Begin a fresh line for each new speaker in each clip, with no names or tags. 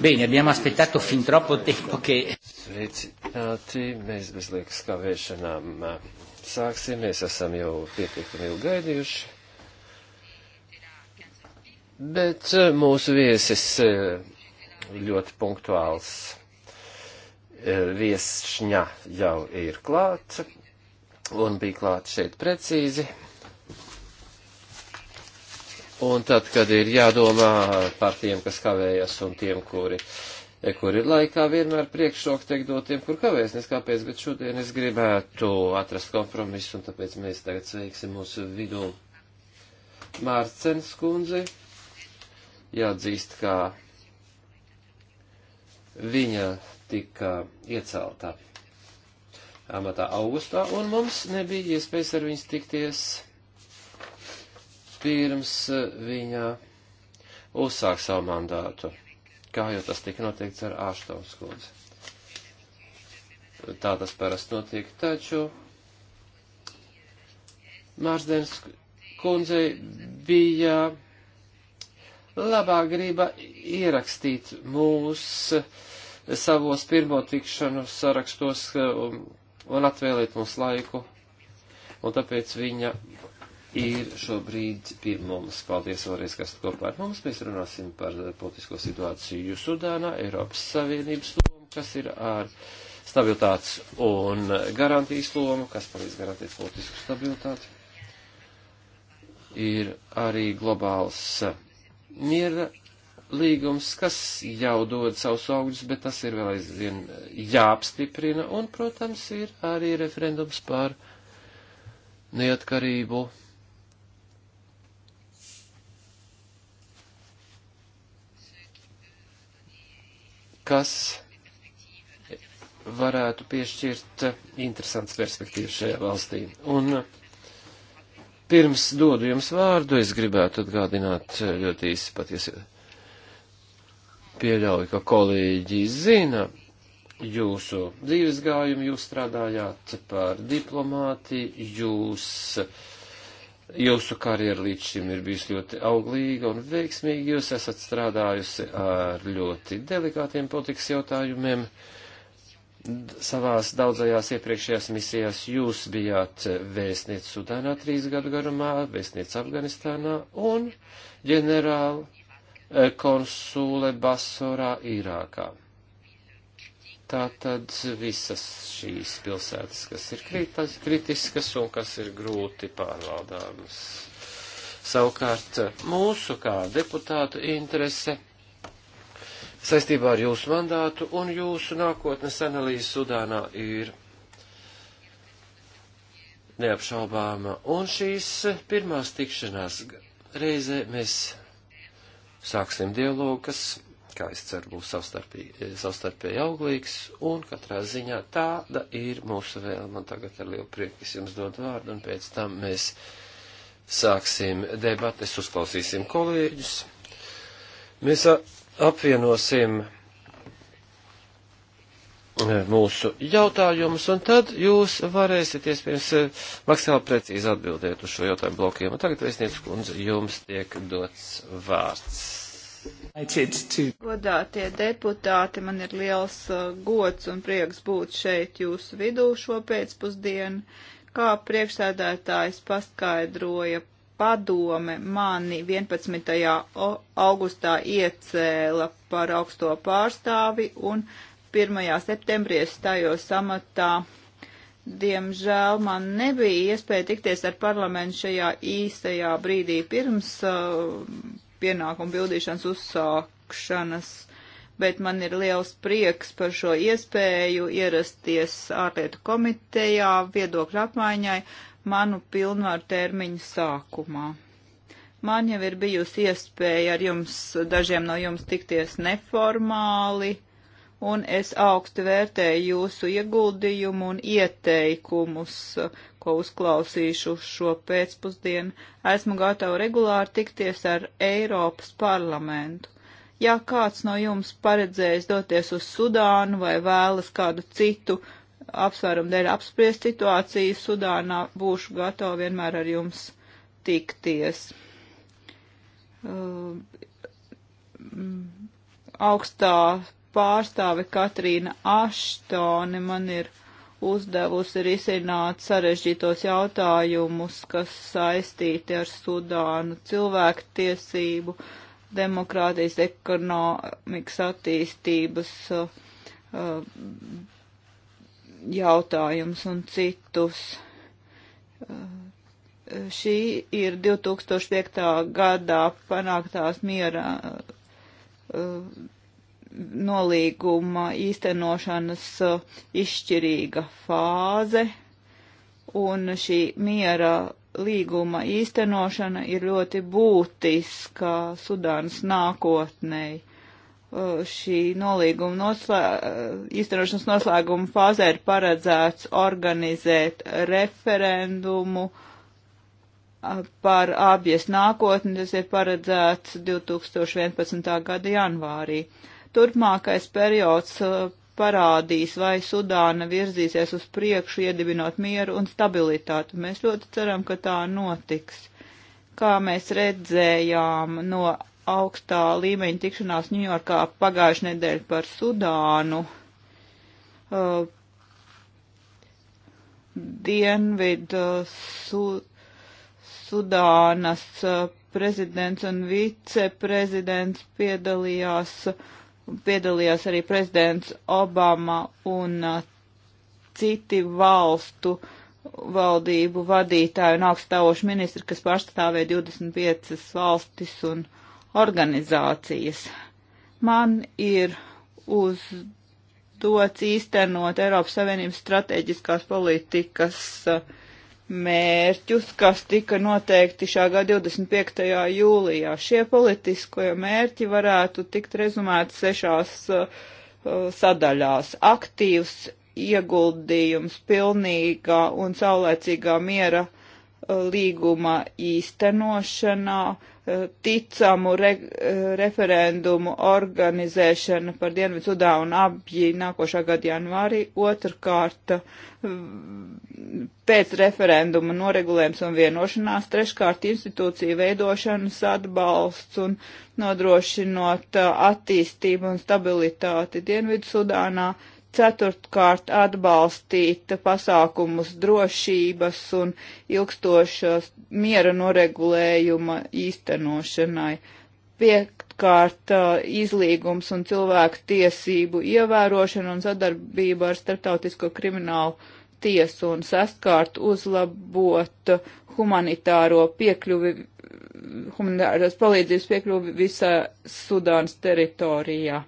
Bene, abbiamo aspettato fin troppo tempo che... Sveicināti, mēs bez liekas kavēšanām sāksim, mēs esam jau pietiekami ilgi gaidījuši. Bet mūsu viesis ļoti punktuāls viesšņa jau ir klāts un bija klāts šeit precīzi. Un tad, kad ir jādomā par tiem, kas kavējas un tiem, kuri, kuri ir laikā, vienmēr priekšroka tiek dot tiem, kur kavējas, nes kāpēc, bet šodien es gribētu atrast kompromisu, un tāpēc mēs tagad sveiksim mūsu vidū Mārcens kundzi. Jāatzīst, kā viņa tika iecelta amatā augustā, un mums nebija iespējas ar viņas tikties pirms eh, viņa uzsāk savu mandātu, kā jau tas tika noteikts ar Āštons kundzi. Tā tas parasti notiek, taču Mārsdienas kundzei bija labā griba ierakstīt mūs eh, savos pirmo tikšanu sarakstos eh, un atvēlēt mums laiku, un tāpēc viņa ir šobrīd pie mums. Paldies vēlreiz, kas kopā ar mums. Mēs runāsim par politisko situāciju Sudānā, Eiropas Savienības lomu, kas ir ar stabilitātes un garantijas lomu, kas palīdz garantēt politisku stabilitāti. Ir arī globāls miera līgums, kas jau dod savus augļus, bet tas ir vēl aizvien jāapstiprina. Un, protams, ir arī referendums par neatkarību kas varētu piešķirt interesants perspektīvas šajā valstī. Un pirms dodu jums vārdu, es gribētu atgādināt ļoti īsi patiesi. Pieļauju, ka kolēģi zina jūsu dzīves gājumu, jūs strādājāt par diplomāti, jūs uh, Jūsu karjera līdz šim ir bijusi ļoti auglīga un veiksmīga. Jūs esat strādājusi ar ļoti delikātiem politikas jautājumiem. Savās daudzajās iepriekšējās misijās jūs bijāt vēstniec Sudānā trīs gadu garumā, vēstniec Afganistānā un ģenerāla eh, konsule Basorā Irākā. Tātad visas šīs pilsētas, kas ir kritas, kritiskas un kas ir grūti pārvaldāmas. Savukārt mūsu kā deputātu interese saistībā ar jūsu mandātu un jūsu nākotnes analīzi Sudānā ir neapšaubāma. Un šīs pirmās tikšanās reizē mēs sāksim dialogu, kas kā es ceru, būs savstarpēji, savstarpēji auglīgs, un katrā ziņā tāda ir mūsu vēlme. Man tagad ar lielu prieku es jums dodu vārdu, un pēc tam mēs sāksim debates, uzklausīsim kolēģus. Mēs apvienosim e, mūsu jautājumus, un tad jūs varēsiet iespējams e, maksimāli precīzi atbildēt uz šo jautājumu blokiem. Un tagad, vēstniec kundze, jums tiek dots vārds. Godātie
deputāti, man ir liels uh, gods un prieks būt šeit jūsu vidū šo pēcpusdienu. Kā priekšsēdētājs paskaidroja padome mani 11. augustā iecēla par augsto pārstāvi un 1. septembrī es stājos samatā diemžēl man nebija iespēja tikties ar parlamentu šajā īstajā brīdī pirms uh, pienākumu pildīšanas uzsākšanas, bet man ir liels prieks par šo iespēju ierasties ārlietu komitejā viedokļu apmaiņai manu pilnvaru termiņu sākumā. Man jau ir bijusi iespēja ar jums, dažiem no jums tikties neformāli, un es augstu vērtēju jūsu ieguldījumu un ieteikumus uh, ko uzklausīšu šo pēcpusdienu, esmu gatava regulāri tikties ar Eiropas parlamentu. Ja kāds no jums paredzējis doties uz Sudānu vai vēlas kādu citu apsvērumu dēļ apspriest situāciju Sudānā, būšu gatava vienmēr ar jums tikties. Uh, augstā pārstāve Katrīna Aštone man ir uzdevusi risināt sarežģītos jautājumus, kas saistīti ar Sudānu cilvēktiesību, demokrātijas ekonomikas attīstības uh, uh jautājums un citus. Uh, šī ir 2005. gadā panāktās miera uh, nolīguma īstenošanas uh, izšķirīga fāze, un šī miera līguma īstenošana ir ļoti būtiska Sudānas nākotnei. Uh, šī nolīguma noslē, uh, īstenošanas noslēguma fāzē ir paredzēts organizēt referendumu par abies nākotni, tas ir paredzēts 2011. gada janvārī. Uh, Turpmākais periods uh, parādīs, vai Sudāna virzīsies uz priekšu, iedibinot mieru un stabilitātu. Mēs ļoti ceram, ka tā notiks. Kā mēs redzējām no augstā līmeņa tikšanās Ņujorkā pagājušajā nedēļā par Sudānu, uh, Dienvidu uh, su, Sudānas uh, prezidents un viceprezidents piedalījās uh, piedalījās arī prezidents Obama un uh, citi valstu valdību vadītāji un augstāvoši ministri, kas pārstāvēja 25 valstis un organizācijas. Man ir uzdots īstenot Eiropas Savienības strateģiskās politikas uh, mērķus, kas tika noteikti šā gada 25. jūlijā. Šie politisko mērķi varētu tikt rezumēti sešās uh, uh sadaļās - aktīvs ieguldījums pilnīgā un saulēcīgā miera līguma īstenošanā, e, ticamu re, e, referendumu organizēšana par Dienvidu Sudānu un apģī nākošā gada janvārī, otrkārt pēc referenduma noregulējums un vienošanās, treškārt institūcija veidošanas atbalsts un nodrošinot e, attīstību un stabilitāti Dienvidu Sudānā, Ceturtkārt, atbalstīt pasākumus drošības un ilgstošas miera noregulējuma īstenošanai. Piektkārt, izlīgums un cilvēku tiesību ievērošana un sadarbība ar starptautisko kriminālu tiesu un sestkārt uzlabot humanitāro piekļuvi, humanitāras palīdzības piekļuvi visā Sudānas teritorijā.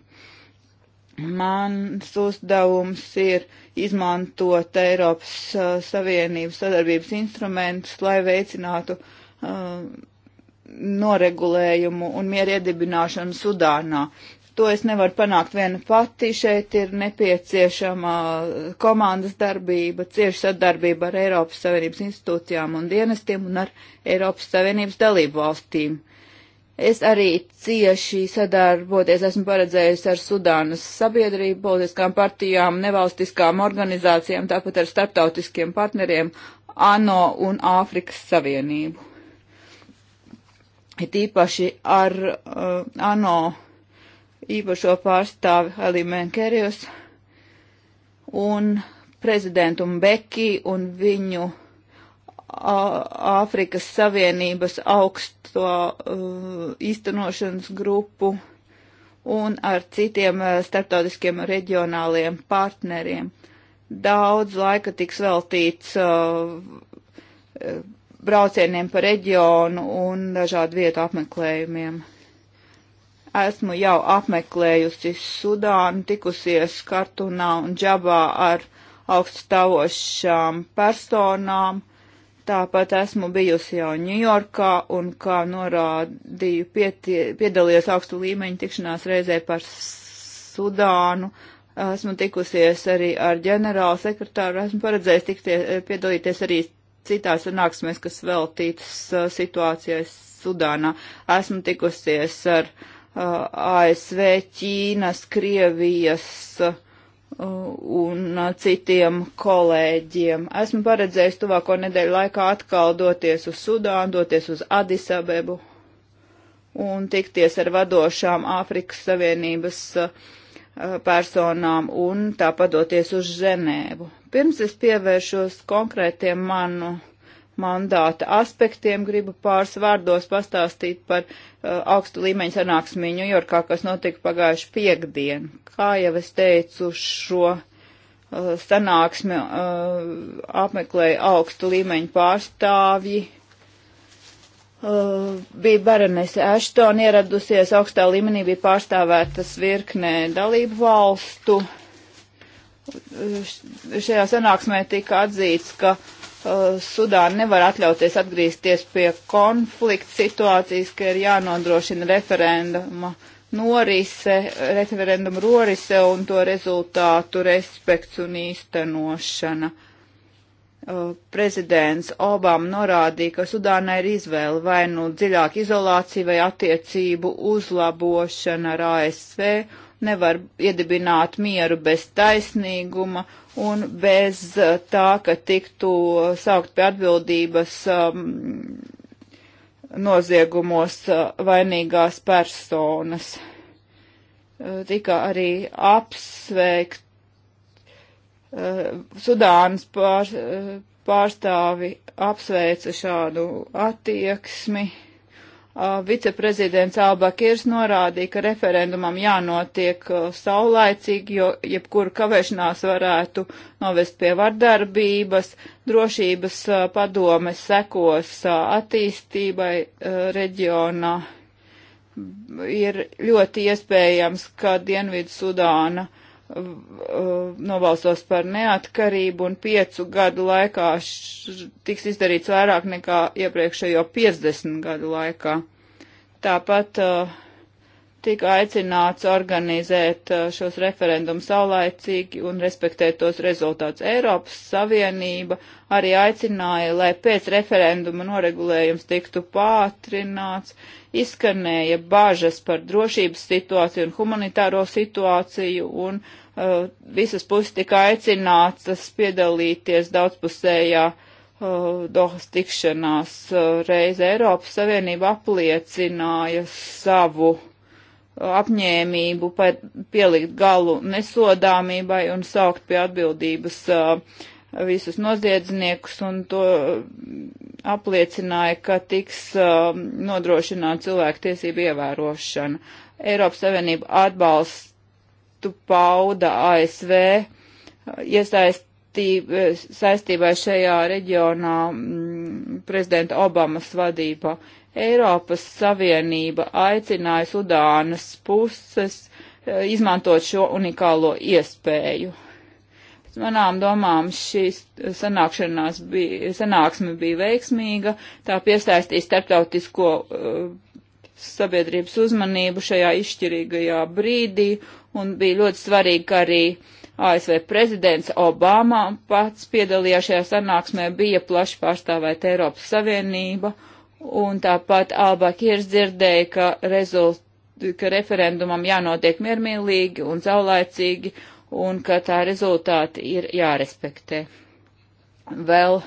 Mans uzdevums ir izmantot Eiropas uh, Savienības sadarbības instrumentus, lai veicinātu uh, noregulējumu un mieriedibināšanu Sudānā. To es nevaru panākt viena pati. Šeit ir nepieciešama komandas darbība, cieša sadarbība ar Eiropas Savienības institūcijām un dienestiem un ar Eiropas Savienības dalību valstīm. Es arī cieši sadarboties esmu paredzējusi ar Sudānas sabiedrību, politiskām partijām, nevalstiskām organizācijām, tāpat ar starptautiskiem partneriem, ANO un Āfrikas Savienību. Ir īpaši ar uh, ANO īpašo pārstāvi Alimēn Kerijus un prezidentu Beki un viņu Āfrikas Savienības augsto uh, īstenošanas grupu un ar citiem uh, starptautiskiem reģionāliem partneriem. Daudz laika tiks veltīts uh, uh, braucieniem pa reģionu un dažādu vietu apmeklējumiem. Esmu jau apmeklējusi Sudānu, tikusies Kartunā un Džabā ar augststāvošām personām Tāpat esmu bijusi jau Ņujorkā un, kā norādīju, pietie, piedalījos augstu līmeņu tikšanās reizē par Sudānu. Esmu tikusies arī ar ģenerālu sekretāru, esmu paredzējis tikties, piedalīties arī citās sanāksmēs, kas veltītas uh, situācijai Sudānā. Esmu tikusies ar uh, ASV, Ķīnas, Krievijas, uh, un uh, citiem kolēģiem. Esmu paredzējis tuvāko nedēļu laikā atkal doties uz Sudānu, doties uz Adisabebu un tikties ar vadošām Āfrikas Savienības uh, uh, personām un tāpat doties uz Ženēvu. Pirms es pievēršos konkrētiem manu mandāta aspektiem. Gribu pāris vārdos pastāstīt par uh, augstu līmeņu sanāksmi Ņujorkā, kas notika pagājuši piekdien. Kā jau es teicu, šo uh, sanāksmi uh, apmeklēja augstu līmeņu pārstāvji. Uh, bija baronese Ashton ieradusies, augstā līmenī bija pārstāvētas virknē dalību valstu. Uh, šajā sanāksmē tika atzīts, ka uh, Uh, Sudāna nevar atļauties atgriezties pie konflikta situācijas, ka ir jānodrošina referenduma norise, referenduma rorise un to rezultātu respekts un īstenošana. Uh, prezidents Obama norādīja, ka Sudānai ir izvēle vai nu dziļāk izolācija vai attiecību uzlabošana ar ASV nevar iedibināt mieru bez taisnīguma un bez eh, tā, ka tiktu saukt pie atbildības um, noziegumos eh, vainīgās personas. Eh, tika arī apsveikt Sudānas pār, pārstāvi apsveica šādu attieksmi. Uh, viceprezidents Albakirs norādīja, ka referendumam jānotiek uh, saulaicīgi, jo jebkura kavēšanās varētu novest pie vardarbības, drošības uh, padome sekos attīstībai reģionā. Ir ļoti iespējams, ka Dienvidu Sudāna uh, nobalsos par neatkarību un piecu gadu laikā š, tiks izdarīts vairāk nekā iepriekšējo 50 gadu laikā. Tāpat uh, tika aicināts organizēt uh, šos referendumus saulaicīgi un respektēt tos rezultātus. Eiropas Savienība arī aicināja, lai pēc referenduma noregulējums tiktu pātrināts, izskanēja bāžas par drošības situāciju un humanitāro situāciju, un uh, visas puses tika aicinātas piedalīties daudzpusējā uh, Dohas tikšanās uh, reize. Eiropas Savienība apliecināja savu uh, apņēmību par pielikt galu nesodāmībai un saukt pie atbildības uh, visus noziedzniekus un to apliecināja, ka tiks uh, nodrošināta cilvēku tiesību ievērošana. Eiropas Savienība atbalstu pauda ASV uh, iesaistībā šajā reģionā m, mm, prezidenta Obamas vadībā. Eiropas Savienība aicināja Sudānas puses uh, izmantot šo unikālo iespēju Manām domām šī sanākšanās bija, sanāksme bija veiksmīga, tā piesaistīja starptautisko uh, sabiedrības uzmanību šajā izšķirīgajā brīdī un bija ļoti svarīgi, ka arī ASV prezidents Obama pats piedalījās šajā sanāksmē, bija plaši pārstāvēta Eiropas Savienība un tāpat Alba Kirs dzirdēja, ka rezultāti ka referendumam jānotiek miermīlīgi un caulaicīgi, un ka tā rezultāti ir jārespektē. Vēl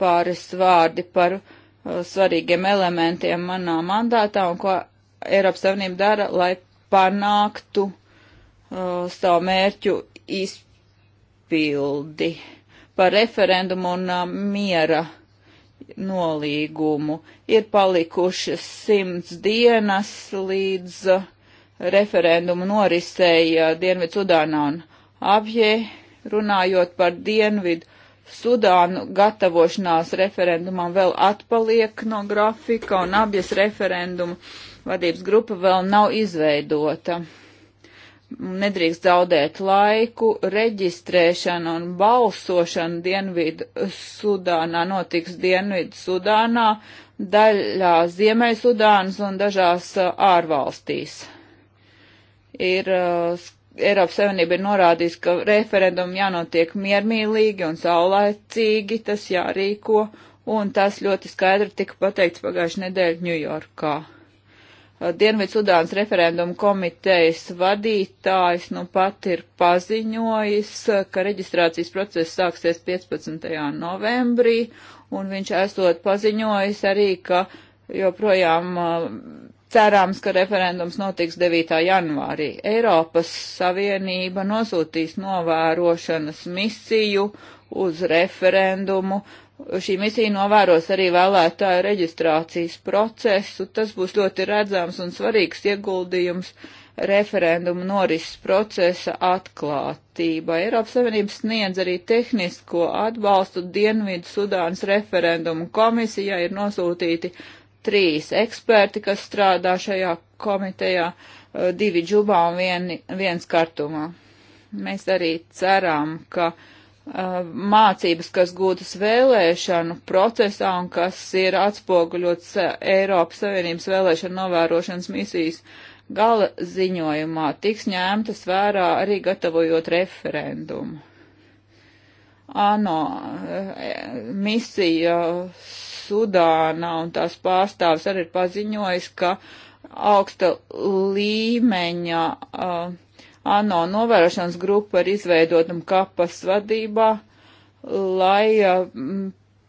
pāris vārdi par uh, svarīgiem elementiem manā mandātā un ko Eiropas Savienība dara, lai panāktu uh, savu mērķu izpildi par referendumu un uh, miera nolīgumu. Ir palikušas simts dienas līdz uh, referendumu norisēja Dienvidu Sudānā un apjē, runājot par Dienvidu Sudānu gatavošanās referendumam vēl atpaliek no grafika un abjas referendumu vadības grupa vēl nav izveidota. Nedrīkst zaudēt laiku, reģistrēšana un balsošana Dienvidu Sudānā notiks Dienvidu Sudānā, daļā Ziemeļsudānas un dažās ārvalstīs ir uh, Eiropas Savienība ir norādījusi, ka referendumu jānotiek miermīlīgi un saulaicīgi, tas jārīko, un tas ļoti skaidri tika pateikts pagājušajā nedēļā Ņujorkā. Uh, Dienvidsudānas referendumu komitejas vadītājs nu pat ir paziņojis, uh, ka reģistrācijas process sāksies 15. novembrī, un viņš esot paziņojis arī, ka joprojām uh, Cerams, ka referendums notiks 9. janvārī. Eiropas Savienība nosūtīs novērošanas misiju uz referendumu. Šī misija novēros arī vēlētāju reģistrācijas procesu. Tas būs ļoti redzams un svarīgs ieguldījums referendumu norises procesa atklātība. Eiropas Savienība sniedz arī tehnisko atbalstu Dienvidu Sudānas referendumu komisijai ir nosūtīti trīs eksperti, kas strādā šajā komitejā, eh, divi džubā un vieni, viens kartumā. Mēs arī ceram, ka uh, mācības, kas gūtas vēlēšanu procesā un kas ir atspoguļots eh, Eiropas Savienības vēlēšanu novērošanas misijas gala ziņojumā, tiks ņemtas vērā arī gatavojot referendumu. ANO misijas Sudānā, un tās pārstāvis arī ir paziņojis, ka augsta līmeņa uh, ANO novērošanas grupa ir izveidota kapas vadībā, lai uh,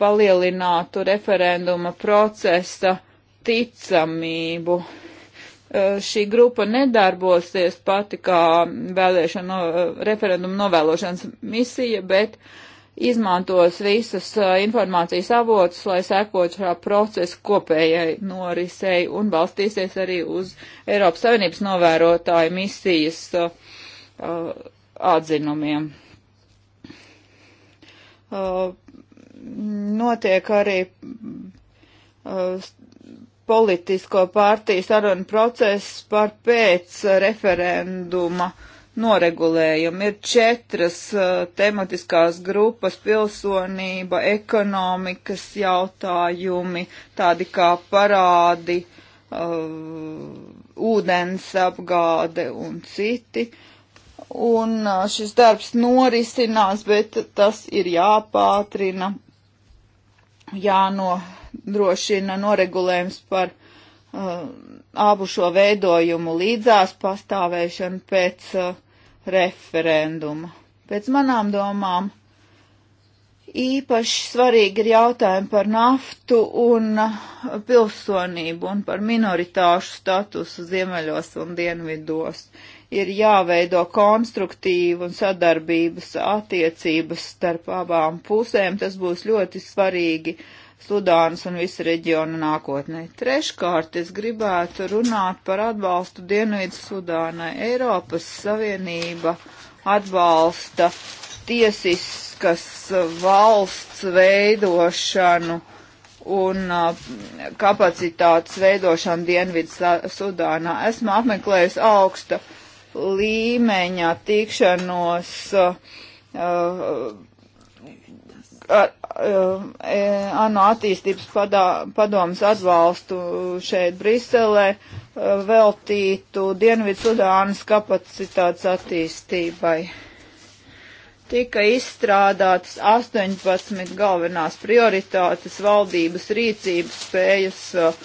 palielinātu referenduma procesa ticamību. Uh, šī grupa nedarbosies pati kā vēlēšana, no, uh, referenduma novēlošanas misija, bet uh, izmantos visas uh, informācijas avotus, lai sekotu šā procesa kopējai norisei un balstīsies arī uz Eiropas Savienības novērotāju misijas uh, uh atzinumiem. Uh, notiek arī uh, politisko pārtīju sarunu process par pēc referenduma uh, noregulējumu. Ir četras uh, tematiskās grupas - pilsonība, ekonomikas jautājumi, tādi kā parādi, uh, ūdens apgāde un citi. Un uh, šis darbs norisinās, bet tas ir jāpātrina, jānodrošina noregulējums par uh, abu šo veidojumu līdzās pastāvēšanu pēc uh, referenduma. Pēc manām domām īpaši svarīgi ir jautājumi par naftu un uh, pilsonību un par minoritāšu statusu ziemeļos un dienvidos. Ir jāveido konstruktīva un sadarbības attiecības starp abām pusēm. Tas būs ļoti svarīgi uh, Sudānas un visa reģiona nākotnē. Treškārt, es gribētu runāt par atbalstu Dienvidu Sudānai. Eiropas Savienība atbalsta tiesiskas valsts veidošanu un uh, kapacitātes veidošanu Dienvidu Sudānā. Esmu apmeklējusi augsta līmeņa tikšanos uh, uh E, ANO attīstības padā, padomas atbalstu šeit Briselē e, veltītu Dienvidu Sudānas kapacitātes attīstībai. Tika izstrādātas 18 galvenās prioritātes valdības rīcības spējas uh,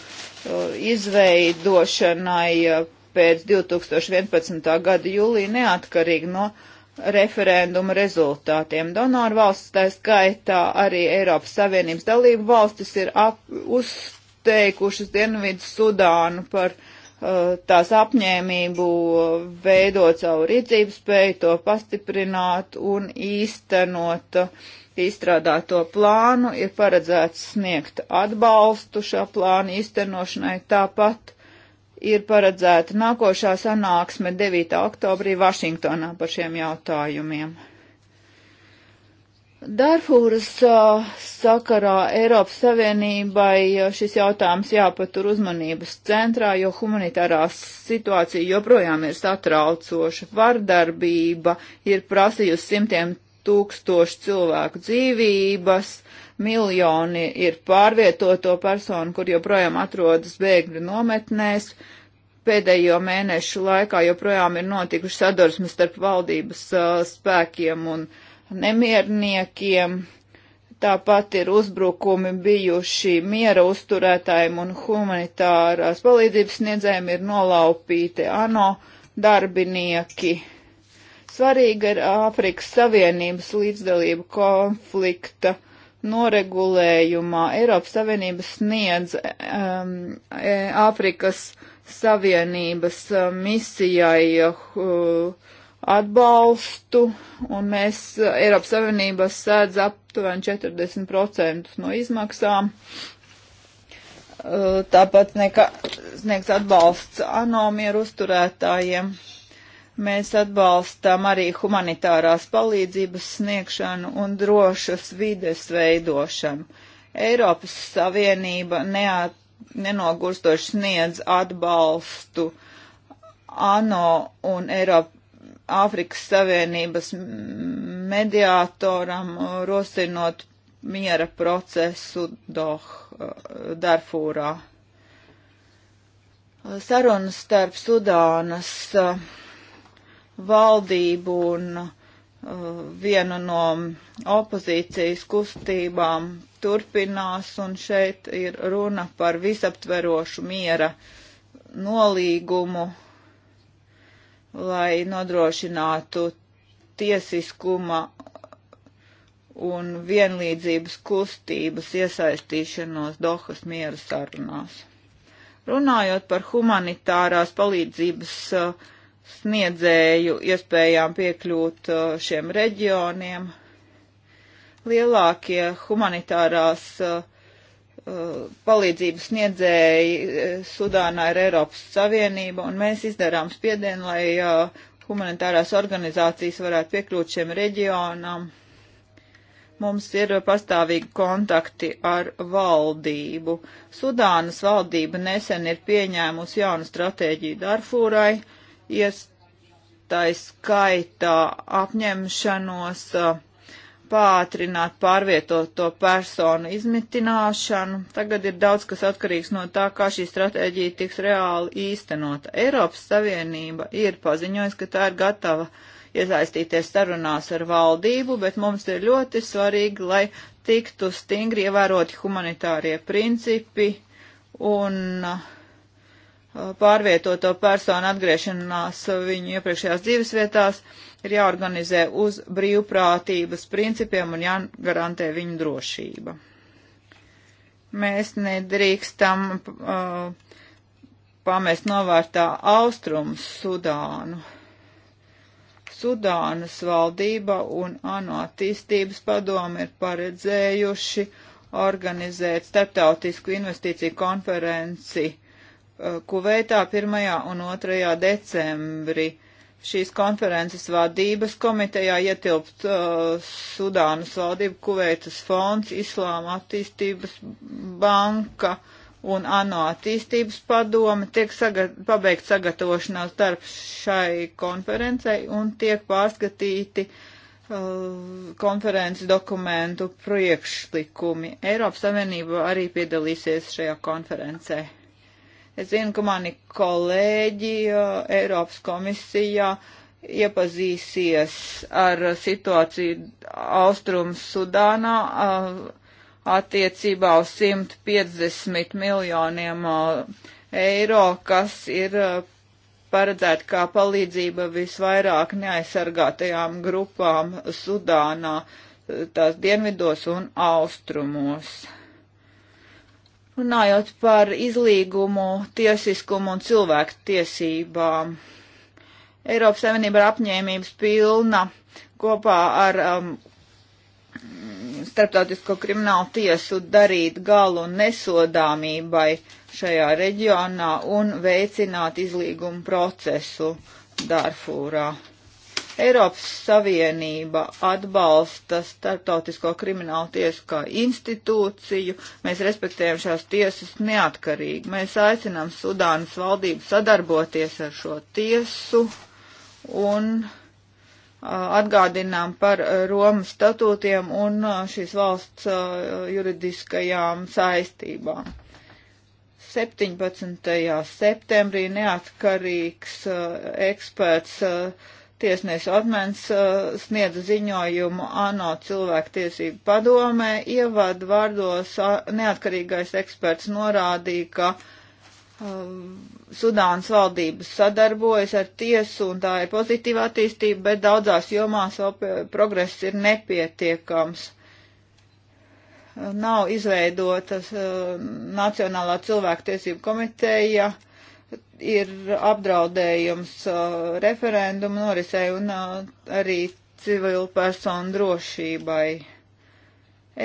izveidošanai pēc 2011. gada jūlija neatkarīgi no referenduma rezultātiem. Donoru valsts, tā skaitā arī Eiropas Savienības dalību valstis, ir ap, uzteikušas Dienvidu Sudānu par uh, tās apņēmību veidot savu rīcības spēju, to pastiprināt un īstenot, izstrādāt uh, to plānu, ir paredzēts sniegt atbalstu šā plāna īstenošanai tāpat ir paredzēta nākošā sanāksme 9. oktobrī Vašingtonā par šiem jautājumiem. Darfūras sakarā Eiropas Savienībai šis jautājums jāpatur uzmanības centrā, jo humanitārā situācija joprojām ir satraucoša. Vardarbība ir prasījusi simtiem tūkstošu cilvēku dzīvības, miljoni ir pārvietoto personu, kur joprojām atrodas bēgļu nometnēs. Pēdējo mēnešu laikā joprojām ir notikuši sadursmes starp valdības uh, spēkiem un nemierniekiem. Tāpat ir uzbrukumi bijuši miera uzturētājiem un humanitārās palīdzības sniedzējiem ir nolaupīti ANO darbinieki. Svarīga ir Āfrikas Savienības līdzdalība konflikta noregulējumā Eiropas Savienība sniedz um, e, Āfrikas Savienības um, misijai uh, atbalstu, un mēs uh, Eiropas Savienība sēdz aptuveni 40% no izmaksām. Uh, tāpat nekā sniegs atbalsts ANO mieru uzturētājiem. Mēs atbalstam arī humanitārās palīdzības sniegšanu un drošas vides veidošanu. Eiropas Savienība neat, nenogurstoši sniedz atbalstu ANO un Eiropa, Āfrikas Savienības mediātoram, rosinot miera procesu Doh, eh, Darfūrā. Sarunas starp Sudānas uh, valdību un uh, vienu no opozīcijas kustībām turpinās, un šeit ir runa par visaptverošu miera nolīgumu, lai nodrošinātu tiesiskuma un vienlīdzības kustības iesaistīšanos Dohas miera sarunās. Runājot par humanitārās palīdzības uh, sniedzēju iespējām piekļūt uh, šiem reģioniem. Lielākie humanitārās uh, uh, palīdzības sniedzēji Sudānā ir Eiropas Savienība, un mēs izdarām spiedienu, lai humanitārās organizācijas varētu piekļūt šiem reģionam. Mums ir pastāvīgi kontakti ar valdību. Sudānas valdība nesen ir pieņēmusi jaunu stratēģiju Darfūrai ieskaitā apņemšanos uh, pātrināt pārvietoto personu izmitināšanu. Tagad ir daudz, kas atkarīgs no tā, kā šī stratēģija tiks reāli īstenota. Eiropas Savienība ir paziņojusi, ka tā ir gatava iesaistīties sarunās ar valdību, bet mums ir ļoti svarīgi, lai tiktu stingri ievēroti humanitārie principi un uh, Uh, pārvietoto personu atgriešanās viņu iepriekšējās dzīves vietās ir jāorganizē uz brīvprātības principiem un jāgarantē viņu drošība. Mēs nedrīkstam uh, pamest novārtā austrumu Sudānu. Sudānas valdība un ANO attīstības padomi ir paredzējuši organizēt starptautisku investīciju konferenci uh, Uh, Kuveitā 1. un 2. decembrī. Šīs konferences vadības komitejā ietilpt uh, Sudānas valdība, Kuveitas fonds, Islāma attīstības banka un ANO attīstības padome. Tiek sagat pabeigts sagatavošanās darbs šai konferencei un tiek pārskatīti uh, konferences dokumentu priekšlikumi. Eiropas Savienība arī piedalīsies šajā konferencē. Es zinu, ka mani kolēģi uh, Eiropas komisijā iepazīsies ar situāciju Austrums Sudānā uh, attiecībā uz 150 miljoniem uh, eiro, kas ir paredzēta kā palīdzība visvairāk neaizsargātajām grupām Sudānā, tās dienvidos un austrumos. Runājot par izlīgumu, tiesiskumu un cilvēku tiesībām, Eiropas Savienība ir apņēmības pilna kopā ar um, Starptautisko kriminālu tiesu darīt galu nesodāmībai šajā reģionā un veicināt izlīgumu procesu Darfūrā. Eiropas Savienība atbalsta starptautisko kriminālu tiesu kā institūciju, mēs respektējam šās tiesas neatkarīgi, mēs aicinām Sudānas valdību sadarboties ar šo tiesu un atgādinām par Romas statūtiem un šīs valsts juridiskajām saistībām. 17. septembrī neatkarīgs eksperts tiesnesis Otmens uh, sniedza ziņojumu ANO cilvēktiesību padomē, ievadu vārdos uh, neatkarīgais eksperts norādīja, ka uh, Sudānas valdības sadarbojas ar tiesu un tā ir pozitīva attīstība, bet daudzās jomās vēl progress ir nepietiekams. Nav izveidotas uh, Nacionālā cilvēktiesību komiteja. Uh, ir apdraudējums uh, referendumu norisei un uh, arī civilu personu drošībai.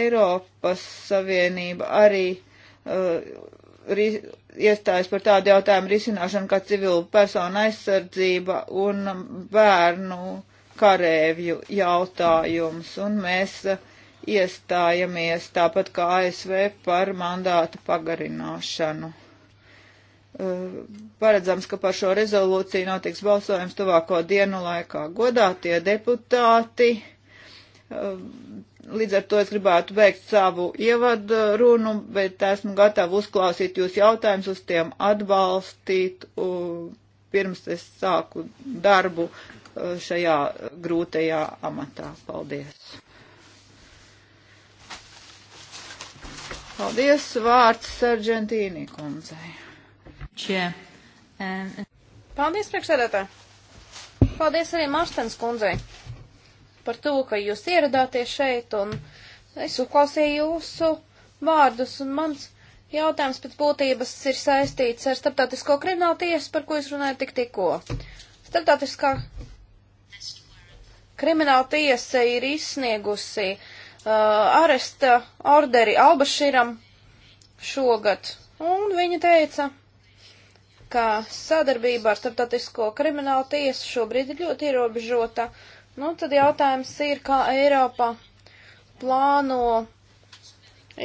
Eiropas Savienība arī uh, ri, iestājas par tādu jautājumu risināšanu kā civilu personu aizsardzība un bērnu karēvju jautājums. Un mēs uh, iestājamies tāpat kā ASV par mandātu pagarināšanu. Paredzams, ka par šo rezolūciju notiks balsojums tuvāko dienu laikā. Godātie deputāti, um, līdz ar to es gribētu veikt savu ievadu runu, bet esmu gatava uzklausīt jūs jautājumus, uz tiem atbalstīt, pirms es sāku darbu uh, šajā grūtajā amatā. Paldies! Paldies! Vārds Sargentīnī
kundzei! Um, Paldies, priekšsēdētāji! Paldies arī Mārstens kundzei par to, ka jūs ieradāties šeit un es uzklausīju jūsu vārdus un mans jautājums pēc būtības ir saistīts ar starptautisko kriminālu tiesu, par ko jūs runājat tik tikko. Starptautiskā krimināla tiesa ir izsniegusi uh, aresta orderi Albašīram šogad, un viņa teica, ka sadarbība ar starptautisko kriminālu tiesu šobrīd ir ļoti ierobežota. Nu, tad jautājums ir, kā Eiropa plāno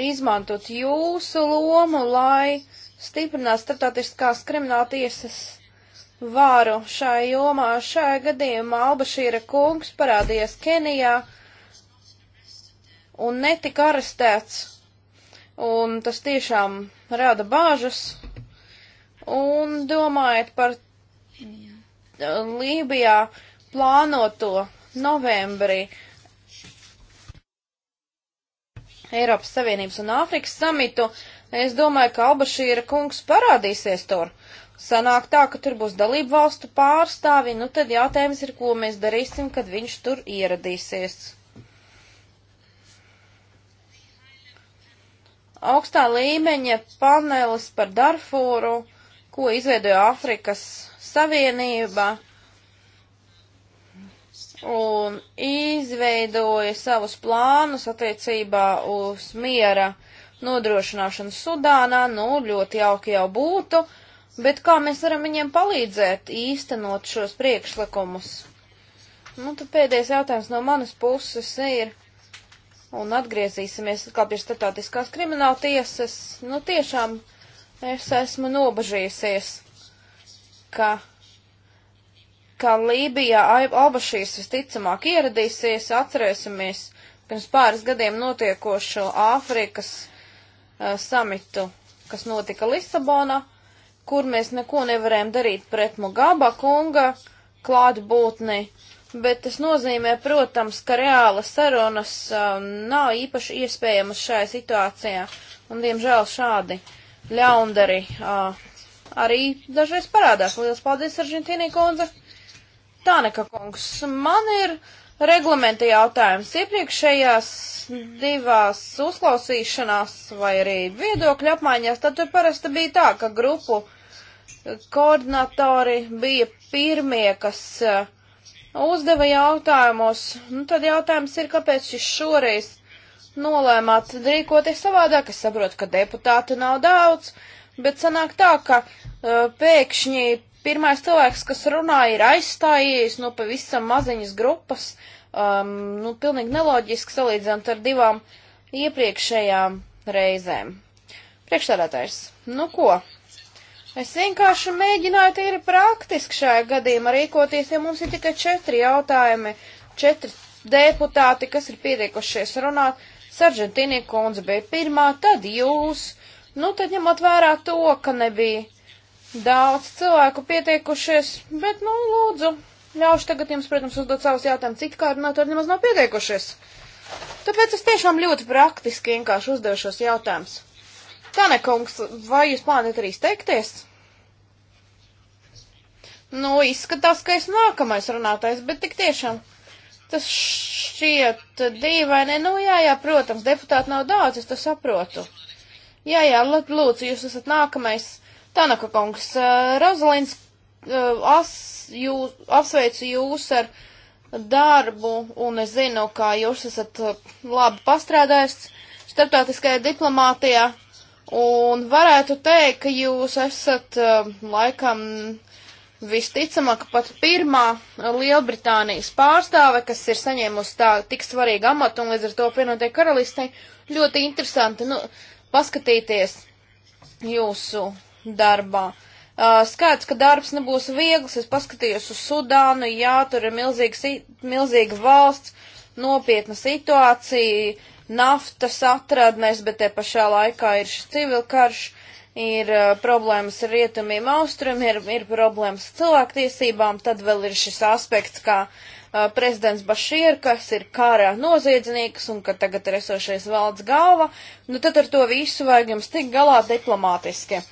izmantot jūsu lomu, lai stiprināt starptautiskās krimināla tiesas vāru šai jomā. Šajā gadījumā Albašīra kungs parādījās Kenijā un netika arestēts. Un tas tiešām rada bāžas, Un domājot par uh, Lībijā plānoto novembrī Eiropas Savienības un Āfrikas samitu, es domāju, ka Albašīra kungs parādīsies tur. Sanāk tā, ka tur būs dalību valstu pārstāvi, nu tad jautājums ir, ko mēs darīsim, kad viņš tur ieradīsies. Augstā līmeņa panelis par Darfūru ko izveidoja Afrikas Savienība un izveidoja savus plānus attiecībā uz miera nodrošināšanu Sudānā, nu, ļoti jauki jau būtu, bet kā mēs varam viņiem palīdzēt īstenot šos priekšlikumus? Nu, tad pēdējais jautājums no manas puses ir, un atgriezīsimies atkal pie statautiskās krimināla tiesas, nu, tiešām Es esmu nobažījusies, ka, ka Lībijā abas šīs visticamāk ieradīsies, atcerēsimies pirms pāris gadiem notiekošo Āfrikas uh, samitu, kas notika Lisabonā, kur mēs neko nevarējām darīt pret Mugaba kunga klātbūtni, bet tas nozīmē, protams, ka reāla sarunas uh, nav īpaši iespējamas šajā situācijā, un diemžēl šādi. Uh, ļaundari uh, arī dažreiz parādās. Lielas paldies, Argentīnī kundze! Tā nekā kungs, man ir reglamenta jautājums. Iepriekšējās divās uzklausīšanās vai arī viedokļu apmaiņās, tad tur parasti bija tā, ka grupu koordinatori bija pirmie, kas uh, uzdeva jautājumus. Nu, tad jautājums ir, kāpēc šis šoreiz nolēmāt rīkoties savādāk. Es saprotu, ka deputātu nav daudz, bet sanāk tā, ka uh, pēkšņi pirmais cilvēks, kas runāja, ir aizstājies no nu, pavisam maziņas grupas. Um, nu, pilnīgi neloģiski salīdzinot ar divām iepriekšējām reizēm. Priekšsēdētājs, nu ko? Es vienkārši mēģināju tīri praktiski šajā gadījumā rīkoties, ja mums ir tikai četri jautājumi, četri deputāti, kas ir pietiekušies runāt. Sargentīnie kundze bija pirmā, tad jūs. Nu, tad ņemot vērā to, ka nebija daudz cilvēku pieteikušies, bet, nu, lūdzu, ļaušu tagad jums, protams, uzdot savus jautājumus, cik kā runātāji nemaz nav pieteikušies. Tāpēc es tiešām ļoti praktiski vienkārši uzdevu šos jautājumus. Tane kungs, vai jūs plānojat arī steigties? Nu, izskatās, ka es nākamais runātājs, bet tik tiešām tas šķiet dīvaini. Nu, jā, jā, protams, deputāti nav daudz, es to saprotu. Jā, jā, lūdzu, jūs esat nākamais. Tanaka kungs, uh, Rozalins, uh, as, jūs, apsveicu jūs ar darbu, un es zinu, kā jūs esat labi pastrādājis starptautiskajā diplomātijā, un varētu teikt, ka jūs esat uh, laikam. Uh, Visticamāk, pat pirmā Lielbritānijas pārstāve, kas ir saņēmusi tā tik svarīgu amatu un līdz ar to pienotie karalistei, ļoti interesanti nu, paskatīties jūsu darbā. Uh, skaidrs, ka darbs nebūs viegls, es paskatījos uz Sudānu, jā, tur ir milzīga, milzīga valsts, nopietna situācija, naftas atradnes, bet te pašā laikā ir šis civilkarš. karš ir uh, problēmas ar rietumiem austrumiem, ir, ir problēmas ar cilvēktiesībām, tad vēl ir šis aspekts, kā uh, prezidents Bašīr, kas ir kārā noziedznieks un ka tagad ir esošais valsts galva, nu tad ar to visu vajag jums tikt galā diplomātiski.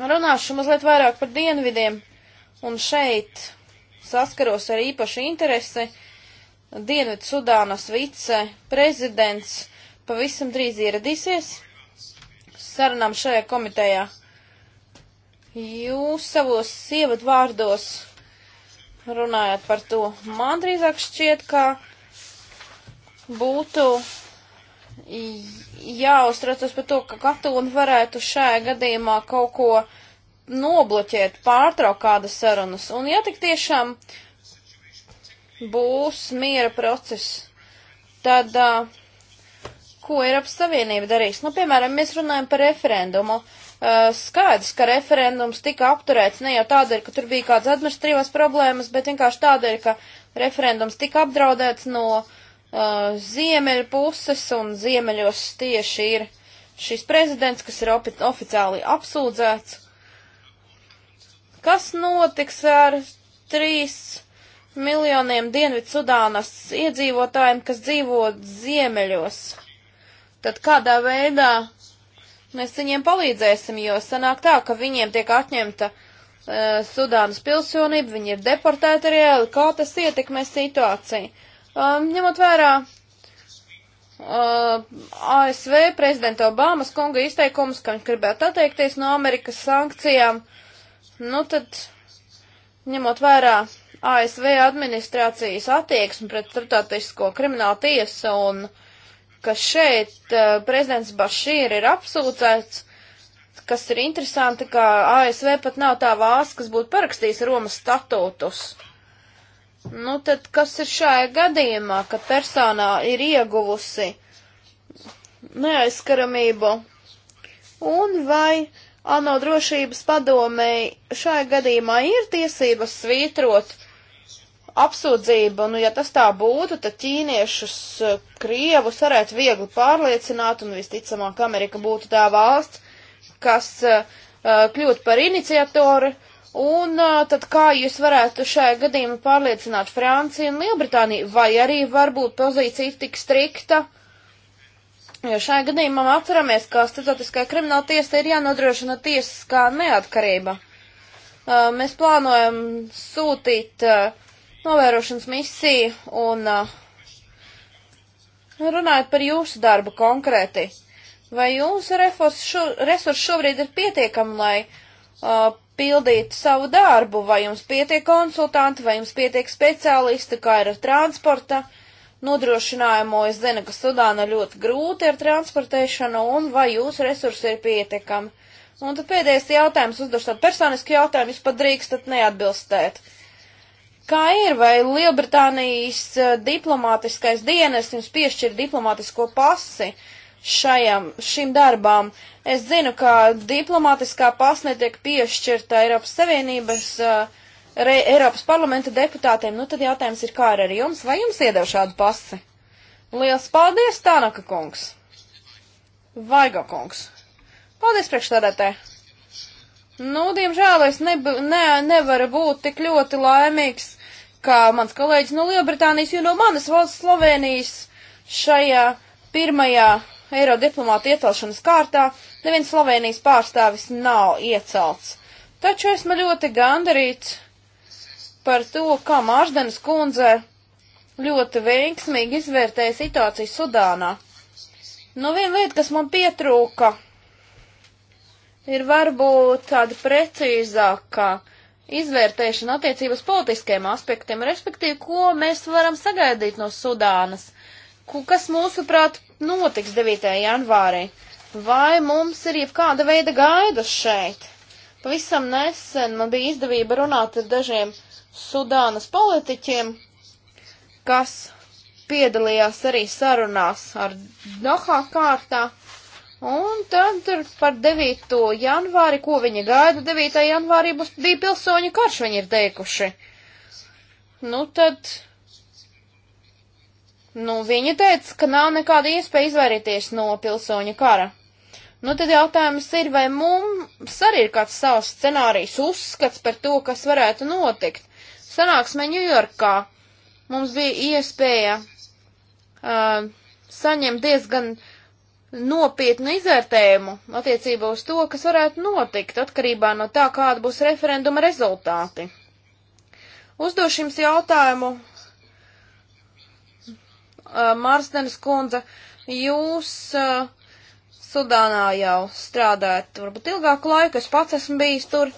Runāšu mazliet vairāk par dienvidiem, un šeit saskaros ar īpašu interesi. Dienvidu Sudānas vice prezidents pavisam drīz ieradīsies, sarunām šajā komitejā. Jūs savos ievadvārdos runājat par to. Man drīzāk šķiet, ka būtu jāuztraucas par to, ka Katūna varētu šajā gadījumā kaut ko nobloķēt, pārtraukt kādas sarunas. Un ja tik tiešām būs miera process, tad uh, ko Eiropas Savienība darīs. Nu, piemēram, mēs runājam par referendumu. Uh, skaidrs, ka referendums tika apturēts ne jau tādēļ, ka tur bija kādas administratīvās problēmas, bet vienkārši tādēļ, ka referendums tika apdraudēts no uh, ziemeļu puses, un ziemeļos tieši ir šis prezidents, kas ir opi, oficiāli apsūdzēts. Kas notiks ar trīs miljoniem Dienvidsudānas iedzīvotājiem, kas dzīvo ziemeļos? tad kādā veidā mēs viņiem palīdzēsim, jo sanāk tā, ka viņiem tiek atņemta uh, Sudānas pilsonība, viņi ir deportēti reāli, kā tas ietekmē situāciju. Um, ņemot vērā uh, e, ASV prezidenta Obamas kunga izteikums, ka viņš gribētu atteikties no Amerikas sankcijām, nu tad, ņemot vērā ASV administrācijas attieksmi pret starptautisko kriminālu tiesu un uh, ka šeit uh, prezidents Bašīr ir apsūdzēts, kas ir interesanti, ka ASV pat nav tā valsts, kas būtu parakstījis Romas statūtus. Nu, tad kas ir šajā gadījumā, kad personā ir ieguvusi neaizskaramību? Un vai ANO drošības padomēji šajā gadījumā ir tiesības svītrot apsūdzība, nu ja tas tā būtu, tad ķīniešus, eh, krievus varētu viegli pārliecināt, un visticamāk Amerika būtu tā valsts, kas uh, kļūtu par iniciatoru, un uh, tad kā jūs varētu šajā gadījumā pārliecināt Franciju un Lielbritāniju, vai arī varbūt pozīcija tik strikta, jo šajā gadījumā atceramies, ka starptautiskajā krimināla tiesa ir jānodrošina tiesiskā neatkarība. Uh, mēs plānojam sūtīt uh, novērošanas misiju un uh, runājot par jūsu darbu konkrēti. Vai jūsu šo, resursi šobrīd ir pietiekami, lai uh, pildītu savu darbu? Vai jums pietiek konsultanti, vai jums pietiek speciālisti, kā ir ar transporta nodrošinājumu? Es zinu, ka Sudāna ļoti grūti ar transportēšanu, un vai jūsu resursi ir pietiekami? Un tad pēdējais jautājums, uzdošu tādu personisku jautājumu, jūs pat drīkstat neatbilstēt. Uh, Kā ir, vai Lielbritānijas eh, diplomātiskais dienas jums piešķir diplomātisko pasi šajam, šim darbām? Es zinu, ka diplomātiskā pasi netiek piešķirta Eiropas Savienības, eh, re, Eiropas parlamenta deputātiem. Nu, tad jautājums ir, kā ir ar jums? Vai jums iedev šādu pasi? Liels paldies, Tānaka kungs! Vaiga kungs! Paldies, priekšstādātāji! Nu, diemžēl es ne, ne, nevaru būt tik ļoti laimīgs kā mans kolēģis no Lielbritānijas, jo no manas valsts Slovenijas šajā pirmajā eiro diplomāta iecelšanas kārtā neviens Slovenijas pārstāvis nav iecelts. Taču esmu ļoti gandarīts par to, kā Mārsdenes kundze ļoti veiksmīgi izvērtēja situāciju Sudānā. Nu, viena lieta, kas man pietrūka, ir varbūt tāda precīzāka izvērtēšana attiecības politiskiem aspektiem, respektīvi, ko mēs varam sagaidīt no Sudānas, ko, kas mūsuprāt notiks 9. janvārī, vai mums ir jebkāda veida gaidas šeit. Pavisam nesen man bija izdevība runāt ar dažiem Sudānas politiķiem, kas piedalījās arī sarunās ar Dohā kārtā. Un tad par 9. janvāri, ko viņi gaida 9. janvārī, būs bija pilsoņu karš, viņi ir teikuši. Nu tad, nu viņi teica, ka nav nekāda iespēja izvairīties no pilsoņu kara. Nu tad jautājums ir, vai mums arī ir kāds savs scenārijs uzskats par to, kas varētu notikt. Sanāksmē Ņujorkā mums bija iespēja uh, saņemt diezgan uh, nopietnu izvērtējumu attiecībā uz to, kas varētu notikt atkarībā no tā, kāda būs referenduma rezultāti. Uzdošu jums jautājumu, Mārstenes kundze, jūs Sudānā jau strādājat varbūt ilgāku laiku, es pats esmu bijis tur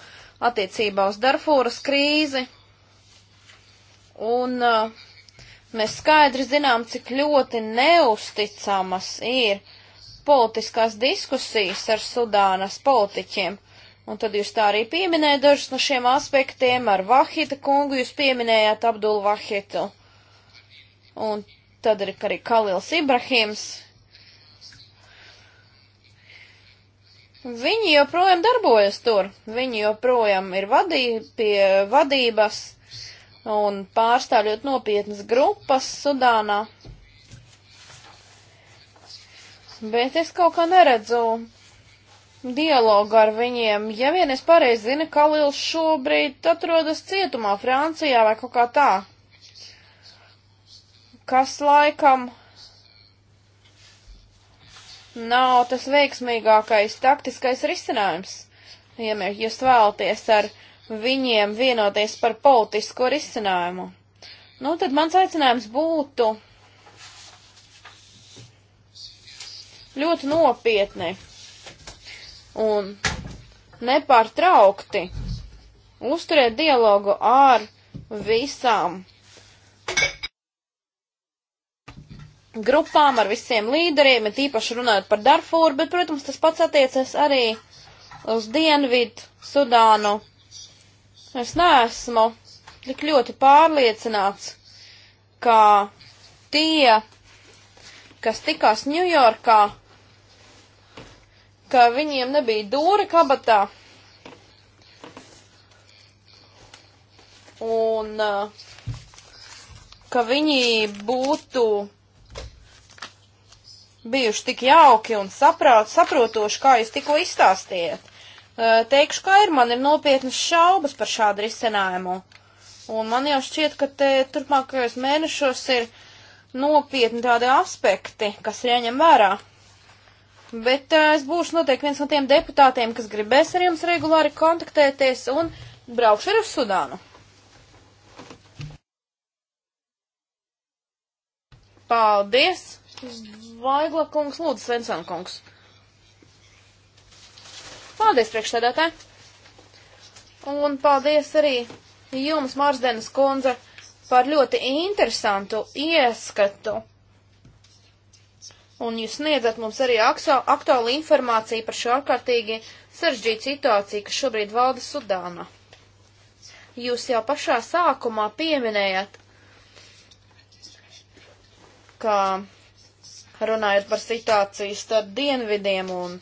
attiecībā uz Darfūras krīzi. Un uh, mēs skaidri zinām, cik ļoti neusticamas ir uh, politiskās diskusijas ar Sudānas politiķiem. Un tad jūs tā arī pieminējāt dažus no šiem aspektiem. Ar Vahita kungu jūs pieminējāt Abdulu Vahitu. Un tad ir arī Kalils Ibrahims. Viņi joprojām darbojas tur. Viņi joprojām ir vadī, pie vadības un pārstāvjot nopietnas grupas Sudānā bet es kaut kā neredzu dialogu ar viņiem. Ja vien es pareizi zinu, Kalils šobrīd atrodas cietumā Francijā vai kaut kā tā, kas laikam nav tas veiksmīgākais taktiskais risinājums. Ja jūs vēlaties ar viņiem vienoties par politisko risinājumu, nu tad mans aicinājums būtu ļoti nopietni un nepārtraukti uzturēt dialogu ar visām grupām, ar visiem līderiem, ir īpaši runājot par Darfūru, bet, protams, tas pats attiecas arī uz Dienvidu Sudānu. Es neesmu tik ļoti pārliecināts, ka tie, kas tikās Ņujorkā, ka viņiem nebija dūri kabatā. Un eh, ka viņi būtu bijuši tik jauki un saprāt, saprotoši, kā jūs tikko izstāstījāt. Eh, teikšu, ka ir, man ir nopietnas šaubas par šādu risinājumu. Un man jau šķiet, ka te turpmākajos mēnešos ir nopietni tādi aspekti, kas ir jāņem vērā. Bet uh, es būšu noteikti viens no tiem deputātiem, kas gribēs ar jums regulāri kontaktēties un braukšu ar uz Sudānu. Paldies! Vaigla kungs, lūdzu, Svensson kungs. Paldies, priekšstādātē! Un paldies arī jums, Mārsdenes kundze, par ļoti interesantu ieskatu un jūs sniedzat mums arī aktuālu informāciju par šo ārkārtīgi sarežģītu situāciju, kas šobrīd valda Sudānā. Jūs jau pašā sākumā pieminējat, ka runājot par situāciju starp dienvidiem un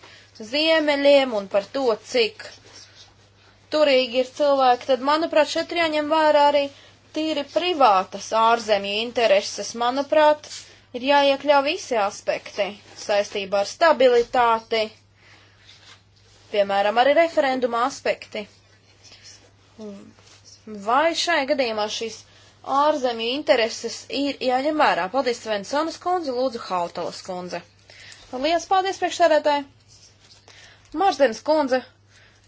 ziemeļiem un par to, cik turīgi ir cilvēki, tad, manuprāt, šeit ir jāņem vērā arī tīri privātas ārzemju intereses. Manuprāt, uh, ir jāiekļau visi aspekti saistībā ar stabilitāti, piemēram, arī referenduma aspekti. Vai šai gadījumā šīs ārzemju intereses ir jāņem vērā? Paldies, Svensonas kundze, lūdzu, Hautalas kundze. Lielas paldies, priekšsēdētāji! Marsdienas kundze,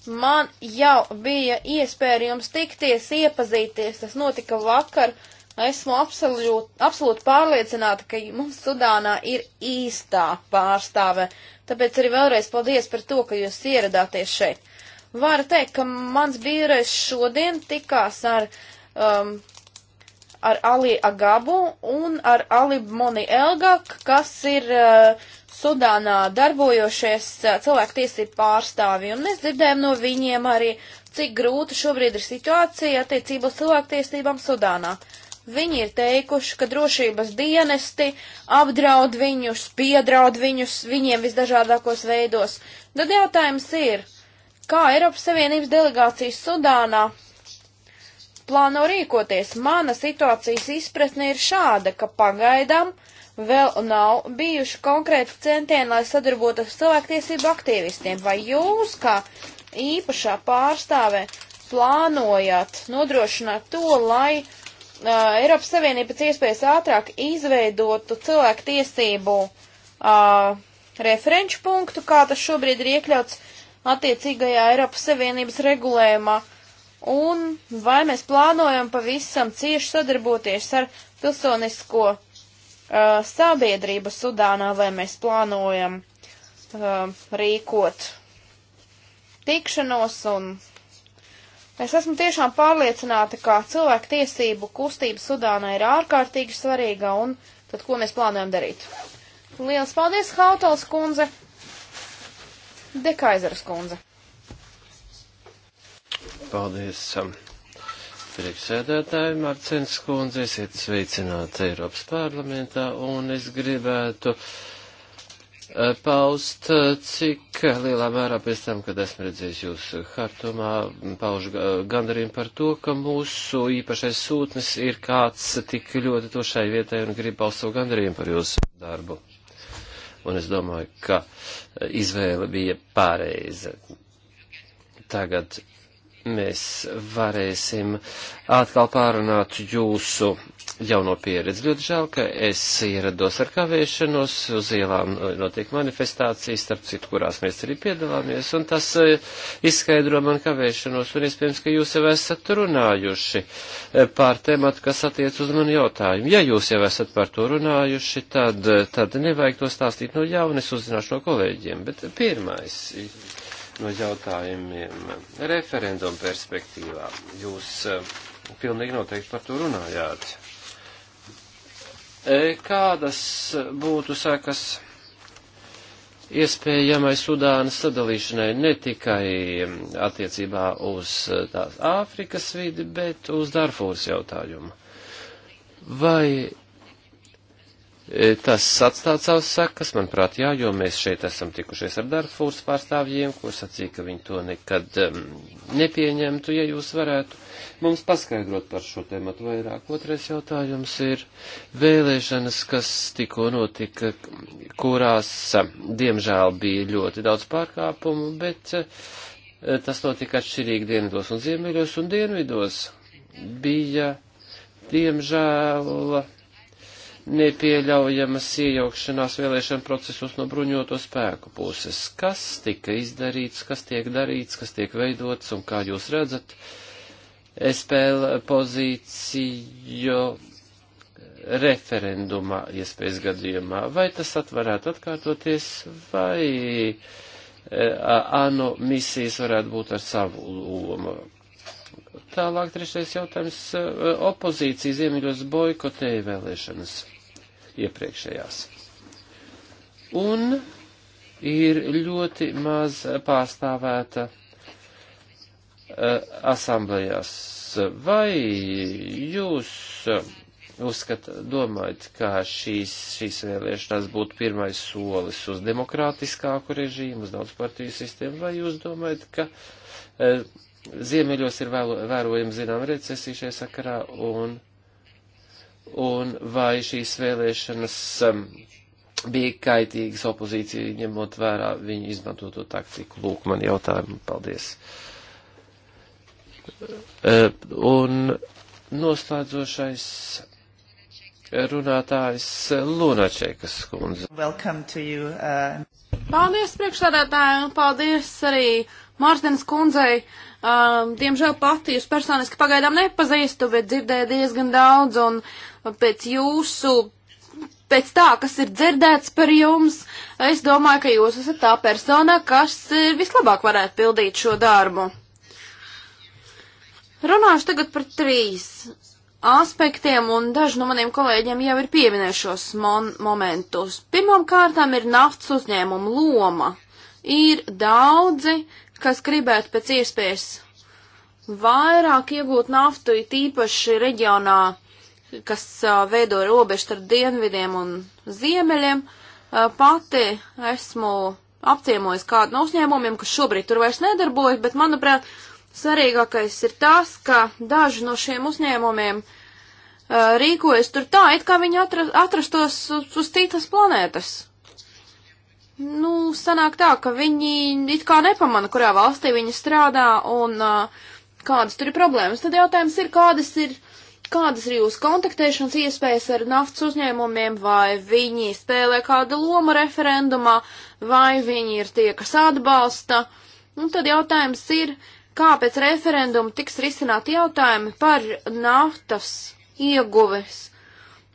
man jau bija iespēja jums tikties, iepazīties, tas notika vakar. Uh, Esmu absolūti, absolūti pārliecināta, ka mums Sudānā ir īstā pārstāve. Tāpēc arī vēlreiz paldies par to, ka jūs ieradāties šeit. Varu teikt, ka mans bīrais šodien tikās ar, um, ar Ali Agabu un ar Ali Moni Elgak, kas ir uh, Sudānā darbojošies uh, cilvēktiesību pārstāvi. Un mēs dzirdējam no viņiem arī, cik grūta šobrīd ir situācija attiecībā uz cilvēktiesībām Sudānā. Uh, Viņi ir teikuši, ka drošības dienesti apdraud viņus, piedraud viņus viņiem visdažādākos veidos. Tad jautājums ir, kā Eiropas Savienības delegācijas Sudānā plāno rīkoties? Mana situācijas izpratne ir šāda, ka pagaidām vēl nav bijuši konkrēti centieni, lai sadarbotos ar cilvēktiesību aktīvistiem. Vai jūs, kā īpašā pārstāve, plānojat nodrošināt to, lai uh, Eiropas Savienība pēc iespējas ātrāk izveidotu cilvēku tiesību uh, referenču punktu, kā tas šobrīd ir iekļauts attiecīgajā Eiropas Savienības regulējumā, un vai mēs plānojam pavisam cieši sadarboties ar pilsonisko uh, sabiedrību Sudānā, vai mēs plānojam uh, rīkot tikšanos un Es esmu tiešām pārliecināta, ka cilvēku tiesību kustība Sudānā ir ārkārtīgi svarīga, un tad ko mēs plānojam darīt? Lielas paldies, Hautals kundze! Dekaizers kundze!
Paldies! Um, priekšsēdētāji Marcens kundze, esiet sveicināti Eiropas parlamentā, un es gribētu uh, paust, cik lielā mērā pēc tam, kad esmu redzējis jūs hartumā, paužu gandarījumu par to, ka mūsu īpašais sūtnis ir kāds tik ļoti tošai vietai un grib paust savu gandarījumu par jūsu darbu. Un es domāju, ka izvēle bija pareiza. Tagad mēs varēsim atkal pārunāt jūsu jauno pieredzi. Ļoti žēl, ka es ierados ar kavēšanos, uz ielām eh, notiek manifestācijas, starp citu, kurās mēs arī piedalāmies, un tas eh, izskaidro man kavēšanos, un iespējams, ka jūs jau esat runājuši eh, pār tematu, kas attiec uz manu jautājumu. Ja jūs jau esat par to runājuši, tad, tad nevajag to stāstīt no jauna, es uzzināšu no kolēģiem, bet pirmais no jautājumiem referendumu perspektīvā. Jūs pilnīgi noteikti par to runājāt E, kādas būtu sekas iespējamai Sudānas sadalīšanai ne tikai attiecībā uz e, tās Āfrikas vidi, bet uz Darfūras jautājumu? Vai e, tas atstāt savas sekas, manuprāt, jā, jo mēs šeit esam tikušies ar Darfūras pārstāvjiem, kur sacīja, ka viņi to nekad um, nepieņemtu, ja jūs varētu mums paskaidrot par šo tēmatu vairāk. Otrais jautājums ir vēlēšanas, kas tikko notika, kurās, diemžēl, bija ļoti daudz pārkāpumu, bet eh, tas notika atšķirīgi dienvidos un ziemeļos un dienvidos. Bija, diemžēl, nepieļaujamas iejaukšanās vēlēšana procesos no bruņoto spēku puses. Kas tika izdarīts, kas tiek darīts, kas tiek veidots un kā jūs redzat, spēle pozīciju referendumā, iespējas gadījumā. Vai tas atvarētu atkārtoties, vai e, ANO misijas varētu būt ar savu lomu. Tālāk trešais jautājums. E, opozīcija Ziemeļos boikotēja vēlēšanas iepriekšējās. Un ir ļoti maz pārstāvēta Eh, asamblējās. Vai jūs eh, uzskata, domājat, kā šīs, šīs vēlēšanās būtu pirmais solis uz demokrātiskāku režīmu, uz daudzpartiju sistēmu, vai jūs domājat, ka e, ziemeļos ir vēlo, vērojama zinām recesija šajā sakarā, un, un vai šīs vēlēšanas um, bija kaitīgas opozīcija, ņemot vērā viņu izmantoto taktiku? Lūk, man jautājumu. Paldies! Uh, E, un noslēdzošais runātājs Lunačekas kundze.
You,
uh... Paldies priekšsādātāji un paldies arī Mārsdenes kundzei. Um, diemžēl pati jūs personiski pagaidām nepazīstu, bet dzirdēju diezgan daudz un pēc jūsu, pēc tā, kas ir dzirdēts par jums, es domāju, ka jūs esat tā persona, kas eh, vislabāk varētu pildīt šo darbu. Runāšu tagad par trīs aspektiem, un daži no maniem kolēģiem jau ir pieminējušos mon momentus. Pirmām kārtām ir naftas uzņēmuma loma. Ir daudzi, kas gribētu pēc iespējas vairāk iegūt naftu, it īpaši reģionā, kas uh, veido robežu starp dienvidiem un ziemeļiem. Uh, pati esmu apciemojis kādu no uzņēmumiem, kas šobrīd tur vairs nedarbojas, bet, manuprāt, uh, Svarīgākais ir tas, ka daži no šiem uzņēmumiem uh, rīkojas tur tā, it kā viņi atras, atrastos uz, uz citas planētas. Nu, sanāk tā, ka viņi it kā nepamana, kurā valstī viņi strādā un uh, kādas tur ir problēmas. Tad jautājums ir, kādas ir kādas ir jūsu kontaktēšanas iespējas ar naftas uzņēmumiem, vai viņi spēlē kādu lomu referendumā, vai viņi ir tie, kas atbalsta. Un tad jautājums ir, kā pēc referenduma tiks risināti jautājumi par naftas ieguves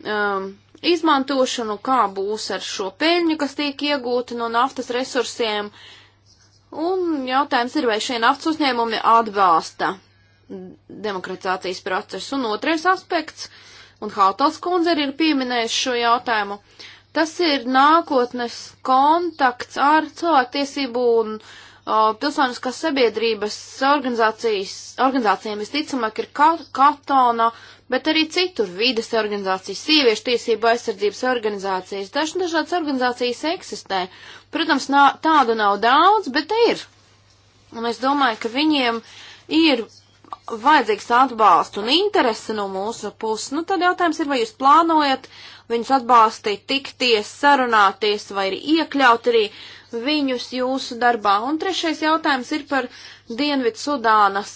um, izmantošanu, kā būs ar šo peļņu, kas tiek iegūta no naftas resursiem. Un jautājums ir, vai šie naftas uzņēmumi atbalsta demokratizācijas procesu. Un otrais aspekts, un Hautals kundze ir pieminējusi šo jautājumu, tas ir nākotnes kontakts ar cilvēktiesību un uh, pilsoniskās sabiedrības organizācijām visticamāk ir Katānā, bet arī citur vīdes organizācijas, sieviešu tiesību aizsardzības organizācijas. Dažas dažādas organizācijas eksistē. Protams, nā, tādu nav daudz, bet ir. Un es domāju, ka viņiem ir vajadzīgs atbalsts un interese no mūsu puses. Nu, tad jautājums ir, vai jūs plānojat viņus atbalstīt, tikties, sarunāties, vai arī iekļaut arī uh, viņus jūsu darbā. Un trešais jautājums ir par Dienvidu Sudānas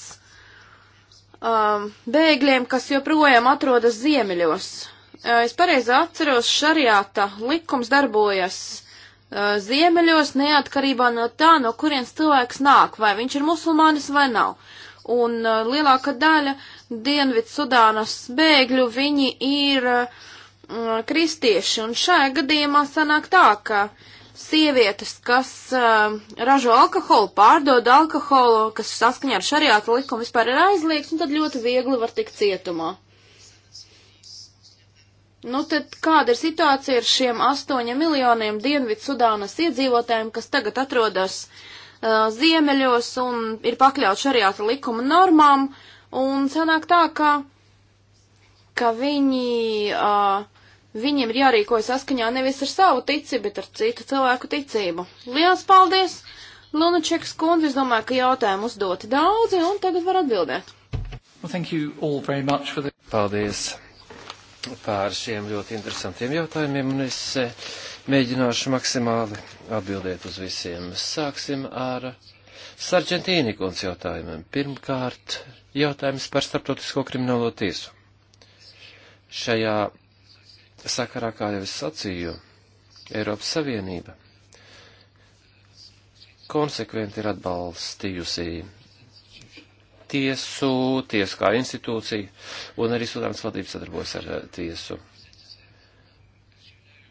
um, bēgļiem, kas joprojām atrodas ziemeļos. Uh, es pareizi atceros, šariāta likums darbojas uh, ziemeļos neatkarībā no tā, no kurienes cilvēks nāk, vai viņš ir musulmanis vai nav. Un uh, lielākā daļa Dienvidu Sudānas bēgļu viņi ir uh, kristieši, un šajā gadījumā sanāk tā, ka uh, sievietes, kas uh, ražo alkoholu, pārdod alkoholu, kas saskaņā ar šariātu likumu vispār ir aizliegts, un tad ļoti viegli var tikt cietumā. Nu tad kāda ir situācija ar šiem astoņiem miljoniem Dienvidu Sudānas iedzīvotājiem, kas tagad atrodas uh, ziemeļos un ir pakļauts šariāta likuma normām, un sanāk tā, ka, ka viņi uh, Viņiem ir jārīkojas saskaņā nevis ar savu ticību, bet ar citu cilvēku ticību. Lielas paldies! Lunačekas kundze, es domāju, ka jautājumu uzdoti daudzi, un tagad var atbildēt.
Well, the... Paldies par šiem ļoti interesantiem jautājumiem, un es eh, mēģināšu maksimāli atbildēt uz visiem. Sāksim ar Sargentīni kundz jautājumiem. Pirmkārt, jautājums par starptautisko kriminālo tiesu. Šajā sakarā, kā jau es sacīju, Eiropas Savienība konsekventi ir atbalstījusi tiesu, tiesu kā institūciju, un arī Sudānas valdības sadarbojas ar eh, tiesu.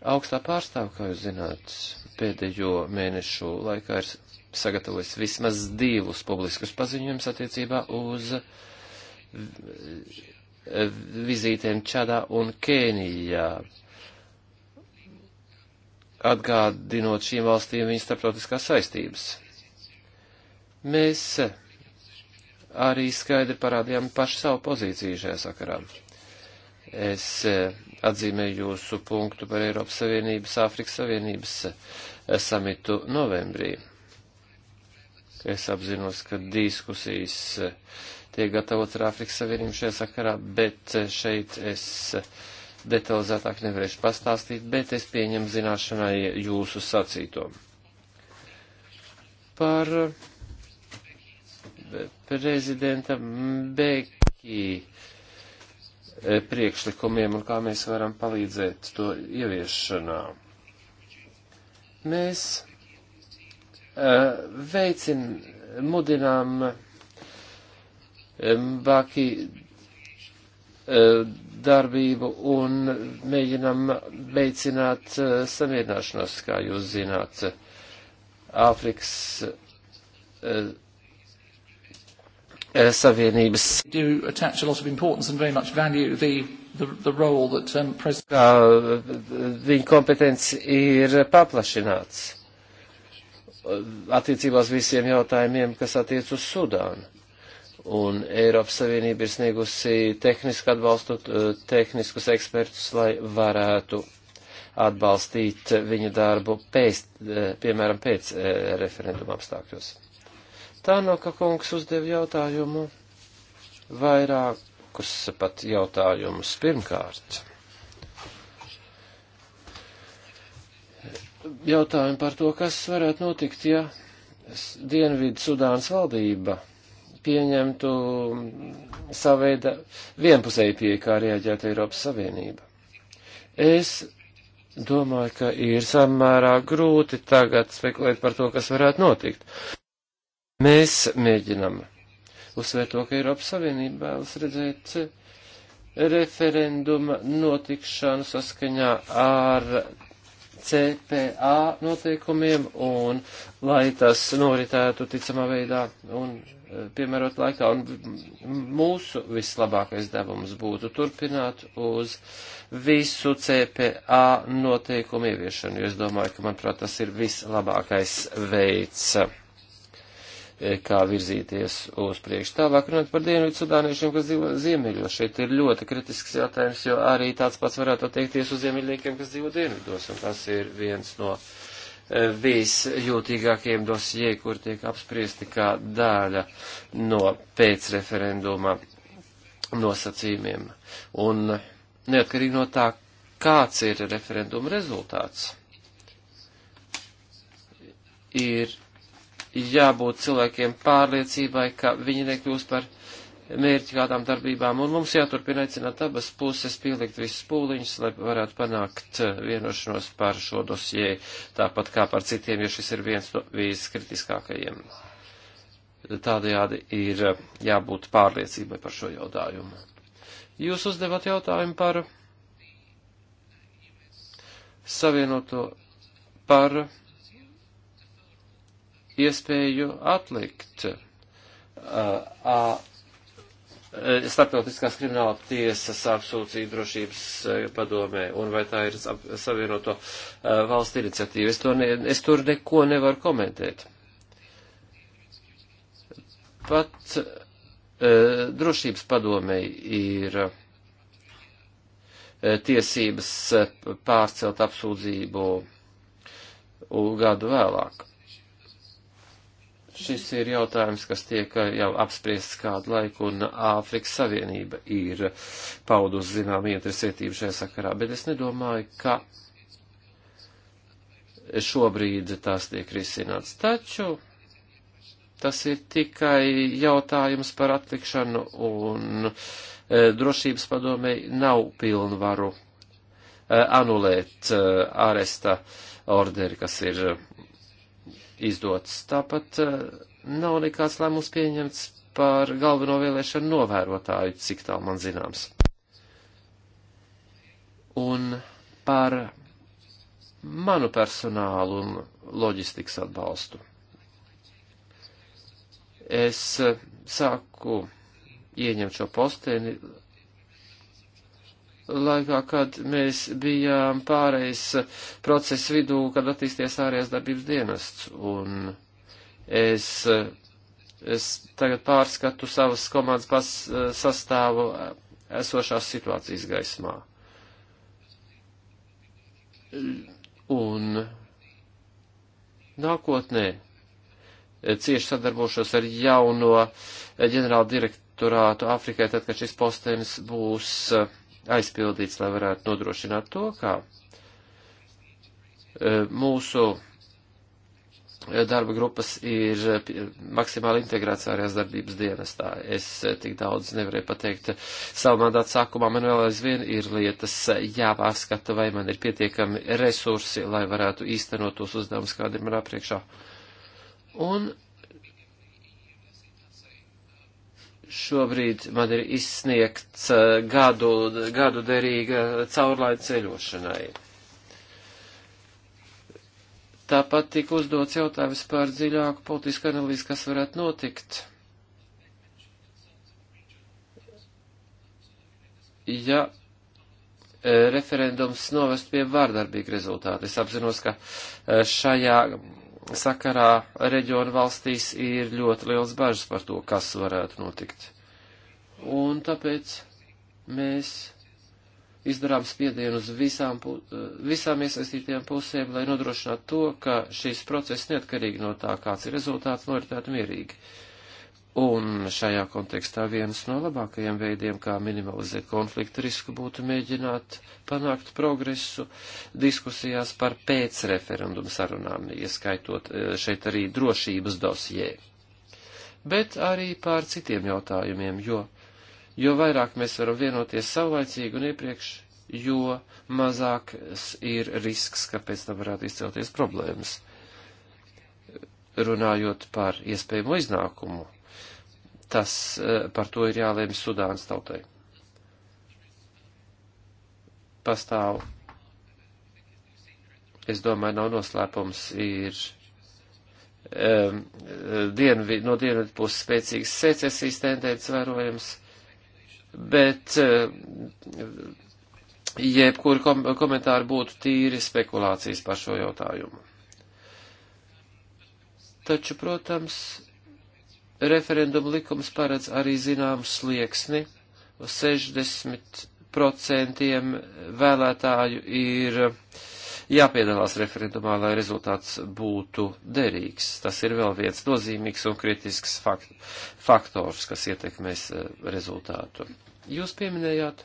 Augstā pārstāv, kā jūs zināt, pēdējo mēnešu laikā ir sagatavojis vismaz divus publiskus paziņojumus attiecībā uz vizītēm Čadā un Kēnijā. Atgādinot šīm valstīm viņas starptautiskās saistības. Mēs arī skaidri parādījām pašu savu pozīciju šajā sakarā. Es eh, atzīmēju jūsu punktu par Eiropas Savienības, Āfrikas Savienības eh, samitu novembrī. Es apzinos, ka diskusijas eh, tiek gatavots ar Āfrikas Savienību šajā sakarā, bet eh, šeit es detalizētāk nevarēšu pastāstīt, bet es pieņemu zināšanai jūsu sacīto. Par eh, prezidenta Beki eh, priekšlikumiem un kā mēs varam palīdzēt to ieviešanā. Mēs veicin, mudinām Baki e, darbību un mēģinam veicināt e, samierināšanos, kā jūs zināt, Āfrikas e, Savienības. The, the that, um, kā viņa kompetence ir paplašināts attiecībās visiem jautājumiem, kas attiec uz Sudānu Un Eiropas Savienība ir sniegusi tehnisku atbalstu, tehniskus ekspertus, lai varētu atbalstīt viņa darbu pēc, eh, piemēram, pēc eh, referenduma apstākļos. Tānoka kungs uzdev jautājumu, vairākus pat jautājumus pirmkārt. Jautājumi par to, kas varētu notikt, ja Dienvidu Sudānas valdība pieņemtu saveida vienpusēju pieeja, kā rieģētu Eiropas Savienība. Es domāju, ka ir samērā grūti tagad spekulēt par to, kas varētu notikt. Mēs mēģinam uzsvērt to, ka Eiropas Savienība vēlas redzēt referenduma notikšanu saskaņā ar CPA noteikumiem un lai tas noritētu ticamā veidā un piemērot laikā, un mūsu vislabākais devums būtu turpināt uz visu CPA noteikumu ieviešanu, jo es domāju, ka, manuprāt, tas ir vislabākais veids, e, kā virzīties uz priekšu. Tālāk runāt par dienvidu sudāniešiem, kas dzīvo ziemeļos. Šeit ir ļoti kritisks jautājums, jo arī tāds pats varētu attiekties uz ziemeļniekiem, kas dzīvo dienvidos, un tas ir viens no uh, visjūtīgākajiem dosijiem, kur tiek apspriesti kā daļa no pēcreferenduma nosacījumiem. Un neatkarīgi no tā, kāds ir referenduma rezultāts, ir jābūt cilvēkiem pārliecībai, ka viņi nekļūs par uh, mērķi kādām darbībām, un mums jāturpina aicināt abas puses pielikt visus pūliņus, lai varētu panākt eh, vienošanos par šo dosie, tāpat kā par citiem, jo šis ir viens no viskritiskākajiem. Tādējādi ir eh, jābūt pārliecībai par šo jautājumu. Jūs uzdevat jautājumu par savienoto par iespēju atlikt uh, uh, Eh, starptautiskās krimināla tiesas apsūdzību drošības eh, padomē un vai tā ir savienoto eh, valstu iniciatīva. Es, to ne, es tur neko nevaru komentēt. Pat uh, drošības padomē ir uh, tiesības pārcelt apsūdzību gadu vēlāk. Šis ir jautājums, kas tiek eh, jau apspriests kādu laiku, un Āfrikas Savienība ir paudus zinām interesētību šajā sakarā, bet es nedomāju, ka šobrīd tās tiek risināts. Taču tas ir tikai jautājums par atlikšanu, un e, drošības padomei nav pilnvaru e, anulēt e, aresta orderi, kas ir izdots. Tāpat eh, nav nekāds lēmums pieņemts par galveno vēlēšanu novērotāju, cik tālu man zināms. Un par manu personālu un loģistikas atbalstu. Es eh, sāku ieņemt šo posteni laikā, kad mēs bijām pārējais procesu vidū, kad attīstījies ārējās darbības dienests. Un es, es tagad pārskatu savas komandas pas, sastāvu esošās situācijas gaismā. Un nākotnē cieši sadarbošos ar jauno ģenerāla direktorātu Afrikai, tad, kad šis postenis būs uh, aizpildīts, lai varētu nodrošināt to, ka e, mūsu e, darba grupas ir e, maksimāli integrēts ārējās darbības dienestā. Es tik daudz nevarēju pateikt savu mandātu sākumā, man vēl aizvien ir lietas jāpārskata, vai man ir pietiekami resursi, lai varētu īstenot tos uzdevumus, kādi man apriekšā. Un Šobrīd man ir izsniegts uh, gadu, gadu derīga caurlaida ceļošanai. Tāpat tika uzdots jautājums par dziļāku politisku analīzi, kas varētu notikt. Ja e, referendums novest pie vārdarbīga rezultāta, es apzinos, ka e, šajā sakarā reģionu valstīs ir ļoti liels bažas par to, kas varētu notikt. Un tāpēc mēs izdarām spiedienu uz visām, visām iesaistītajām pusēm, lai nodrošinātu to, ka šīs process neatkarīgi no tā, kāds ir rezultāts, noritētu mierīgi. Uh, Un šajā kontekstā viens no labākajiem veidiem, kā minimalizēt konfliktu risku, būtu mēģināt panākt progresu diskusijās par pēcreferendumu sarunām, ieskaitot eh, šeit arī drošības dosjē. Bet arī pār citiem jautājumiem, jo, jo vairāk mēs varam vienoties savlaicīgi un iepriekš, jo mazāks ir risks, ka pēc tam varētu izcelties problēmas. Runājot par iespējamo iznākumu Tas eh, par to ir jālēma Sudānas tautai. Pastāv, es domāju, nav noslēpums, ir um, dienvi, no dienvidu puses spēcīgas secesijas tendences vērojams, bet um, jebkuri kom komentāri būtu tīri spekulācijas par šo jautājumu. Taču, protams, referenduma likums paredz arī zināmu slieksni. 60% vēlētāju ir jāpiedalās referendumā, lai rezultāts būtu derīgs. Tas ir vēl viens nozīmīgs un kritisks fakt, faktors, kas ietekmēs eh, rezultātu. Jūs pieminējāt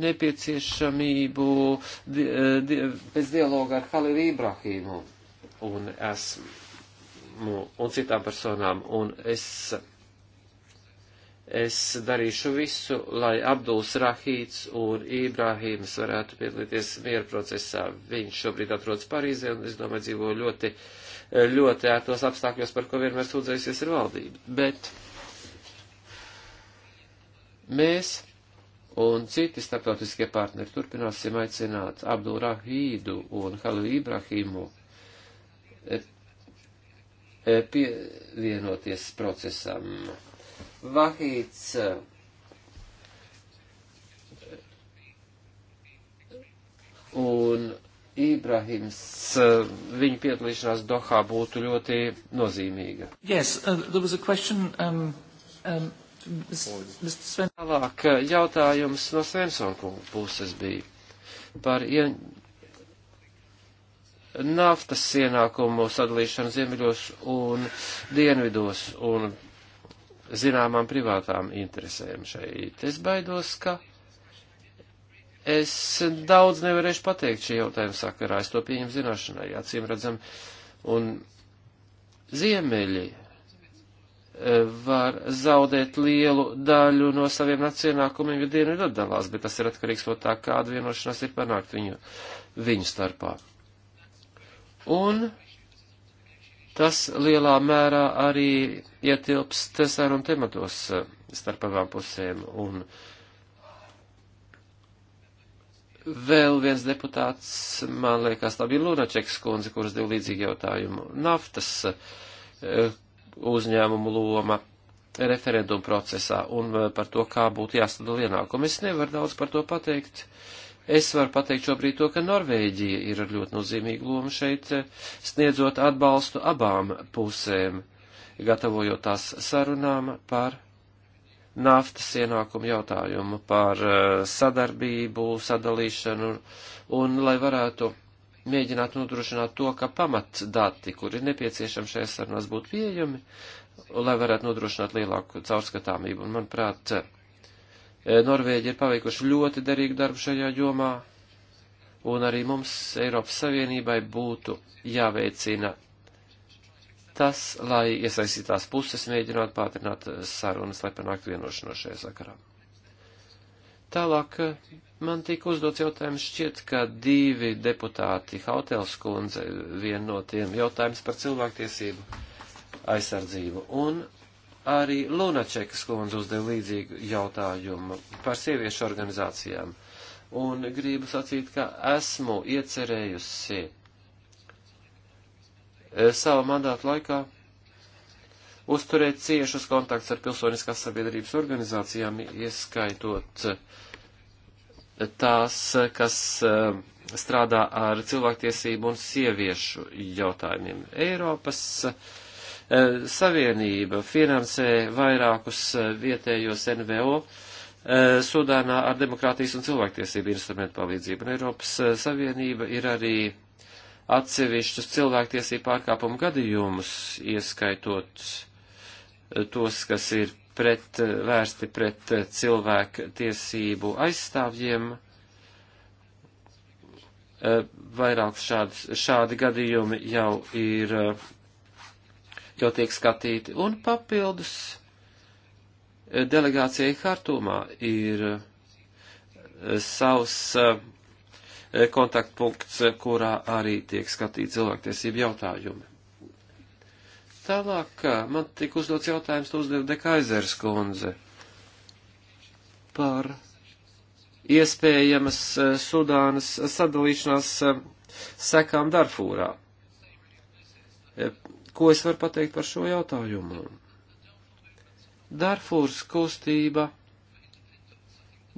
nepieciešamību di, eh, di, pēc dialoga ar Halilu Ibrahimu un esmu uzņēmumu nu, un citām personām, un es, es darīšu visu, lai Abduls Rahīts un Ibrahīms varētu piedalīties miera procesā. Viņš šobrīd atrodas Parīzē un, es domāju, dzīvo ļoti, ļoti ērtos apstākļos, par ko vienmēr sūdzējusies ir valdība. Bet mēs un citi starptautiskie partneri turpināsim aicināt Abdulrahīdu un Halu Ibrahimu Eh, pievienoties procesam. Vahīts eh, un Ibrahims, eh, viņa piedalīšanās Dohā būtu ļoti nozīmīga. Yes, uh, there was a question, um, um, Tālāk jautājums no Svensona puses bija par ieņemšanu naftas ienākumu sadalīšanu ziemeļos un dienvidos un zināmām privātām interesēm šeit. Es baidos, ka es daudz nevarēšu pateikt šī jautājuma sakarā. Es to pieņemu zināšanai, acīm redzam. Un ziemeļi e, var zaudēt lielu daļu no saviem nacionākumiem, ja dienu ir atdalās, bet tas ir atkarīgs no tā, kāda vienošanās ir panākt viņu, viņu starpā. Un tas lielā mērā arī ietilpst sarunu tematos eh, starp abām pusēm. Un vēl viens deputāts, man liekas, tā bija Lunačeks kundze, kuras divu līdzīgu jautājumu. Naftas eh, uzņēmumu loma referendumu procesā un eh, par to, kā būtu jāsadala ienākumi. Es nevaru daudz par to pateikt. Uh, Es varu pateikt šobrīd to, ka Norvēģija ir ar ļoti nozīmīgu lomu šeit, eh, sniedzot atbalstu abām pusēm, gatavojot tās sarunām par naftas ienākumu jautājumu, par eh, sadarbību, sadalīšanu, un lai varētu mēģināt nodrošināt to, ka pamatdati, kuri ir nepieciešami šajās sarunās, būtu pieejami, lai varētu nodrošināt lielāku caurskatāmību. Un, manuprāt, Eh, Norvēģi ir paveikuši ļoti derīgu darbu šajā jomā, un arī mums Eiropas Savienībai būtu jāveicina tas, lai iesaistītās puses mēģinātu pātrināt eh, sarunas, lai panāktu vienošanos šajā sakarā. Tālāk eh, man tika uzdots jautājums šķiet, ka divi deputāti Hautels kundze, vien no tiem jautājums par cilvēktiesību aizsardzību. Un Arī Lunačekas kundze uzdev līdzīgu jautājumu par sieviešu organizācijām. Un gribu sacīt, ka esmu iecerējusi eh, savu mandātu laikā uzturēt ciešus kontaktus ar pilsoniskās sabiedrības organizācijām, ieskaitot eh, tās, kas eh, strādā ar cilvēktiesību un sieviešu jautājumiem. Eiropas uh, Eh, Savienība finansē vairākus eh, vietējos NVO eh, Sudānā ar demokrātijas un cilvēktiesību instrumentu palīdzību. Un Eiropas Savienība ir arī atsevišķus cilvēktiesību pārkāpumu gadījumus, ieskaitot tos, kas ir pret, vērsti pret cilvēku tiesību aizstāvjiem. Vairāk šādi, šādi gadījumi jau ir jau tiek skatīti, un papildus e, delegācijai Hartumā ir e, savs e, kontaktpunkts, kurā arī tiek skatīti cilvēktiesību jautājumi. Tālāk man tika uzdots jautājums, to uzdeva Dekaizers kundze par iespējamas Sudānas sadalīšanās sekām Darfūrā. Ko es varu pateikt par šo jautājumu? Darfūras kustība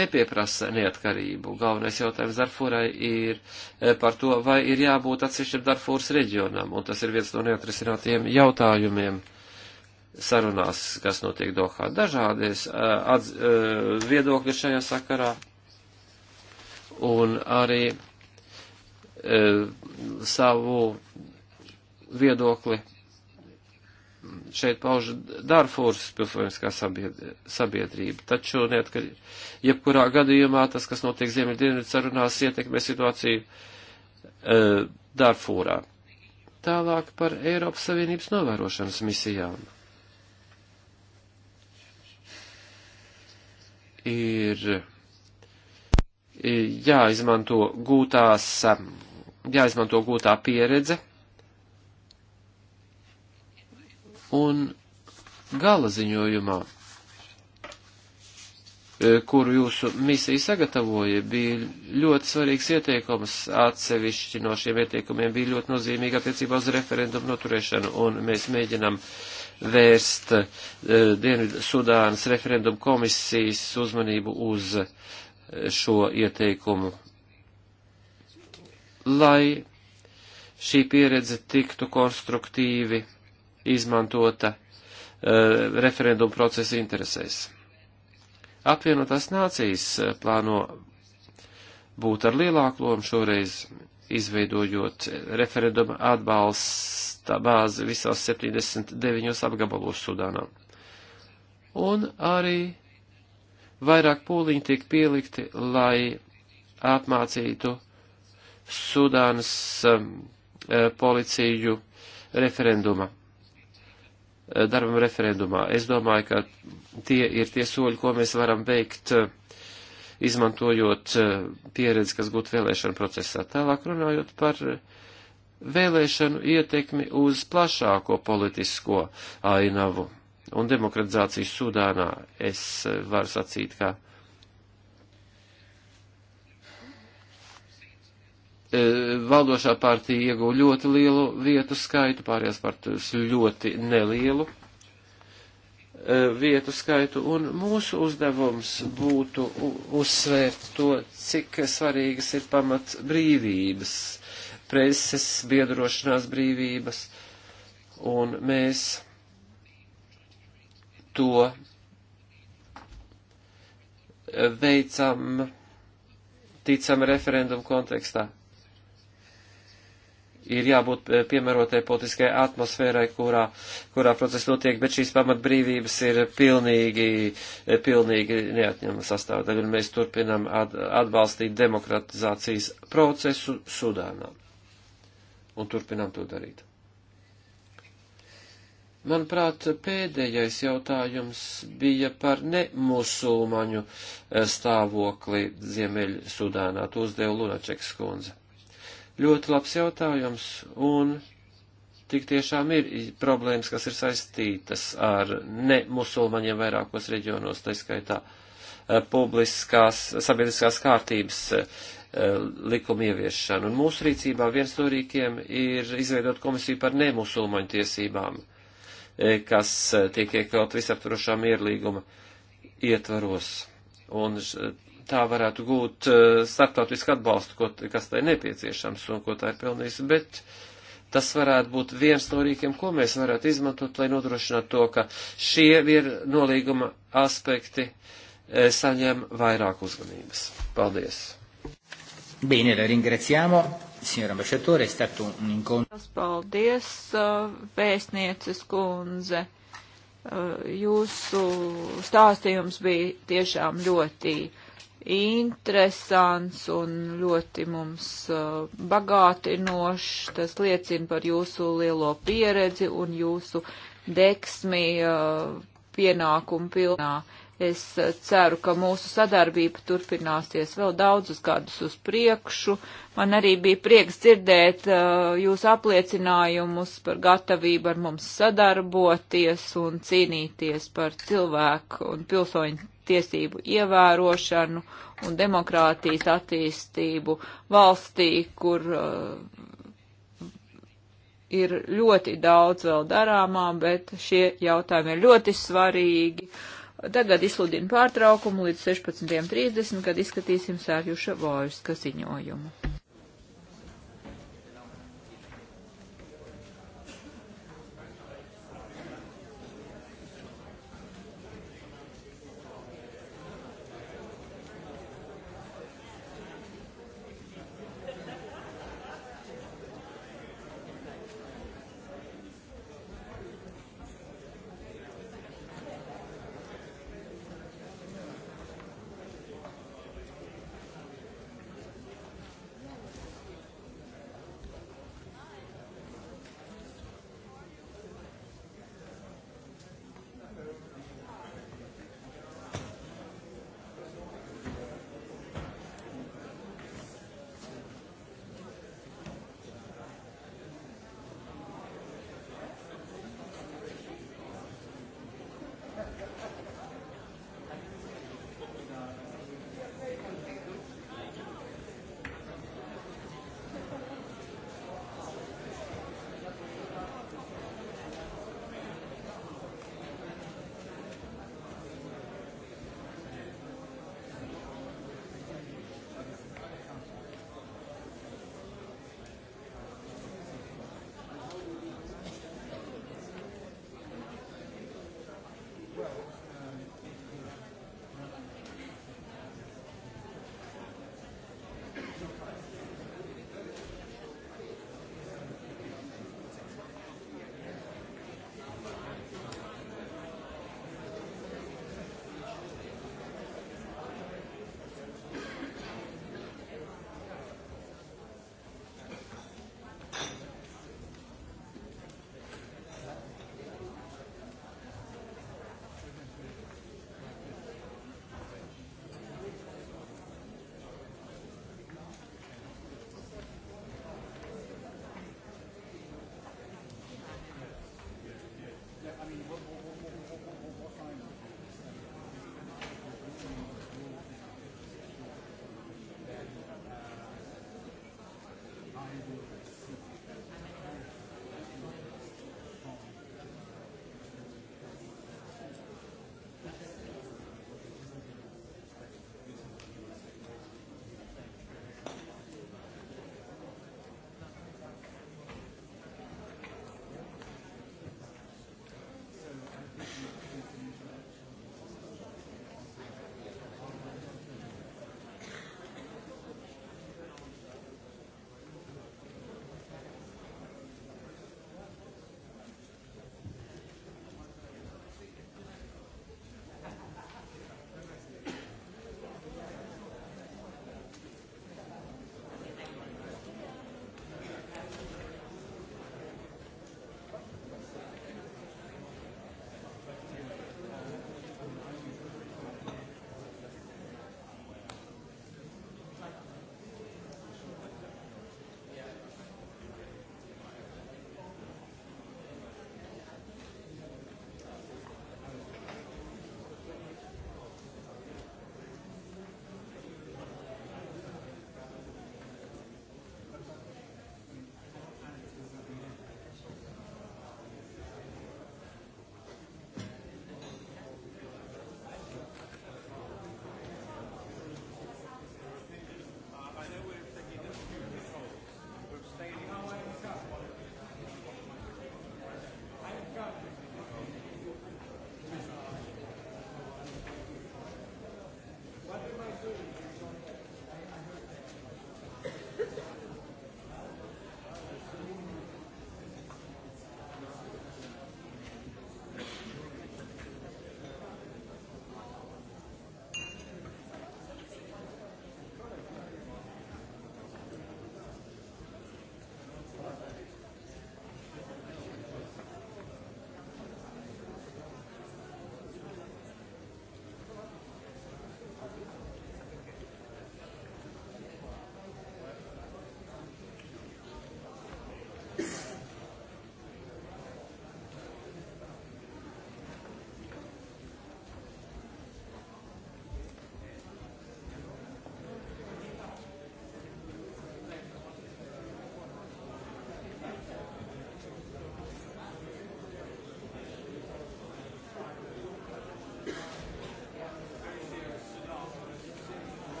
nepieprasa neatkarību. Galvenais jautājums Darfūrai ir eh, par to, vai ir jābūt atsevišķam Darfūras reģionam, un tas ir viens no neatrisinātiem jautājumiem sarunās, kas notiek Dohā. Dažādies eh, atz, eh, viedokļi šajā sakarā, un arī savu viedokli šeit pauž Darfūras pilsoniskā sabiedrība. Taču, neatkarīgi, jebkurā gadījumā tas, kas notiek Ziemeļdienu sarunās, ietekmē situāciju uh, Darfūrā. Tālāk par Eiropas Savienības novērošanas misijām. Ir e, jāizmanto gūtās, e, jāizmanto gūtā pieredze Un gala ziņojumā, e, kuru jūsu misija sagatavoja, bija ļoti svarīgs ieteikums. Atsevišķi no šiem ieteikumiem bija ļoti nozīmīgi attiecībā uz referendumu noturēšanu, un mēs mēģinam vērst uh, Dienvidu Sudānas referendumu komisijas uzmanību uz uh, šo ieteikumu, lai šī pieredze tiktu konstruktīvi izmantota uh, eh, referendumu procesa interesēs. Apvienotās nācijas eh, plāno būt ar lielāku lomu šoreiz, izveidojot eh, referenduma atbalsta bāzi visās 79 apgabalos Sudānā. Un arī vairāk pūliņi tiek pielikti, lai apmācītu Sudānas um, policiju referenduma darbam referendumā. Es domāju, ka tie ir tie soļi, ko mēs varam veikt, eh, izmantojot eh, pieredzi, kas gūt vēlēšanu procesā. Tālāk runājot par eh, vēlēšanu ietekmi uz plašāko politisko ainavu un demokratizāciju Sudānā, es varu sacīt, ka E, valdošā partija ieguva ļoti lielu vietu skaitu, pārējās partijas ļoti nelielu e, vietu skaitu, un mūsu uzdevums būtu uzsvērt to, cik svarīgas ir pamats brīvības, preses, biedrošanās brīvības, un mēs to veicam, ticam referendumu kontekstā ir jābūt e, piemērotai politiskajai atmosfērai, kurā, kurā process notiek, bet šīs pamatbrīvības ir pilnīgi, e, pilnīgi neatņemama sastāvdaļa, un mēs turpinam atbalstīt demokratizācijas procesu Sudānā. Un turpinām to darīt. Manuprāt, pēdējais jautājums bija par nemusulmaņu e, stāvokli Ziemeļ Sudānā. To uzdeva Lunačeks kundze. Ļoti labs jautājums, un tik tiešām ir problēmas, kas ir saistītas ar ne musulmaņiem vairākos reģionos, tā skaitā e, publiskās, sabiedriskās kārtības e, e, likuma ieviešanu. Un mūsu rīcībā viens no rīkiem ir izveidot komisiju par nemusulmaņu tiesībām, kas tiek iekļaut visaptvarošā mierlīguma ietvaros. Un tā varētu gūt eh, starptautisku atbalstu, ko, kas tai nepieciešams un ko tā ir pelnījusi, bet tas varētu būt viens no rīkiem, ko mēs varētu izmantot, lai nodrošinātu to, ka šie ir nolīguma aspekti eh, saņem vairāk uzmanības. Paldies! Bene, la ringraziamo. Signora ambasciatore, è stato un incontro.
Paldies, eh, vēstnieces kundze jūsu stāstījums bija tiešām ļoti interesants un ļoti mums uh, bagātinošs. Tas liecina par jūsu lielo pieredzi un jūsu deksmi uh, pienākumu pilnā. Es uh, ceru, ka mūsu sadarbība turpināsies vēl daudzus gadus uz priekšu. Man arī bija prieks dzirdēt jūsu apliecinājumus par gatavību ar mums sadarboties un cīnīties par cilvēku un pilsoņu tiesību ievērošanu un demokrātijas attīstību valstī, kur uh, ir ļoti daudz vēl darāmā, bet šie jautājumi ir ļoti svarīgi. Tagad izsludinu pārtraukumu līdz 16.30, kad izskatīsim Sērjuša Vojuska ziņojumu.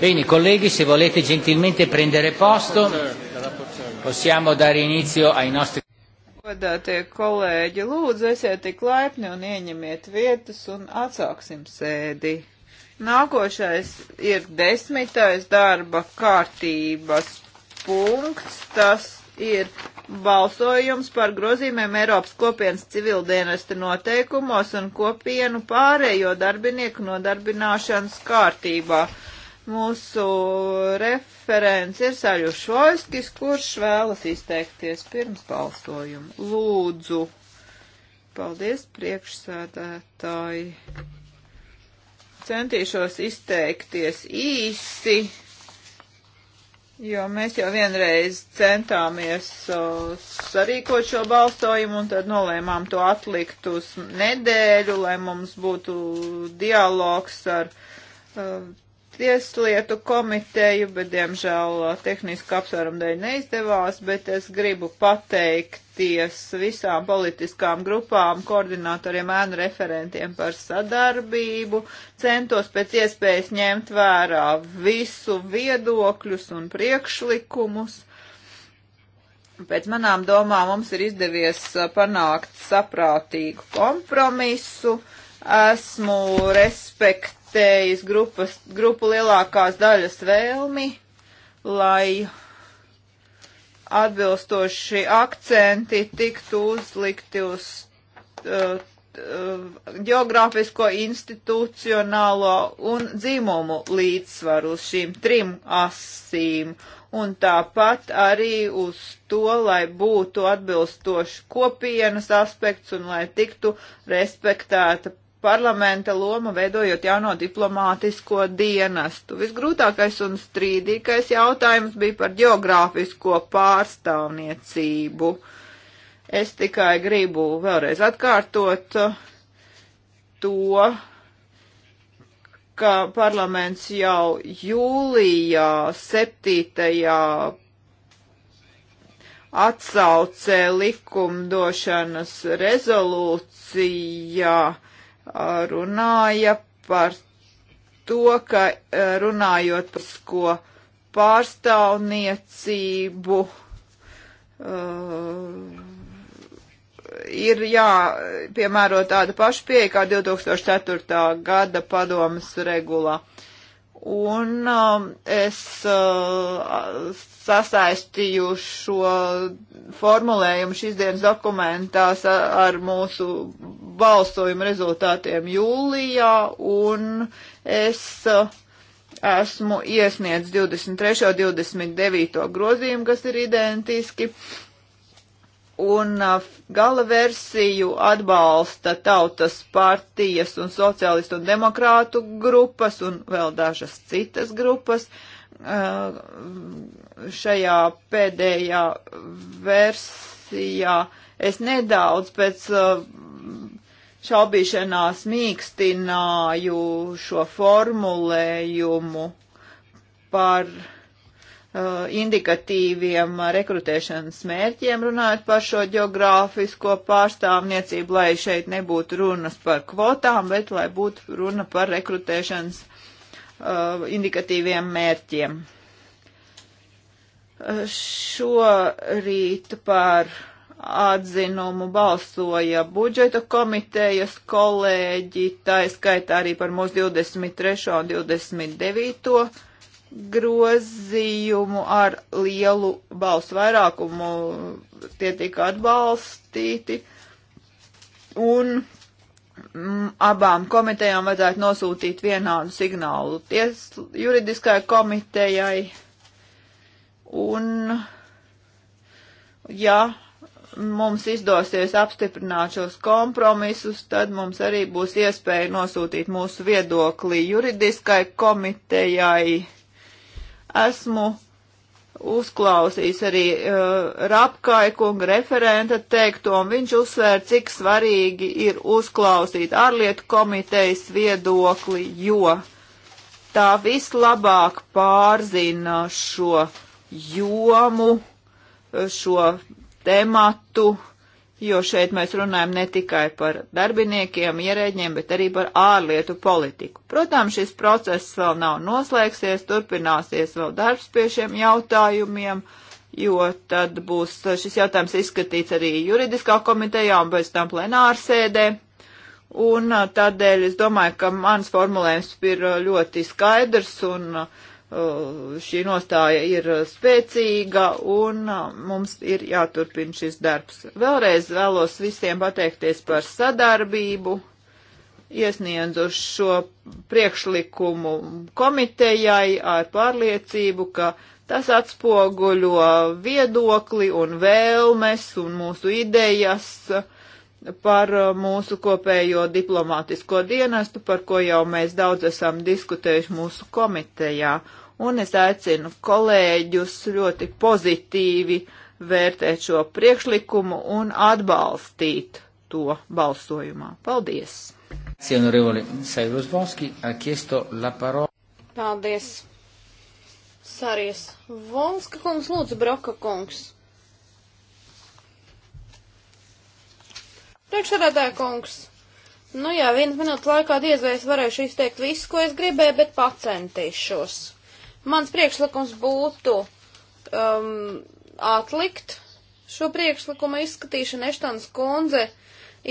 Bene, colleghi, se volete gentilmente prendere posto, possiamo dare inizio ai nostri. Godātie kolēģi, lūdzu, esiet tik laipni un ieņemiet vietas un atsāksim sēdi. Nākošais ir desmitais darba kārtības punkts. Tas ir balsojums par grozījumiem Eiropas kopienas civildienesta noteikumos un kopienu pārējo darbinieku nodarbināšanas kārtībā. Mūsu referents ir Saļus Šoiskis, kurš vēlas izteikties pirms balsojuma. Lūdzu. Paldies, priekšsēdētāji. Centīšos izteikties īsi. Jo mēs jau vienreiz centāmies uh, sarīkot šo balsojumu un tad nolēmām to atlikt uz nedēļu, lai mums būtu dialogs ar uh, tieslietu komiteju, bet diemžēl tehniski apsvērumu dēļ neizdevās, bet es gribu pateikties visām politiskām grupām, koordinatoriem, ēnu referentiem par sadarbību. Centos pēc iespējas ņemt vērā visu viedokļus un priekšlikumus. Pēc manām domām mums ir izdevies panākt saprātīgu kompromisu. Esmu respekt pretējas grupas, grupu lielākās daļas vēlmi, lai atbilstoši akcenti tiktu uzlikti uz uh, uh, geogrāfisko, institucionālo un dzimumu līdzsvaru uz šīm trim asīm. Un tāpat arī uz to, lai būtu atbilstoši kopienas aspekts un lai tiktu respektēta parlamenta loma veidojot jauno diplomātisko dienestu. Visgrūtākais un strīdīgais jautājums bija par geogrāfisko pārstāvniecību. Es tikai gribu vēlreiz atkārtot uh, to, ka parlaments jau jūlijā septītajā atsaucē likumdošanas rezolūcijā runāja par to, ka e, runājot par ko pārstāvniecību e, ir jāpiemēro tāda paša pieeja kā 2004. gada padomas regulā un um, es uh, sasaistīju šo formulējumu šīs dienas dokumentās ar mūsu balsojumu rezultātiem jūlijā, un es uh, esmu iesniedz 23. un 29. grozījumu, kas ir identiski. Uh, un gala versiju atbalsta tautas partijas un sociālistu un demokrātu grupas un vēl dažas citas grupas. Šajā pēdējā versijā es nedaudz pēc šaubīšanās mīkstināju šo formulējumu par Uh, indikatīviem uh, rekrutēšanas mērķiem, runājot par šo geogrāfisko pārstāvniecību, lai šeit nebūtu runas par kvotām, bet lai būtu runa par rekrutēšanas uh, indikatīviem mērķiem. Uh, šorīt par atzinumu balsoja budžeta komitejas kolēģi, tā skaitā arī par mūsu 23. un 29 grozījumu ar lielu balstu vairākumu, tie tika atbalstīti, un mm, abām komitejām vajadzētu nosūtīt vienādu signālu ties juridiskajai komitejai, un, ja mums izdosies apstiprināt šos kompromisus, tad mums arī būs iespēja nosūtīt mūsu viedoklī juridiskai komitejai. Esmu uzklausījis arī uh, Rapkaikunga referenta teikto, un viņš uzsvēr, cik svarīgi ir uzklausīt ārlietu komitejas viedokli, jo tā vislabāk pārzina šo jomu, šo tematu, uh, jo šeit mēs runājam ne tikai par darbiniekiem, ierēģiem, bet arī par ārlietu politiku. Protams, šis process vēl nav noslēgsies, turpināsies vēl darbs pie šiem jautājumiem, jo tad būs šis jautājums izskatīts arī juridiskā komitejā un pēc tam plenārsēdē. Un tādēļ es domāju, ka mans formulējums ir ļoti skaidrs un uh, Eh, šī nostāja ir spēcīga un eh, mums ir jāturpina šis darbs. Vēlreiz vēlos visiem pateikties par sadarbību, iesniedzuši šo priekšlikumu komitejai ar pārliecību, ka tas atspoguļo viedokli un vēlmes un mūsu idejas par eh, mūsu kopējo diplomātisko dienestu, par ko jau mēs daudz esam diskutējuši mūsu komitejā un es aicinu kolēģus ļoti pozitīvi vērtēt šo priekšlikumu un atbalstīt to balsojumā. Paldies!
Paldies! Sārijas Volska kungs, lūdzu, Broka kungs. Priekšsēdētāja kungs, nu jā, viens minūtes laikā diez vai es varēšu izteikt visu, ko es gribēju, bet pacentīšos. Mans priekšlikums būtu um, atlikt šo priekšlikumu izskatīšanu. Eštons kundze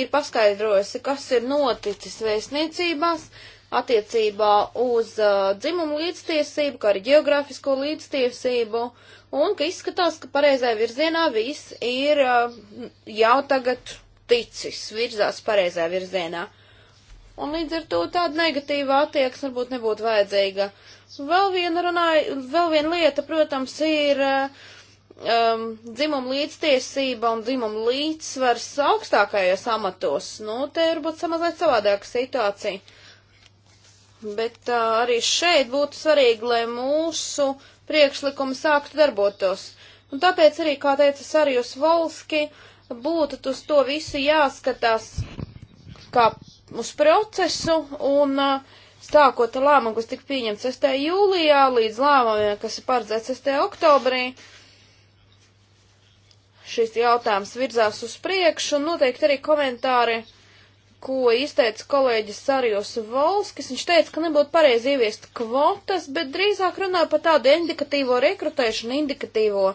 ir paskaidrojusi, kas ir noticis vēstniecībās attiecībā uz uh, dzimumu līdztiesību, kā arī geogrāfisko līdztiesību, un ka izskatās, ka pareizajā virzienā viss ir uh, jau tagad ticis, virzās pareizajā virzienā. Uh, un līdz ar to tāda negatīva attieksme varbūt nebūtu vajadzīga. Vēl viena, runāja, vēl viena lieta, protams, ir eh, um, dzimuma līdztiesība un dzimuma līdzsvars augstākajos amatos. Nu, te ir būt samazliet savādāka situācija. Bet uh, arī šeit būtu svarīgi, lai mūsu priekšlikumi sāktu darbotos. Un tāpēc arī, kā teica Sarijus Volski, būtu uz to visu jāskatās kā uz procesu un uh, stākot ar lēmumu, kas tika pieņemts 6. jūlijā līdz lēmumiem, kas ir paredzēts 6. oktobrī. Šis jautājums virzās uz priekšu un noteikti arī komentāri, ko izteica kolēģis Sarijos Volskis. Viņš teica, ka nebūtu pareizi ieviest kvotas, bet drīzāk runā par tādu indikatīvo rekrutēšanu, indikatīvo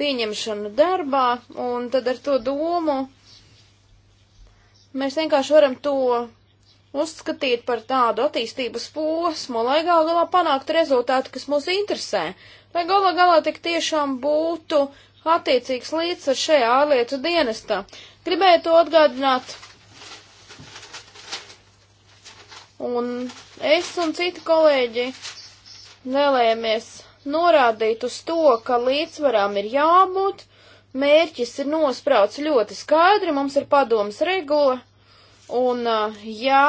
pieņemšanu darbā un tad ar to domu Mēs vienkārši varam to uzskatīt par tādu attīstības posmu, lai gal galā panāktu rezultātu, kas mūs interesē, lai galā galā tik tiešām būtu attiecīgs līdzsvars šajā ārlietu dienestā. Gribēju to atgādināt. Un es un citi kolēģi vēlējamies norādīt uz to, ka līdzsvarām ir jābūt, Mērķis ir nosprauts ļoti skaidri, mums ir padomas regula, un uh, ja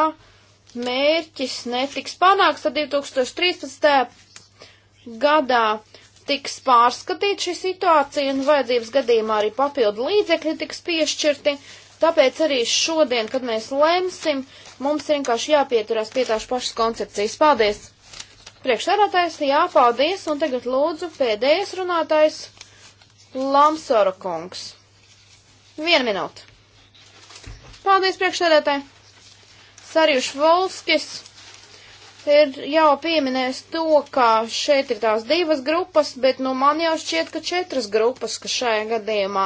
mērķis netiks panāks, tad 2013. gadā tiks pārskatīt šī situācija un vajadzības gadījumā arī papildu līdzekļi tiks piešķirti. Tāpēc arī šodien, kad mēs lemsim, mums vienkārši jāpieturās pie tās pašas koncepcijas. Paldies! Priekšsēdētājs, jā, paldies, un tagad lūdzu pēdējais runātājs Lamsora kungs. Vienu minūti. Paldies priekšsēdētāji. Sarjuš Volskis ir jau pieminējis to, ka šeit ir tās divas grupas, bet nu man jau šķiet, ka četras grupas, kas šajā gadījumā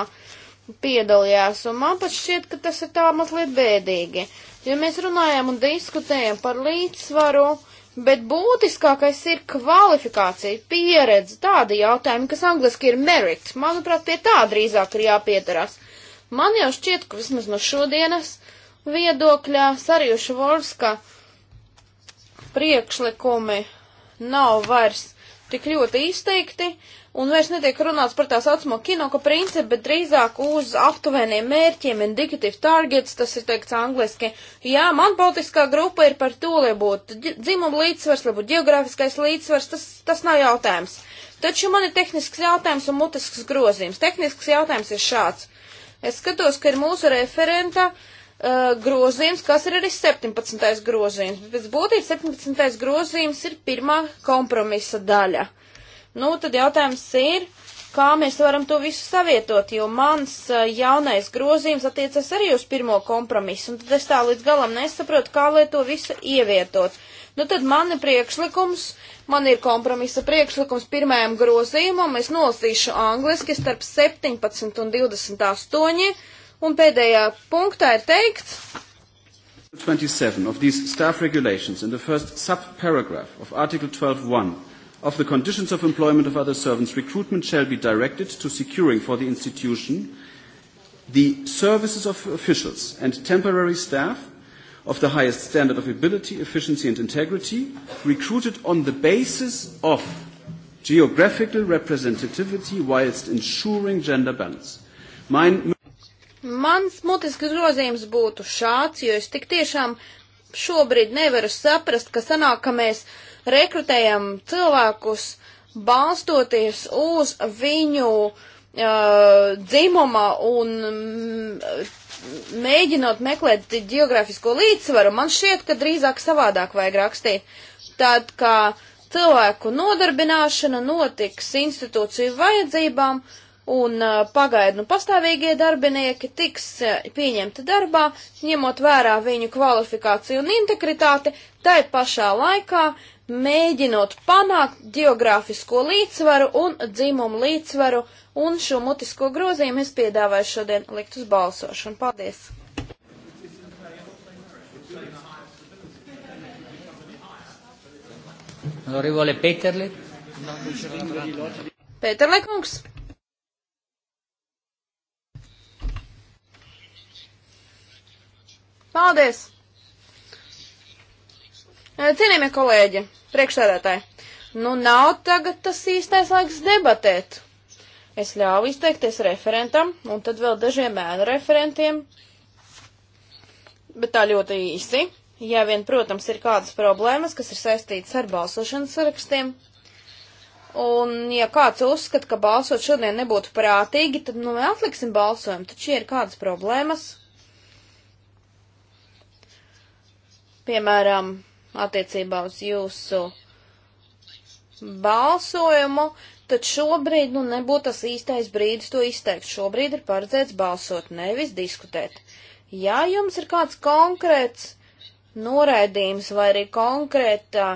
piedalījās, un man pat šķiet, ka tas ir tā mazliet bēdīgi. Ja mēs runājam un diskutējam par līdzsvaru, uh, bet būtiskākais ir kvalifikācija, pieredze, tādi jautājumi, kas angliski ir merit. Manuprāt, pie tā drīzāk ir jāpiedarās. Man jau šķiet, ka vismaz no šodienas viedokļā Sarjuša Volska priekšlikumi nav vairs tik ļoti izteikti, Un vairs netiek runāts par tā saucamo kinoka principu, bet drīzāk uz aptuveniem mērķiem, indicative targets, tas ir teikts angliski. Jā, man politiskā grupa ir par to, lai būtu dzimuma līdzsvars, lai būtu geogrāfiskais līdzsvars, tas, tas nav jautājums. Taču man ir tehnisks jautājums un mutisks grozījums. Tehnisks jautājums ir šāds. Es skatos, ka ir mūsu referenta uh, grozījums, kas ir arī 17. grozījums, bet pēc būtības 17. grozījums ir pirmā kompromisa daļa. Uh, Nu, tad jautājums ir, kā mēs varam to visu savietot, jo mans jaunais grozījums attiecas arī uz pirmo kompromisu, un tad es tā līdz galam nesaprotu, kā lai to visu ievietot. Nu, tad mani priekšlikums, man ir kompromisa priekšlikums pirmajam grozījumam, es nolasīšu angliski starp 17 un 28, un pēdējā punktā ir teikts.
27 of these staff regulations in the first subparagraph of Article 12.1 of the conditions of employment of other servants, recruitment shall be directed to securing for the institution the services of officials and temporary staff of the highest standard of ability, efficiency and integrity, recruited on the basis of geographical representativity whilst ensuring gender balance. Mine...
Mans mutiskas grozījums būtu šāds, jo es tik tiešām šobrīd nevaru saprast, ka sanāk, ka mēs uh, rekrutējam cilvēkus balstoties uz viņu uh, dzimuma un mm, mēģinot meklēt geogrāfisko līdzsvaru, man šķiet, ka drīzāk savādāk vajag rakstīt. Tad, kā cilvēku nodarbināšana notiks institūciju vajadzībām, un pagaidu nu, pastāvīgie darbinieki tiks pieņemti darbā, ņemot vērā viņu kvalifikāciju un integritāti, tai pašā laikā mēģinot panākt geogrāfisko līdzsvaru un dzimumu līdzsvaru, un šo mutisko grozījumu es piedāvāju šodien likt uz balsošanu. Paldies! Pēterle kungs. Paldies! Eh, cienījamie kolēģi, priekšsēdētāji, nu nav tagad tas īstais laiks debatēt. Es ļāvu izteikties referentam un tad vēl dažiem ēnu referentiem, bet tā ļoti īsi. Ja vien, protams, ir kādas problēmas, kas ir saistītas ar balsošanas sarakstiem, Un, ja kāds uzskata, ka balsot šodien nebūtu prātīgi, tad, nu, atliksim balsojumu, taču ir kādas problēmas. Piemēram, attiecībā uz jūsu balsojumu, tad šobrīd nu, nebūtu tas īstais brīdis to izteikt. Šobrīd ir paredzēts balsot, nevis diskutēt. Ja jums ir kāds konkrēts noraidījums vai arī konkrēta,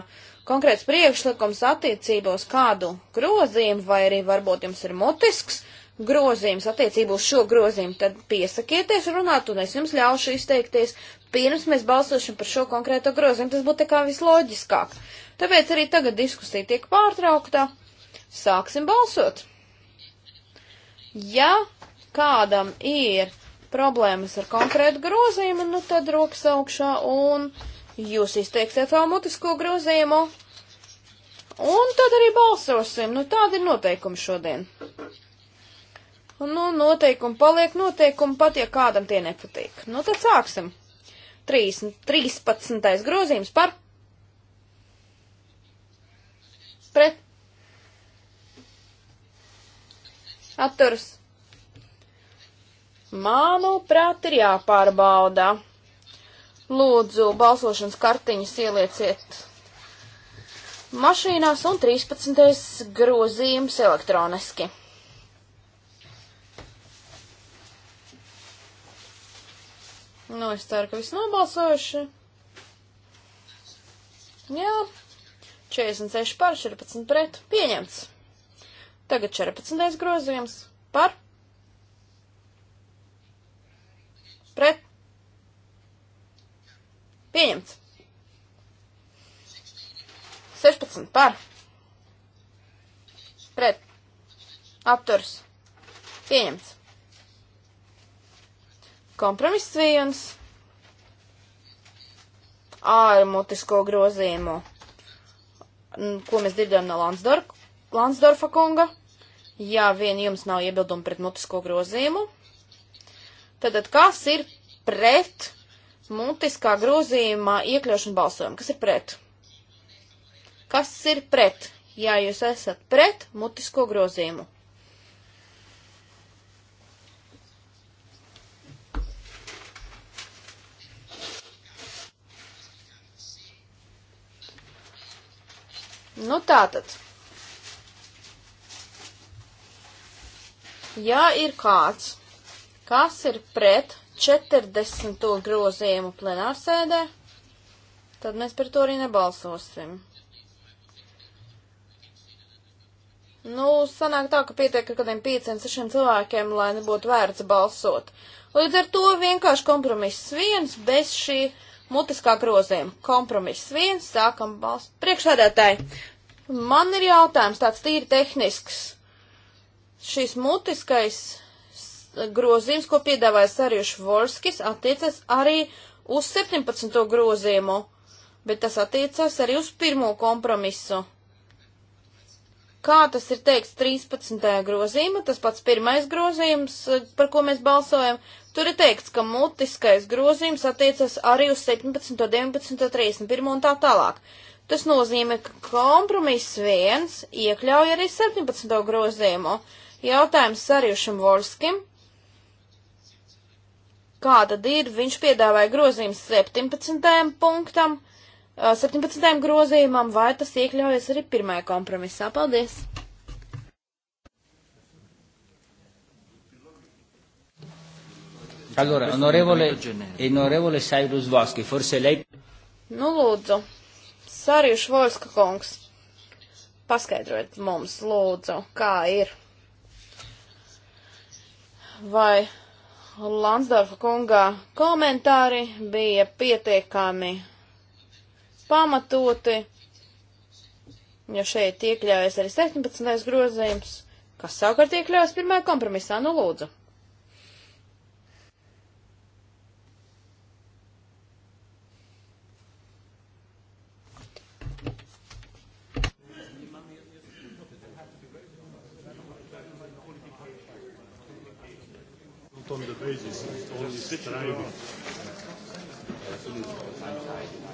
konkrēts priekšlikums attiecībos kādu grozījumu vai arī varbūt jums ir motisks grozījums attiecībā uz šo grozījumu, tad piesakieties runāt un es jums ļaušu izteikties, pirms mēs balsošam par šo konkrēto grozījumu. Tas būtu kā visloģiskāk. Tāpēc arī tagad diskusija tiek pārtraukta. Sāksim balsot. Ja kādam ir problēmas ar konkrētu grozījumu, nu tad rokas augšā un jūs izteiksiet savu mutisko grozījumu. Un tad arī balsosim. Nu tādi ir noteikumi šodien. Nu, noteikumi paliek noteikumi, pat ja kādam tie nepatīk. Nu, tad sāksim. 3, 13. grozījums par pret atturs. Mānuprāt, ir jāpārbauda. Lūdzu, balsošanas kartiņas ielieciet mašīnās un 13. grozījums elektroniski. Nu, es ceru, ka viss nobalsojuši. Jā, 46 par, 14 pret, pieņemts. Tagad 14. grozījums par, pret, pieņemts. 16 par, pret, apturs, pieņemts. Kompromiss viens ar mutisko grozījumu, ko mēs dzirdējām no Lansdorf, Lansdorfa kunga. Ja vien jums nav iebildumi pret mutisko grozījumu, tad kas ir pret mutiskā grozījumā iekļaušanu balsojumu? Kas ir pret? Kas ir pret? Ja jūs esat pret mutisko grozījumu. Nu tātad. Ja ir kāds, kas ir pret 40. grozījumu plenārsēdē, tad mēs par to arī nebalsosim. Nu, sanāk tā, ka pietiek ar kādiem 5-6 cilvēkiem, lai nebūtu vērts balsot. Līdz ar to vienkārši kompromiss viens bez šī mutiskā grozējuma. Kompromiss viens, sākam balst. Priekšsēdētāji, man ir jautājums tāds tīri tehnisks. Šis mutiskais grozījums, ko piedāvāja Sarjuš Volskis, attiecas arī uz 17. grozījumu, bet tas attiecas arī uz pirmo kompromisu kā tas ir teikts 13. grozījuma, tas pats pirmais grozījums, eh, par ko mēs balsojam, tur ir teikts, ka mutiskais grozījums attiecas arī uz 17, 19, 31 un tā tālāk. Tas nozīmē, ka kompromiss viens iekļauj arī 17. grozījumu. Jautājums Sarjušam Volskim. Kā tad ir? Viņš piedāvāja grozījumu 17. punktam. 17. grozījumam, vai tas iekļaujas arī pirmajā kompromisā. Paldies!
Allora, onorevole, onorevole Sairus Voski, forse lei...
Nu, lūdzu, Sārjuš Voska kungs, paskaidrojiet mums, lūdzu, kā ir. Vai Lansdorfa kungā komentāri bija pietiekami pamatoti, ja šeit iekļaujas arī 17. grozījums, kas savukārt iekļaujas pirmajā kompromisā, nu lūdzu.
on the basis of only striving.
Absolutely.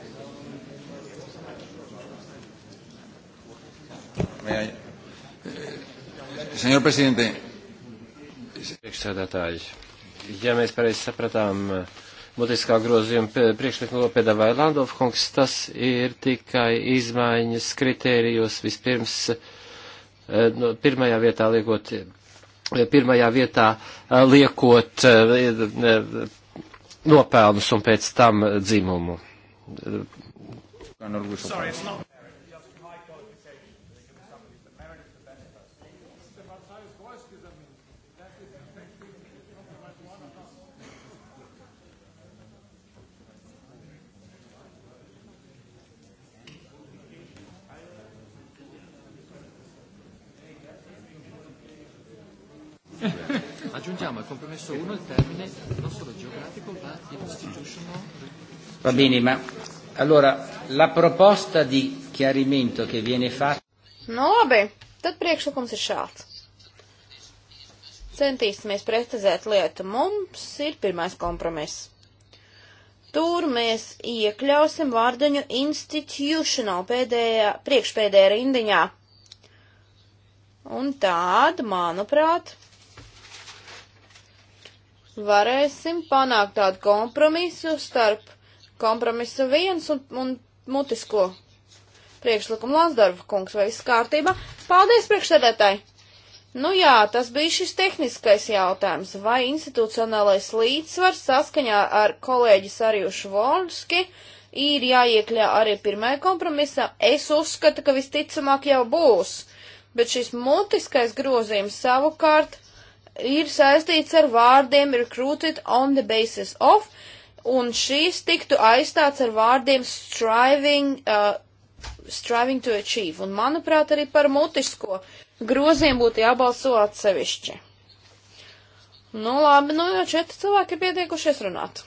May I?
Senor Presidente. Priekšsēdētāji, ja mēs pareizi sapratām, būtiskā eh, grozījuma priekšlikumu piedāvāja Landovkungs, tas ir tikai izmaiņas kritērijos vispirms eh, no, pirmajā vietā liekot, eh, pirmajā vietā liekot nopelnus un pēc tam dzimumu. Sorry, Aggiungiamo al compromesso 1 il termine
non solo geografico ma institutional.
Va bene, ma allora la proposta di chiarimento che viene fatta.
Nu, labi, tad priekšlikums ir šāds. Centīsimies precizēt lietu. Mums ir pirmais kompromiss. Tur mēs iekļausim vārdaņu institutional pēdējā, priekšpēdējā rindiņā. Un tād, manuprāt, varēsim panākt tādu kompromisu starp kompromisu viens un, un mutisko priekšlikumu Lansdarba kungs, vai viss kārtībā? Paldies, priekšsēdētāji! Nu jā, tas bija šis tehniskais jautājums, vai institucionālais līdzsvars saskaņā ar kolēģis Arjušu Volski ir jāiekļā arī pirmajā kompromisā. Es uzskatu, ka visticamāk jau būs, bet šis mutiskais grozījums savukārt uh, ir saistīts ar vārdiem recruited on the basis of, un šīs tiktu aizstāts ar vārdiem striving, uh, striving to achieve, un manuprāt arī par mutisko groziem būtu jābalso atsevišķi. Nu labi, nu jau četri cilvēki ir pietiekušies runāt.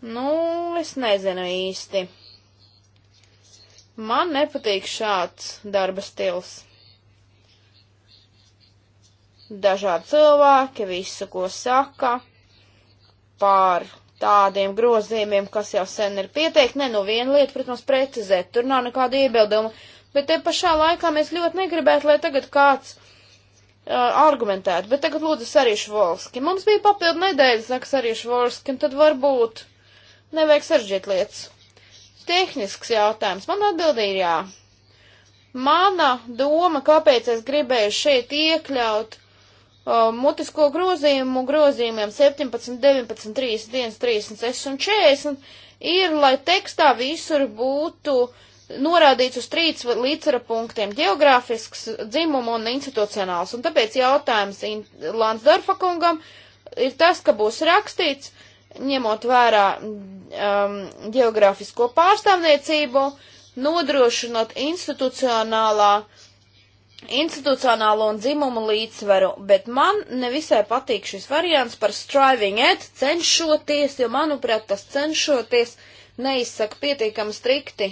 Nu, es nezinu īsti. Man nepatīk šāds darba stils dažādi cilvēki, visu, ko saka par tādiem grozījumiem, kas jau sen ir pieteikti. Nē, nu viena lieta, protams, precizēt, tur nav nekāda iebilduma, bet te pašā laikā mēs ļoti negribētu, lai tagad kāds uh, argumentētu, bet tagad lūdzu Sarīšu Volski. Mums bija papildu nedēļas, saka Sarīšu Volski, un tad varbūt nevajag saržģīt lietas. Tehnisks jautājums. Man atbildi ir jā. Mana doma, kāpēc es gribēju šeit iekļaut mutisko grozījumu grozījumiem 17, 19, 3, 1, 36 un 40 ir, lai tekstā visur būtu norādīts uz trīs līdzsvara punktiem - geogrāfisks, dzimumu un institucionāls. Un tāpēc jautājums Lansdorfa kungam ir tas, ka būs rakstīts, ņemot vērā um, geogrāfisko pārstāvniecību, nodrošinot institucionālā uh, institucionālo un dzimumu līdzsvaru, bet man nevisai patīk šis variants par striving at, cenšoties, jo, manuprāt, tas cenšoties neizsaka pietiekami strikti.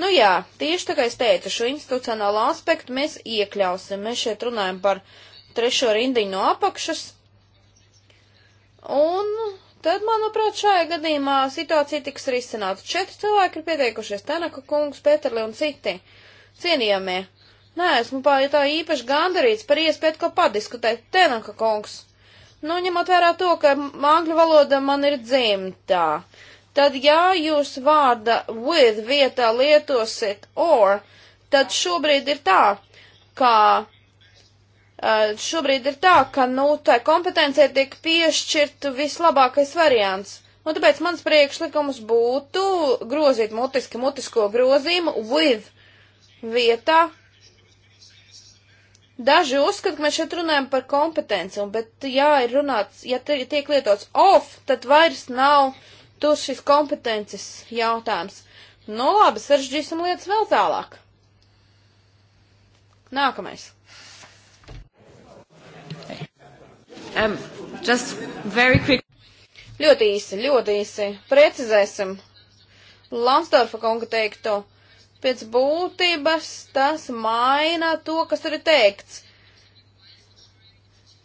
Nu jā, tieši tā kā es teicu, šo institucionālo aspektu mēs iekļausim. Mēs šeit runājam par trešo rindiņu no apakšas. Un tad, manuprāt, šajā gadījumā situācija tiks risināta. Četri cilvēki ir pieteikušies, Tanaka kungs, Pēterli un citi. Cienījamie, Nē, esmu pā, ja tā īpaši gandarīts par iespēju ko padiskutēt. Tenaka kungs, nu ņemot vērā to, ka angļu valoda man ir dzimtā, tad jā, jūs vārda with vietā lietosiet or, tad šobrīd ir tā, ka. Šobrīd ir tā, ka, nu, tai kompetencijai tiek piešķirt vislabākais variants. Un tāpēc mans priekšlikums būtu grozīt mutiski mutisko grozījumu with vietā Daži uzskata, ka mēs šeit runājam par kompetenci, un, bet jā, ir runāts, ja te, tiek lietots off, tad vairs nav tur šis kompetences jautājums. Nu labi, saržģīsim lietas vēl tālāk. Nākamais. Um, just very quick. Ļoti īsi, ļoti īsi. Precizēsim. Lansdorfa kunga teikto pēc būtības tas maina to, kas tur ir teikts.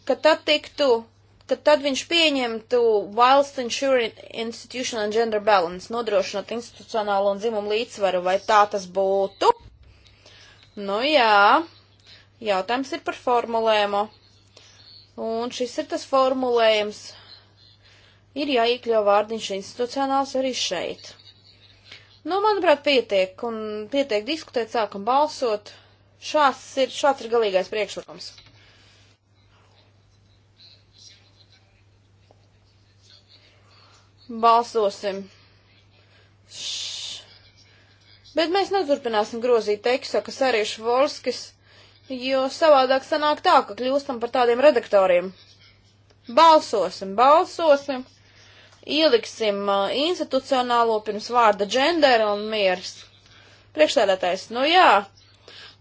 Ka tad tiktu, ka tad viņš pieņemtu valsts insurance institutional and gender balance, nodrošinot institucionālo un dzimumu līdzsvaru, vai tā tas būtu? Nu jā, jautājums ir par formulējumu. Un šis ir tas formulējums. Ir jāiekļauj vārdiņš institucionāls arī šeit. Nu, manuprāt, pietiek, un pietiek diskutēt, sākam balsot. Šāds ir, šāds ir galīgais priekšlikums. Balsosim. Š... Bet mēs neturpināsim grozīt tekstu, kas arī Švolskis, jo savādāk sanāk tā, ka kļūstam par tādiem redaktoriem. Balsosim, balsosim. Ieliksim uh, institucionālo pirms vārda gender un miers. Priekšsēdētājs, nu jā,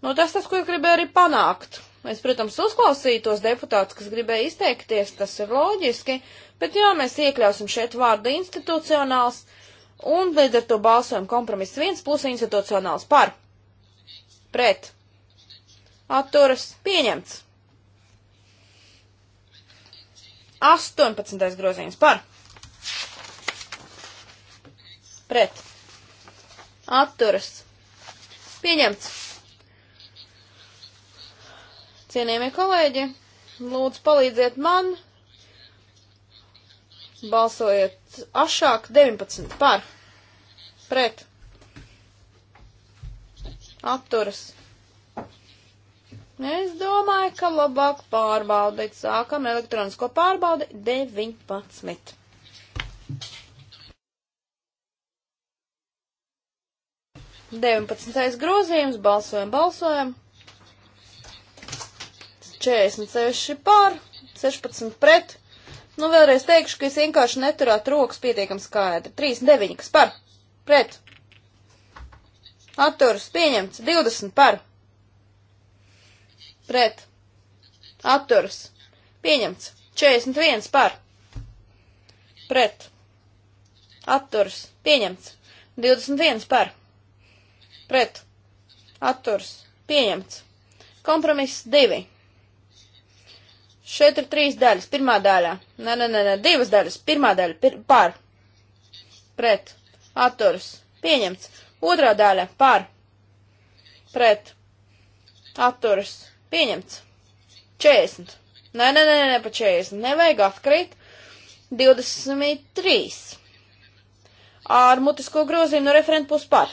nu tas tas, ko gribēju arī panākt. Es, protams, uzklausīju tos deputātus, kas gribēja izteikties, tas ir loģiski, bet jā, mēs iekļausim šeit vārdu institucionāls un līdz ar to balsojam kompromiss viens plus institucionāls par. Pret. Atturas pieņemts. 18. grozījums par pret, atturas, pieņemts. Cienījamie kolēģi, lūdzu palīdziet man, balsojiet ašāk 19 par, pret, atturas. Es domāju, ka labāk pārbaudīt. Sākam elektronisko pārbaudi 19. 19. grozījums, balsojam, balsojam. 46 pār, 16 pret. Nu, vēlreiz teikšu, ka es vienkārši neturētu rokas pietiekam skaidri. 3, 9, kas par, pret. Atturs pieņemts, 20 par, pret. Atturs pieņemts, 41 par, pret. Atturs pieņemts, 21 par pret, atturs, pieņemts. Kompromiss divi. Šeit ir trīs daļas. Pirmā daļa. Nē, nē, nē, divas daļas. Pirmā daļa pir, par, pret, atturs, pieņemts. Otrā daļa par, pret, atturs, pieņemts. 40. Nē, nē, nē, nē, pa 40. Nevajag atkrīt. 23. Ar mutisko grozījumu no referenta puses par.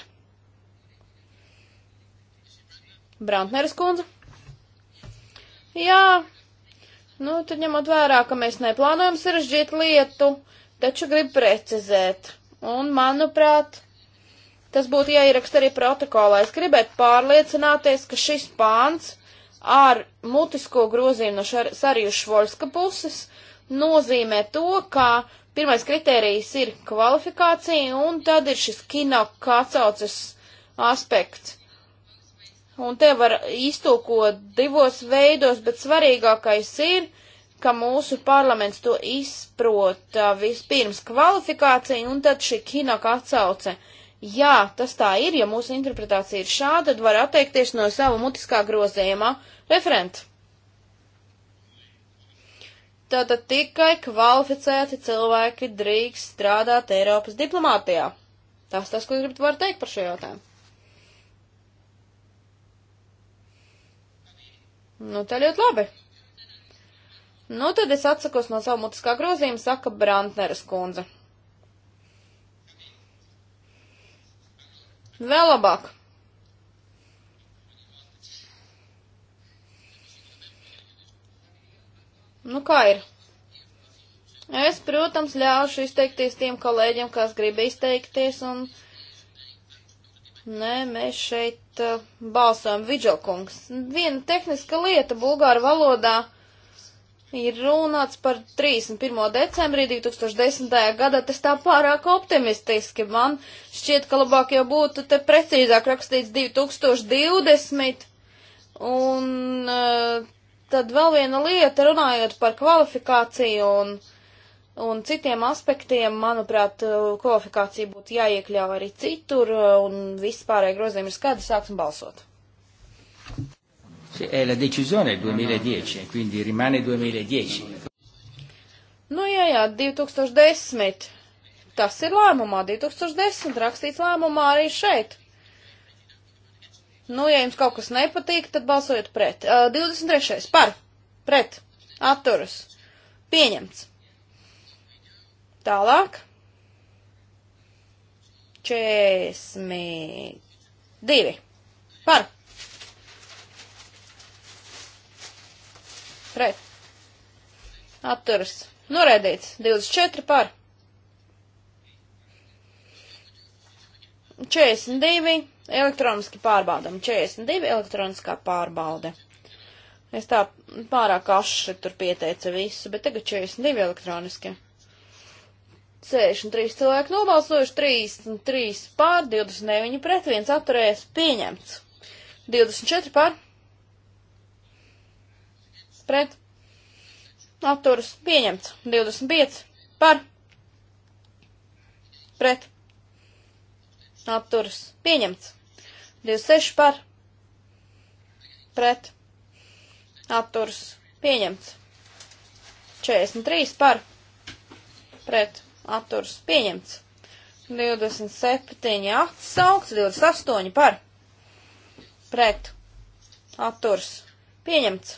Brantneres kundze? Jā, nu tad ņemot vērā, ka mēs neplānojam sarežģīt lietu, taču grib precizēt. Un, manuprāt, tas būtu jāieraksta arī protokolā. Es gribētu pārliecināties, ka šis pāns ar mutisko grozījumu no Sariju Švorska puses nozīmē to, ka pirmais kritērijs ir kvalifikācija un tad ir šis kino atsauces aspekts. Un te var iztūkot divos veidos, bet svarīgākais ir, ka mūsu parlaments to izprot vispirms kvalifikāciju un tad šī kinaka atsauce. Jā, tas tā ir, ja mūsu interpretācija ir šāda, tad var atteikties no sava mutiskā grozējumā referenta. Tātad tikai kvalificēti cilvēki drīkst strādāt Eiropas diplomātijā. Tas tas, ko gribat var teikt par šo jautājumu. Nu, tā ļoti labi. Nu, tad es atsakos no savu mutiskā grozījuma, saka Brantneres kundze. Vēl labāk. Nu, kā ir? Es, protams, ļaušu izteikties tiem kolēģiem, kas grib izteikties, un nē, mēs šeit uh, eh, balsojumu Vidžokungs. Viena tehniska lieta bulgāru valodā ir runāts par 31. decembrī 2010. gadā. Tas tā pārāk optimistiski. Man šķiet, ka labāk jau būtu te precīzāk rakstīts 2020. Un uh, tad vēl viena lieta runājot par kvalifikāciju un uh, un citiem aspektiem, manuprāt, eh, kvalifikācija būtu jāiekļauj arī citur, eh, un vispārēj grozījumi ir skaidri, sāksim balsot.
È la decisione del 2010, quindi rimane 2010.
Nu jā, jā, 2010. Tas ir lēmumā, 2010 rakstīts lēmumā arī šeit. Nu, ja jums kaut kas nepatīk, tad balsojiet pret. Uh, eh, 23. par, pret, atturas, pieņemts. Tālāk. 42. Par. Pret. Atturas. Noraidīts. 24 par. 42. Elektroniski pārbaudam. 42. Elektroniskā pārbaude. Es tā pārāk aši tur pieteica visu, bet tagad 42 elektroniski. 63 cilvēki nobalsojuši, 33 pār, 29 pret, 1 atturējies pieņemts. 24 pār, pret, atturas pieņemts. 25 pār, pret, atturas pieņemts. 26 pār, pret, atturas pieņemts. 43 pār, pret, atturs pieņemts. 27 atsaukts, 28 par pret atturs pieņemts.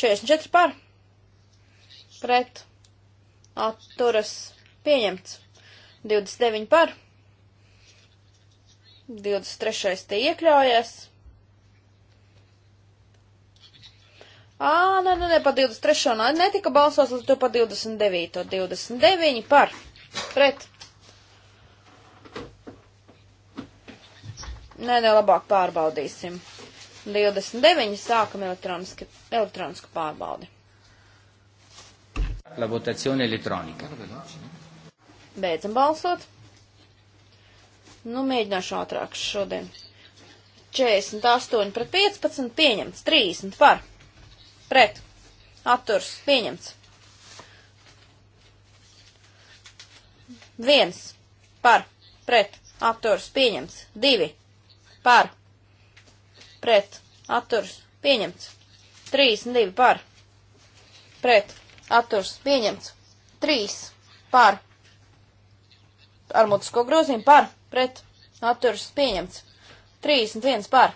44 par pret atturas pieņemts. 29 par 23. te iekļaujies. Ā, nē, nē, nē, pa 23. Nē, netika balsos, līdz to pa 29. 29 par. Pret. Nē, nē, labāk pārbaudīsim. 29 sākam elektroniski, elektronisku pārbaudi.
La votazione elettronica.
Beidzam balsot. Nu, mēģināšu ātrāk šodien. 48 pret 15 pieņemts, 30 par pret, atturs, pieņemts. Viens, par, pret, atturs, pieņemts. Divi, par, pret, atturs, pieņemts. Trīs, divi, par, pret, atturs, pieņemts. Trīs, par, ar mutisko grozījumu, par, pret, atturs, pieņemts. 31 par.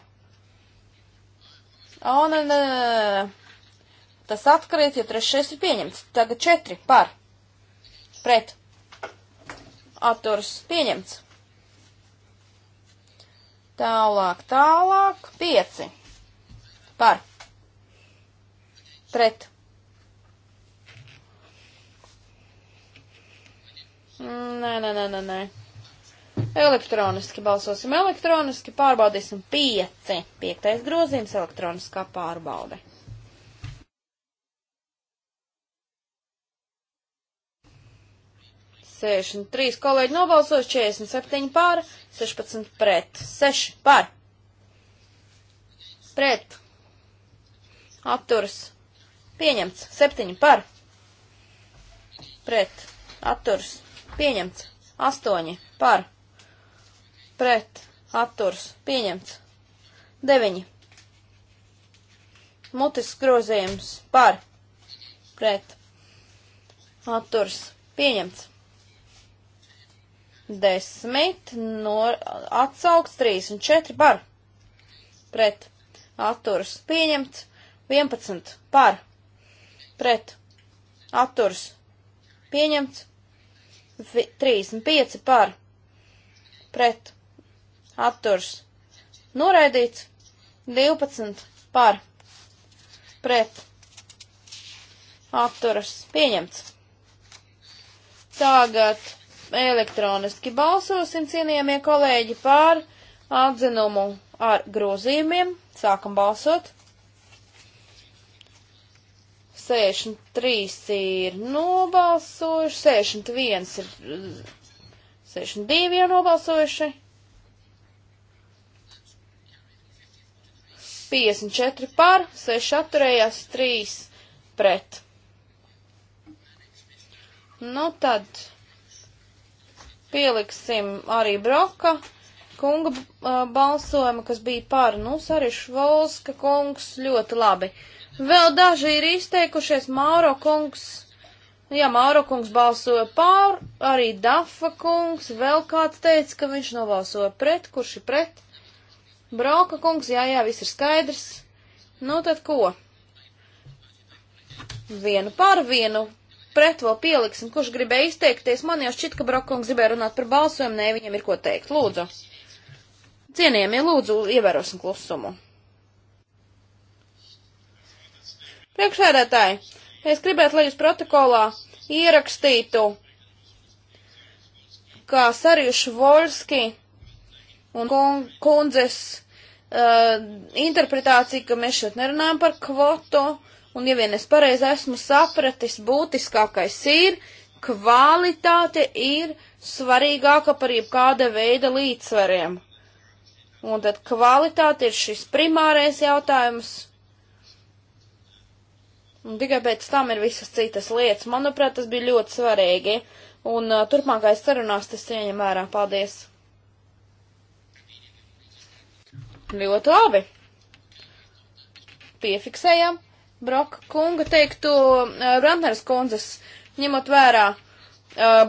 Un, un, Tas atkarīgs, jo trešais ir pieņemts. Tagad četri par. Pret. Atturs pieņemts. Tālāk, tālāk. Pieci. Par. Pret. Nē, nē, nē, nē, nē. Elektroniski balsosim elektroniski, pārbaudīsim pieci. Piektais grozījums elektroniskā pārbaude. 63 kolēģi nobalsojuši, 47 pār, 16 pret, 6 pār, pret, apturas, pieņemts, 7 pār, pret, apturas, pieņemts, 8 pār, pret, apturas, pieņemts, 9. Mutisks grozījums par, pret, atturs, pieņemts. 10, no, atsaukts 3 un 4 par, pret, atturs pieņemts, 11 par, pret, atturs pieņemts, 35 par, pret, atturs noraidīts, 12 par, pret, atturs pieņemts. Tagad elektroniski balsosim, cienījamie kolēģi, pār atzinumu ar grozījumiem. Sākam balsot. 63 ir nobalsojuši, 61 ir, 62 ir nobalsojuši, 54 par, 6 atturējās, 3 pret. Nu tad pieliksim arī Broka kunga balsojumu, kas bija par, nu, Sariš Volska kungs ļoti labi. Vēl daži ir izteikušies, Māro kungs, jā, Māro kungs balsoja pār, arī Dafa kungs, vēl kāds teica, ka viņš nobalsoja pret, kurš ir pret. Broka kungs, jā, jā, viss ir skaidrs. Nu, tad ko? Vienu par vienu pret vēl pieliksim, kurš gribēja izteikties. Man jau šķiet, ka Brokungs gribēja runāt par balsojumu, nē, viņam ir ko teikt. Lūdzu. Cienījamie, lūdzu, ievērosim klusumu. Priekšsēdētāji, es gribētu, lai jūs protokolā ierakstītu, kā Sarjuši Volski un kundzes uh, interpretācija, ka mēs šeit nerunājam par kvotu, un ja vien es pareizi esmu sapratis, būtiskākais ir, kvalitāte ir svarīgāka par jebkāda veida līdzsvariem. Un tad kvalitāte ir šis primārais jautājums. Un tikai pēc tam ir visas citas lietas. Manuprāt, tas bija ļoti svarīgi. Un uh, turpmākais sarunās tas ieņem vērā. Paldies! Ļoti labi! Piefiksējam. Broka kunga teiktu Brantneres kundzes, ņemot vērā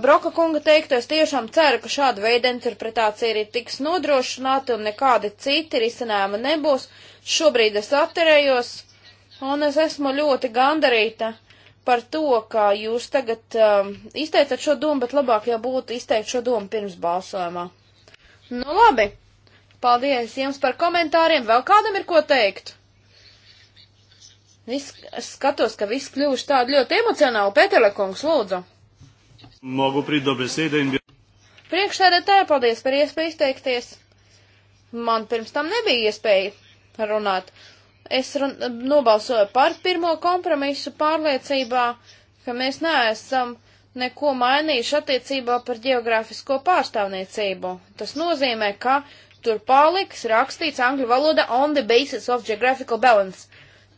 Broka kunga teikto, es tiešām ceru, ka šāda veida interpretācija arī tiks nodrošināta un nekādi citi risinājumi nebūs. Šobrīd es atterējos un es esmu ļoti gandarīta par to, ka jūs tagad um, izteicat šo domu, bet labāk jau būtu izteikt šo domu pirms balsojumā. Nu labi, paldies jums par komentāriem, vēl kādam ir ko teikt? Es skatos, ka viss kļuvuši tādi ļoti emocionāli. Pēterlekungs, lūdzu.
Mogu prīt do besede.
Priekšsēdētāji, paldies par iespēju izteikties. Man pirms tam nebija iespēja runāt. Es run nobalsoju par pirmo kompromisu pārliecībā, ka mēs neesam neko mainījuši attiecībā par geogrāfisko pārstāvniecību. Tas nozīmē, ka tur paliks rakstīts angļu valoda on the basis of geographical balance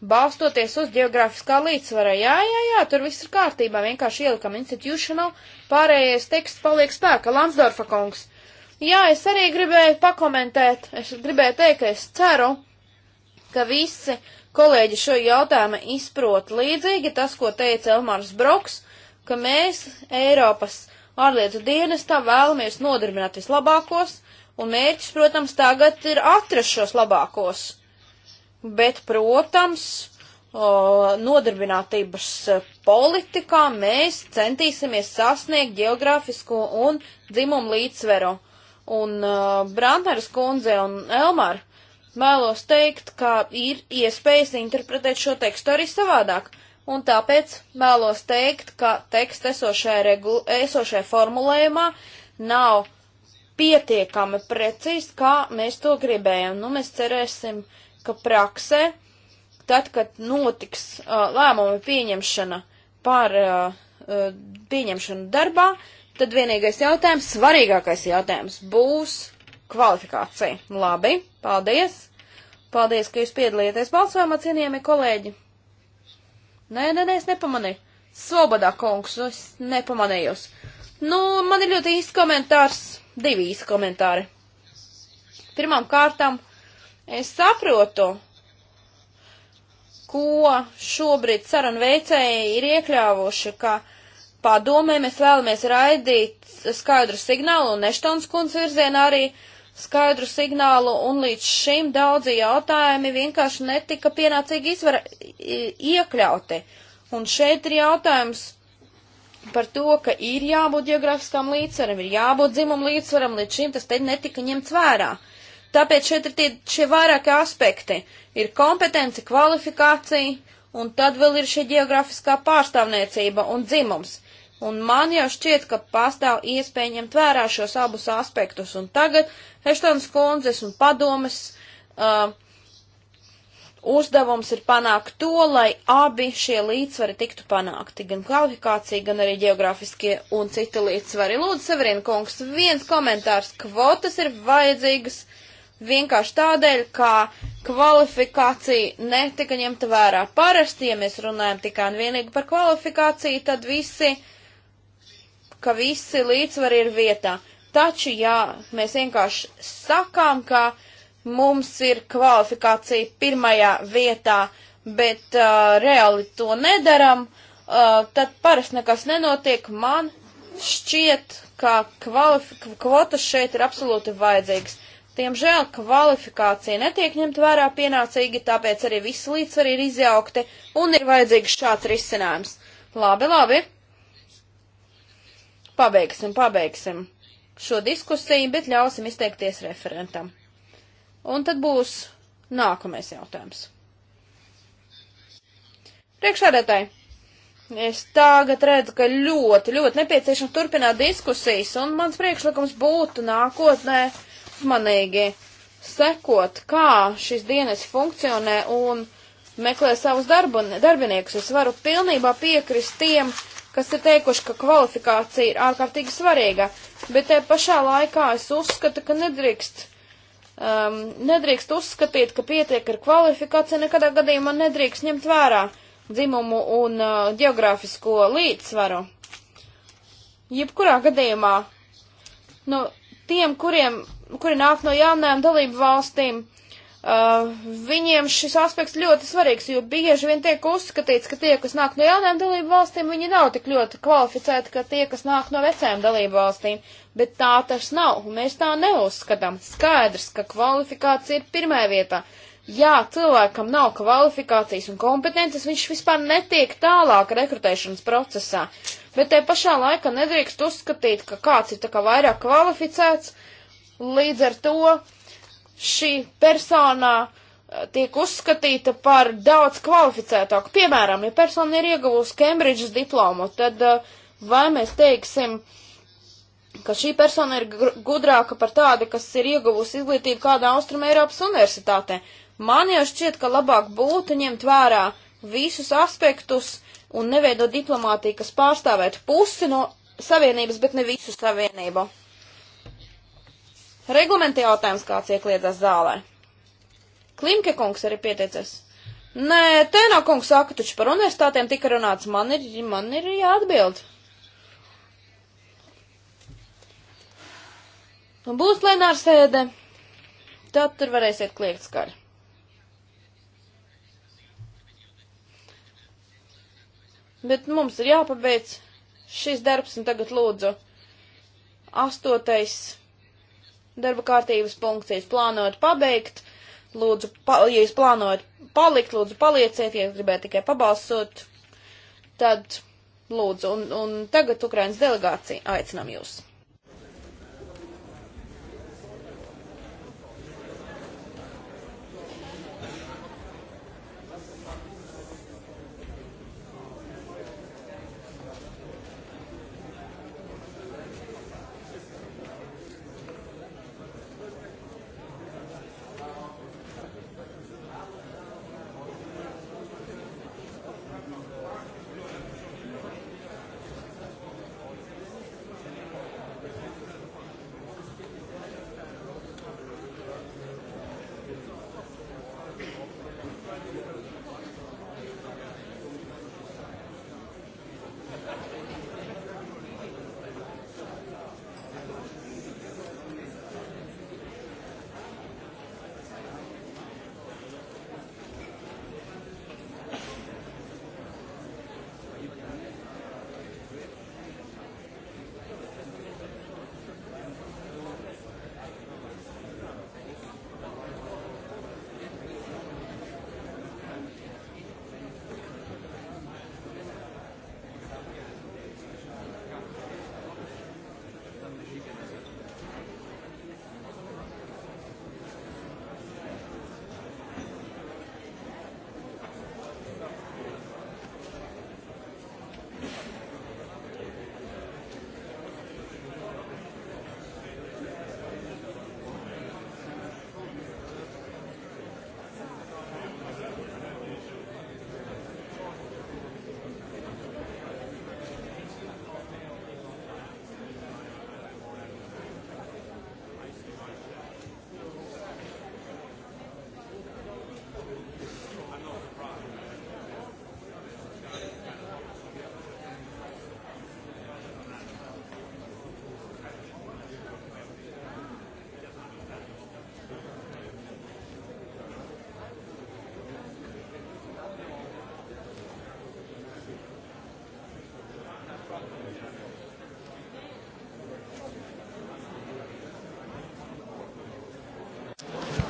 balstoties uz geogrāfiskā līdzsvarā. Jā, jā, jā, tur viss ir kārtībā, vienkārši ielikam institutional, pārējais teksts paliek spēka, Lansdorfa kungs. Jā, es arī gribēju pakomentēt, es gribēju teikt, ka es ceru, ka visi kolēģi šo jautājumu izprot līdzīgi tas, ko teica Elmars Broks, ka mēs Eiropas ārlietu dienestā vēlamies nodarbināt vislabākos, un mērķis, protams, tagad ir atrast šos labākos. Uh, bet, protams, nodarbinātības politikā mēs centīsimies sasniegt geogrāfisko un dzimumu līdzsveru. Un uh, Brantneres kundze un Elmar vēlos teikt, ka ir iespējas interpretēt šo tekstu arī savādāk. Un tāpēc vēlos teikt, ka teksts esošajā, regul... esošajā formulējumā nav pietiekami precīzs, kā mēs to gribējam. Nu, mēs cerēsim, uh, ka praksē, tad, kad notiks uh, lēmuma pieņemšana par uh, uh, pieņemšanu darbā, tad vienīgais jautājums, svarīgākais jautājums būs kvalifikācija. Labi, paldies! Paldies, ka jūs piedalījāties balsojumā, cienījamie kolēģi! Nē, nē, nē, es nepamanīju. Svobodā kungs, es nepamanīju. Nu, man ir ļoti īsts komentārs, divi īsti komentāri. Pirmām kārtām, Es saprotu, ko šobrīd sarunveicēji ir iekļāvuši, ka padomē mēs vēlamies raidīt skaidru signālu un Neštons kundz virzienā arī skaidru signālu, un līdz šim daudzi jautājumi vienkārši netika pienācīgi izvara, iekļauti. Un šeit ir jautājums par to, ka ir jābūt geogrāfiskam līdzsvaram, ir jābūt dzimumu līdzsvaram, līdz šim tas te netika ņemts vērā. Uh, Tāpēc šeit ir tie, šie vairākie aspekti. Ir kompetence, kvalifikācija, un tad vēl ir šī geogrāfiskā pārstāvniecība un dzimums. Un man jau šķiet, ka pastāv iespēja ņemt vērā šos abus aspektus. Un tagad Heštons kundzes un padomes uh, uzdevums ir panākt to, lai abi šie līdzsvari tiktu panākti. Gan kvalifikācija, gan arī geogrāfiskie un citi līdzsvari. Lūdzu, Severina kungs, viens komentārs. Kvotas ir vajadzīgas vienkārši tādēļ, ka kvalifikācija netika ņemta vērā. Parasti, ja mēs runājam tikai un vienīgi par kvalifikāciju, tad visi, ka visi līdzsvari ir vietā. Taču, ja mēs vienkārši sakām, ka mums ir kvalifikācija pirmajā vietā, bet uh, reāli to nedaram, uh, tad parasti nekas nenotiek. Man šķiet, ka kvotas šeit ir absolūti vajadzīgas. Tiemžēl kvalifikācija netiek ņemt vērā pienācīgi, tāpēc arī visi līdzsvari ir izjaukti un ir vajadzīgs šāds risinājums. Labi, labi. Pabeigsim, pabeigsim šo diskusiju, bet ļausim izteikties referentam. Un tad būs nākamais jautājums. Priekšsēdētāji, es tagad redzu, ka ļoti, ļoti nepieciešams turpināt diskusijas, un mans priekšlikums būtu nākotnē uzmanīgi sekot, kā šis dienas funkcionē un meklē savus darbu, darbiniekus. Es varu pilnībā piekrist tiem, kas ir teikuši, ka kvalifikācija ir ārkārtīgi svarīga, bet te pašā laikā es uzskatu, ka nedrīkst, um, nedrīkst uzskatīt, ka pietiek ar kvalifikāciju, nekadā gadījumā nedrīkst ņemt vērā dzimumu un uh, geogrāfisko līdzsvaru. Jebkurā gadījumā, nu, tiem, kuriem kuri nāk no jaunajām dalību valstīm, uh, viņiem šis aspekts ļoti svarīgs, jo bieži vien tiek uzskatīts, ka tie, kas nāk no jaunajām dalību valstīm, viņi nav tik ļoti kvalificēti, kā tie, kas nāk no vecajām dalību valstīm, bet tā tas nav, un mēs tā neuzskatām. Skaidrs, ka kvalifikācija ir pirmā vietā. Jā, cilvēkam nav kvalifikācijas un kompetences, viņš vispār netiek tālāk rekrutēšanas procesā, bet te pašā laikā nedrīkst uzskatīt, ka kāds ir tā kā vairāk kvalificēts, uh, Līdz ar to šī persona eh, tiek uzskatīta par daudz kvalificētāku. Piemēram, ja persona ir ieguvusi Kembridžas diplomu, tad eh, vai mēs teiksim, ka šī persona ir gudrāka par tādu, kas ir ieguvusi izglītību kādā Austrum Eiropas universitātē? Man jau šķiet, ka labāk būtu ņemt vērā visus aspektus un neveidot diplomātiju, kas pārstāvētu pusi no savienības, bet ne visu savienību. Reglamenta jautājums kāds iekliedzas zālē. Klimke kungs arī pieteicis. Nē, Tēnā kungs saka, taču par universitātēm tika runāts, man ir, man ir jāatbild. Un nu, būs plenāra sēde, tad tur varēsiet kliegt skari. Bet mums ir jāpabeidz šis darbs, un tagad lūdzu astotais darba kārtības punkts, ja jūs plānojat pabeigt, lūdzu, pa, ja jūs plānojat palikt, lūdzu, palieciet, ja jūs gribētu tikai pabalsot, tad lūdzu, un, un tagad Ukrainas delegācija aicinām jūs.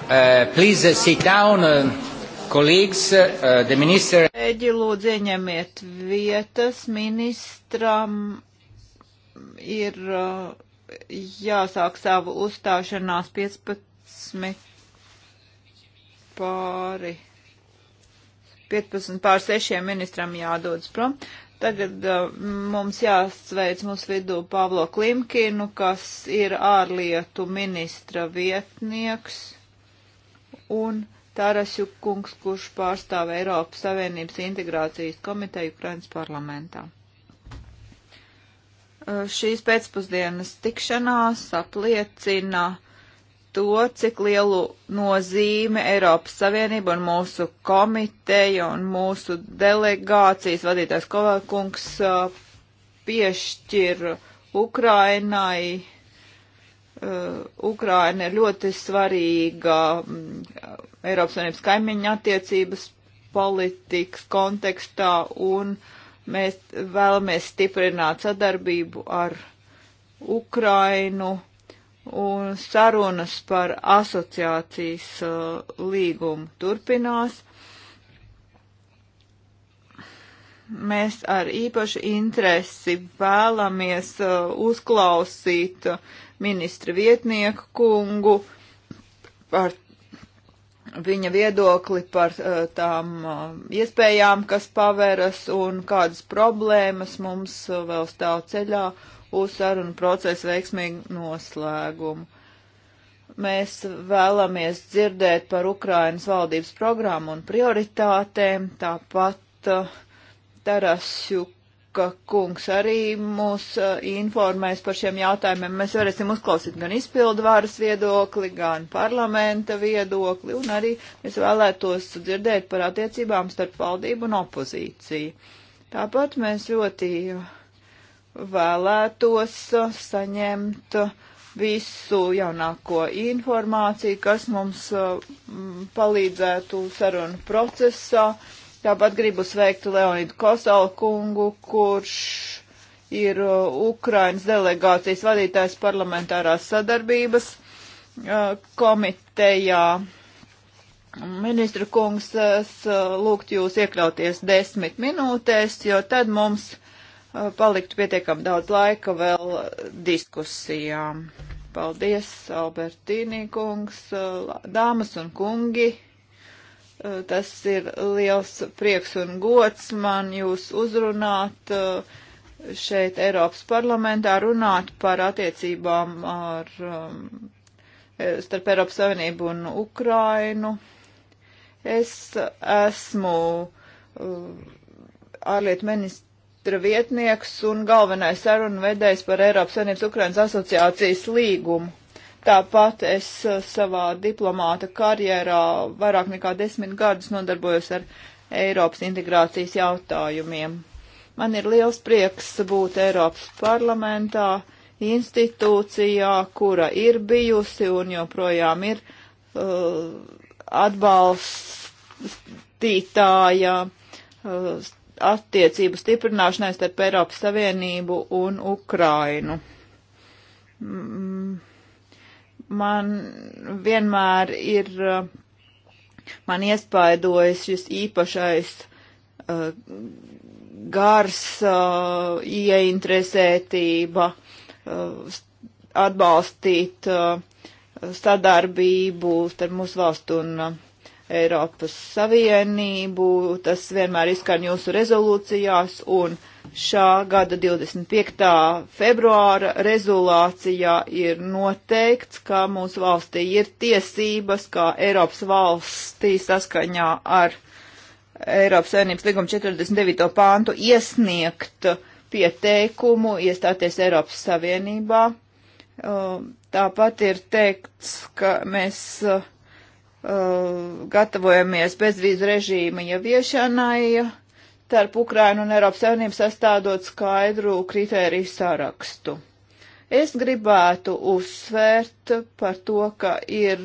Uh, please uh, sit down, uh, colleagues, uh, the minister.
Eģi, lūdzu, ieņemiet vietas. Ministram ir uh, jāsāk savu uzstāšanās 15 pāri. 15 pār 6 ministram jādodas prom. Tagad uh, mums jāsveic mūsu vidū Pavlo Klimkinu, kas ir ārlietu ministra vietnieks un Tārasju kungs, kurš pārstāv Eiropas Savienības integrācijas komiteju Ukrainas parlamentā. Šīs pēcpusdienas tikšanās apliecina to, cik lielu nozīmi Eiropas Savienība un mūsu komiteja un mūsu delegācijas vadītājs Kovēkungs piešķir Ukrainai Uh, Ukraina ir ļoti svarīga mm, Eiropas Savienības kaimiņa attiecības politikas kontekstā, un mēs vēlamies stiprināt sadarbību ar Ukrainu un sarunas par asociācijas uh, līgumu turpinās. Mēs ar īpašu interesi vēlamies uh, uzklausīt uh, ministra vietnieku kungu par viņa viedokli par eh, tām eh, iespējām, kas paveras un kādas problēmas mums eh, vēl stāv ceļā uz sarunu procesu veiksmīgu noslēgumu. Mēs vēlamies dzirdēt par Ukrainas valdības programmu un prioritātēm, tāpat Tarasju Broka kungs arī mūs uh, informēs par šiem jautājumiem. Mēs varēsim uzklausīt gan izpildu varas viedokli, gan parlamenta viedokli, un arī mēs vēlētos dzirdēt par attiecībām starp valdību un opozīciju. Tāpat mēs ļoti vēlētos uh, saņemt visu jaunāko informāciju, kas mums uh, palīdzētu sarunu procesā Tāpat gribu sveikt Leonidu Kosalkungu, kurš ir uh, Ukrainas delegācijas vadītājs parlamentārās sadarbības uh, komitejā. Ministra kungs, es uh, lūgtu jūs iekļauties desmit minūtēs, jo tad mums paliktu pietiekam daudz laika vēl diskusijām. Paldies, Albertīnī kungs, dāmas un kungi! Eh, tas ir liels prieks un gods man jūs uzrunāt eh, šeit Eiropas parlamentā, runāt par attiecībām ar, eh, starp Eiropas Savienību un Ukrainu. Es esmu ārlietu ministra vietnieks un galvenais sarunu vedējs par Eiropas Savienības Ukrainas asociācijas līgumu. Tāpat es uh, savā diplomāta karjerā vairāk nekā desmit gadus nodarbojos ar Eiropas integrācijas jautājumiem. Man ir liels prieks būt Eiropas parlamentā, institūcijā, kura ir bijusi un joprojām ir uh, atbalstītāja uh, attiecību stiprināšanai starp Eiropas Savienību un Ukrainu. Mm man vienmēr ir, eh, man iespaidojas šis īpašais uh, gars, uh, ieinteresētība, uh, atbalstīt sadarbību starp mūsu valstu un Eiropas Savienību. Tas vienmēr izskan jūsu rezolūcijās un uh, šā gada 25. februāra rezolācijā ir noteikts, ka mūsu valstī ir tiesības, kā Eiropas valstī saskaņā ar Eiropas Savienības līguma 49. pāntu iesniegt pieteikumu iestāties Eiropas Savienībā. Uh, tāpat ir teikts, ka mēs uh, uh, gatavojamies bezvīzu režīma ieviešanai. Ja starp Ukrainu un Eiropas Savienību sastādot skaidru kritēriju sarakstu. Es gribētu uzsvērt par to, ka ir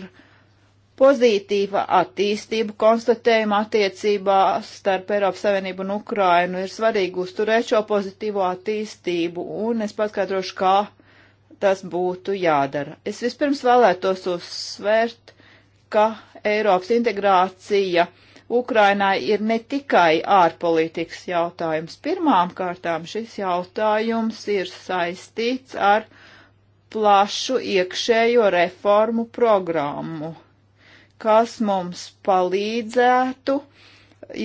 pozitīva attīstība konstatējuma attiecībā starp Eiropas Savienību un Ukrainu. Ir svarīgi uzturēt šo pozitīvo attīstību, un es paskaidrošu, kā tas būtu jādara. Es vispirms vēlētos uzsvērt, ka Eiropas integrācija uh, Ukrainai ir ne tikai ārpolitikas jautājums. Pirmām kārtām šis jautājums ir saistīts ar plašu iekšējo reformu programmu, kas mums palīdzētu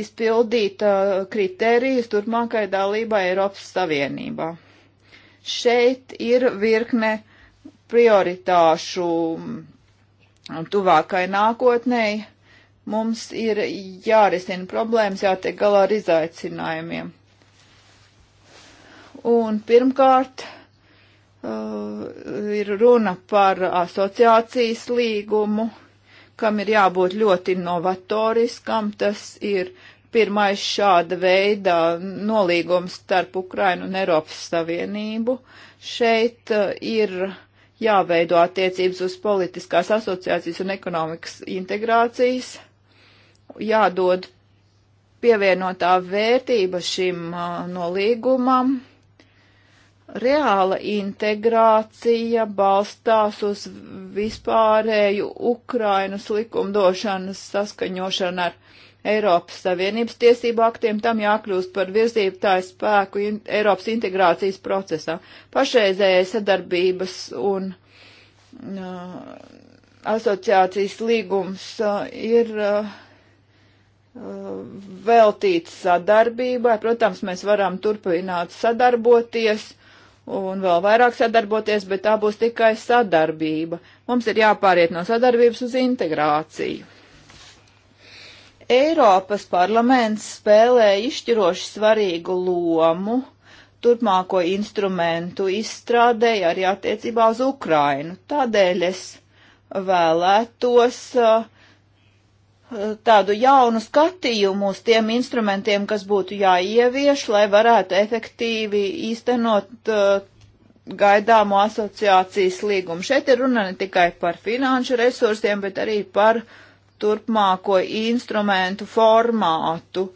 izpildīt uh, kritērijus turpmākai dalībai Eiropas Savienībā. Šeit ir virkne prioritāšu tuvākai nākotnēji Mums ir jārisina problēmas, jātiek galā ar izaicinājumiem. Un pirmkārt, uh, ir runa par asociācijas līgumu, kam ir jābūt ļoti novatoriskam. Tas ir pirmais šāda veida nolīgums starp Ukrainu un Eiropas Savienību. Šeit uh, ir jāveido attiecības uz politiskās asociācijas un ekonomikas integrācijas jādod pievienotā vērtība šim nolīgumam. Reāla integrācija balstās uz vispārēju Ukrainas likumdošanas saskaņošanu ar Eiropas Savienības tiesību aktiem, tam jākļūst par virzītāju spēku in Eiropas integrācijas procesā. Pašreizējai sadarbības un uh, asociācijas līgums uh, ir uh, veltīts sadarbībai. Protams, mēs varam turpināt sadarboties un vēl vairāk sadarboties, bet tā būs tikai sadarbība. Mums ir jāpāriet no sadarbības uz integrāciju. Eiropas parlaments spēlē izšķiroši svarīgu lomu turpmāko instrumentu izstrādēja arī attiecībā uz Ukrainu. Tādēļ es vēlētos uh, tādu jaunu skatījumu uz tiem instrumentiem, kas būtu jāievieš, lai varētu efektīvi īstenot uh, gaidāmo asociācijas līgumu. Šeit ir runa ne tikai par finanšu resursiem, bet arī par turpmāko instrumentu formātu.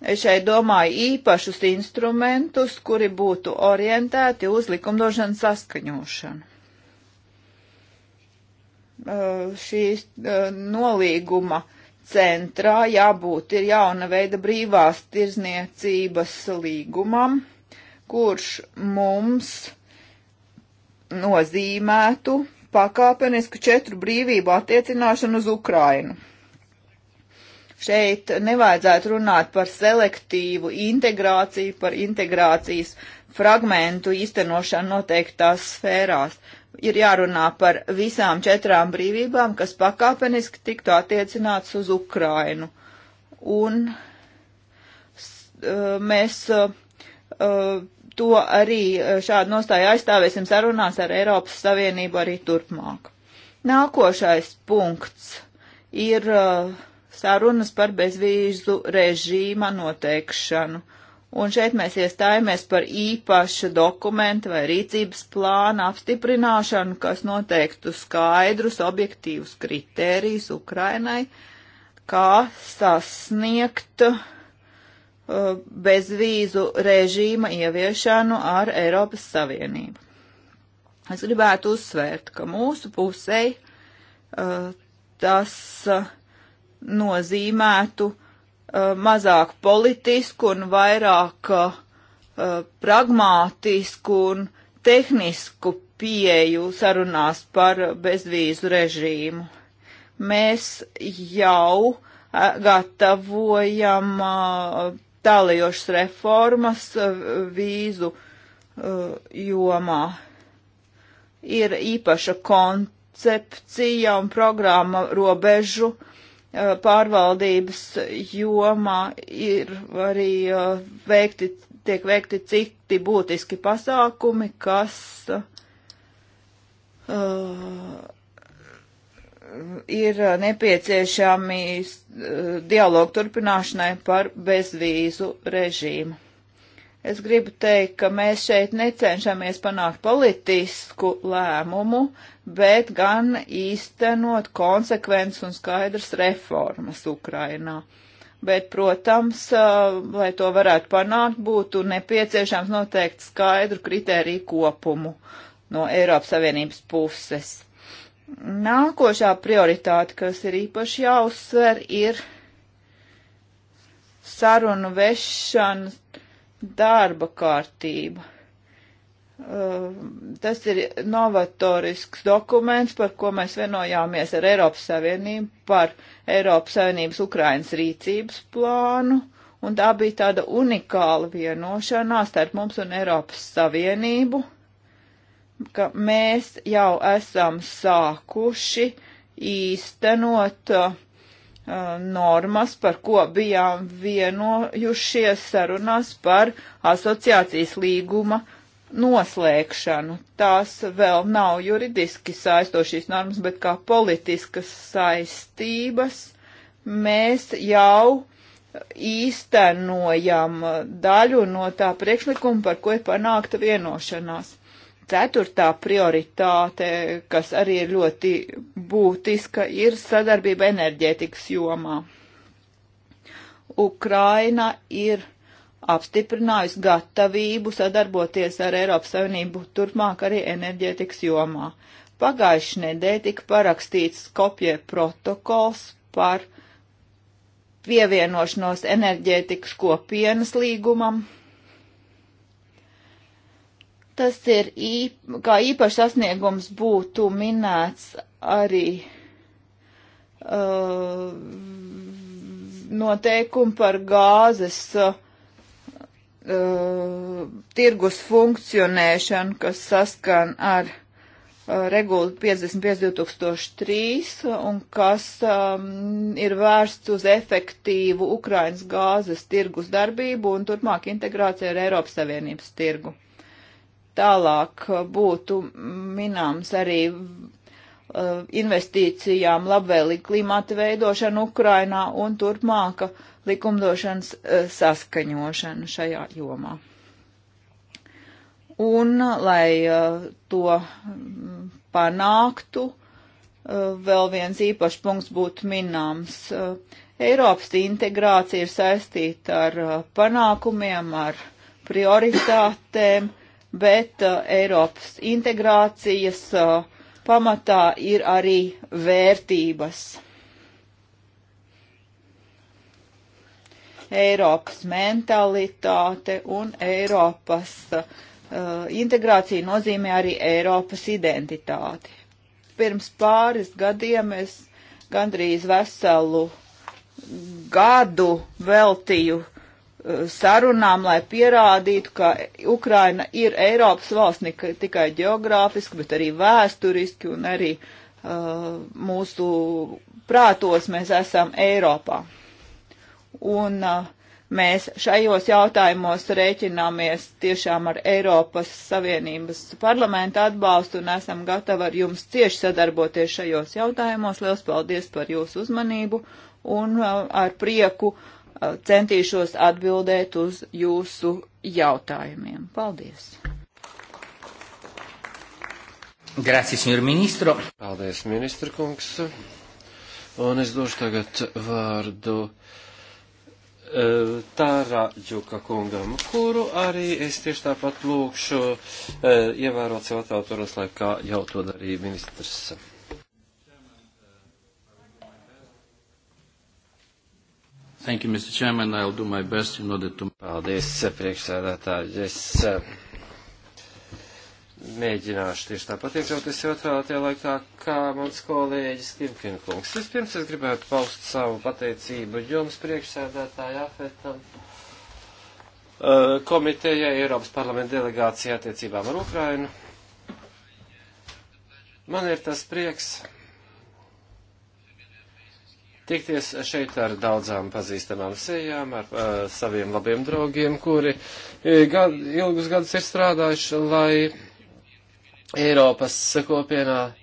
Es šeit domāju īpašus instrumentus, kuri būtu orientēti uz likumdošanas saskaņošanu. Uh, šī uh, nolīguma uh, centrā jābūt ir jauna veida brīvās tirzniecības līgumam, kurš mums nozīmētu pakāpenisku četru brīvību attiecināšanu uz Ukrainu. Šeit nevajadzētu runāt par selektīvu integrāciju, par integrācijas fragmentu īstenošanu noteiktās sfērās. Uh, ir jārunā par visām četrām brīvībām, kas pakāpeniski tiktu attiecināts uz Ukrainu. Un mēs to arī šādu nostāju aizstāvēsim sarunās ar Eiropas Savienību arī turpmāk. Nākošais punkts ir sarunas par bezvīzu režīma noteikšanu. Un šeit mēs iestājamies par īpašu dokumentu vai rīcības plānu apstiprināšanu, kas noteiktu skaidrus, objektīvus kritērijus Ukrainai, kā sasniegt uh, bezvīzu režīma ieviešanu ar Eiropas Savienību. Es gribētu uzsvērt, ka mūsu pusei uh, tas uh, nozīmētu uh, Uh, mazāk politisku un vairāk uh, uh, pragmātisku un tehnisku pieeju sarunās par bezvīzu režīmu. Mēs jau gatavojam tālajošas reformas vīzu jomā. Ir īpaša koncepcija un programma robežu uh, Uh, pārvaldības jomā ir arī uh, veikti, tiek veikti citi būtiski pasākumi, kas uh, ir nepieciešami uh, dialogu turpināšanai par bezvīzu režīmu. Es gribu teikt, ka mēs šeit necenšamies panākt politisku lēmumu, bet gan īstenot konsekvents un skaidrs reformas Ukrainā. Bet, protams, lai to varētu panākt, būtu nepieciešams noteikt skaidru kritēriju kopumu no Eiropas Savienības puses. Nākošā prioritāte, kas ir īpaši jāuzsver, ir sarunu vešanas darba kārtība Eh, tas ir novatorisks dokuments, par ko mēs vienojāmies ar Eiropas Savienību, par Eiropas Savienības Ukrainas rīcības plānu, un tā bija tāda unikāla vienošanās starp mums un Eiropas Savienību, ka mēs jau esam sākuši īstenot uh, normas, par ko bijām vienojušies sarunās par asociācijas līguma uh, noslēgšanu. Tās vēl nav juridiski saistošīs normas, bet kā politiskas saistības mēs jau īstenojam daļu no tā priekšlikuma, par ko ir panākta vienošanās. Ceturtā prioritāte, kas arī ir ļoti būtiska, ir sadarbība enerģētikas jomā. Ukraina ir apstiprinājusi gatavību sadarboties ar Eiropas Savienību turpmāk arī enerģētikas jomā. Pagājuši nedēļ tika parakstīts kopie protokols par pievienošanos enerģētikas kopienas līgumam. Tas ir, īp, kā īpašs sasniegums būtu minēts arī uh, noteikumi par gāzes uh, uh, tirgus funkcionēšanu, kas saskan ar uh, regula 55.2003 un kas um, ir vērsts uz efektīvu Ukrainas gāzes tirgus darbību un turpmāk integrāciju ar Eiropas Savienības tirgu. Tālāk uh, būtu minams arī uh, investīcijām labvēlīgi klimata veidošana Ukrainā un turpmāka uh, likumdošanas eh, saskaņošanu šajā jomā. Un, eh, lai eh, to mm, panāktu, vēl viens īpašs punkts būtu minams. Eiropas integrācija ir saistīta ar panākumiem, ar prioritātēm, bet Eiropas integrācijas pamatā ir arī vērtības Eiropas mentalitāte un Eiropas uh, integrācija nozīmē arī Eiropas identitāti. Pirms pāris gadiem es gandrīz veselu gadu veltīju uh, sarunām, lai pierādītu, ka Ukraina ir Eiropas valsts ne tikai geogrāfiski, bet arī vēsturiski un arī uh, mūsu prātos mēs esam Eiropā un uh, mēs šajos jautājumos rēķināmies tiešām ar Eiropas Savienības parlamentu atbalstu un esam gatavi ar jums cieši sadarboties šajos jautājumos. Liels paldies par jūsu uzmanību un uh, ar prieku uh, centīšos atbildēt uz jūsu jautājumiem. Paldies!
Grazie, signor ministro. Paldies, ministra kungs. Un es došu tagad vārdu uh, E, Tārā Džuka kungam, kuru arī es tieši tāpat lūkšu e, ievērot sev atvēlturas, lai kā jau to darīja ministrs. Thank you, Mr. Chairman. I'll do my best in order to... Paldies, priekšsēdētāji. Es e, mēģināšu tieši tāpat iekļauties jau atvēlētajā laikā, kā mans kolēģis Kimkinkungs. Vispirms es gribētu paust savu pateicību jums priekšsēdētāju afetam eh, komiteja Eiropas parlamenta delegācija attiecībām ar Ukrainu. Man ir tas prieks tikties šeit ar daudzām pazīstamām sejām, ar uh, saviem labiem draugiem, kuri uh, eh, gad, ilgus gadus ir strādājuši, lai Eiropas kopienā,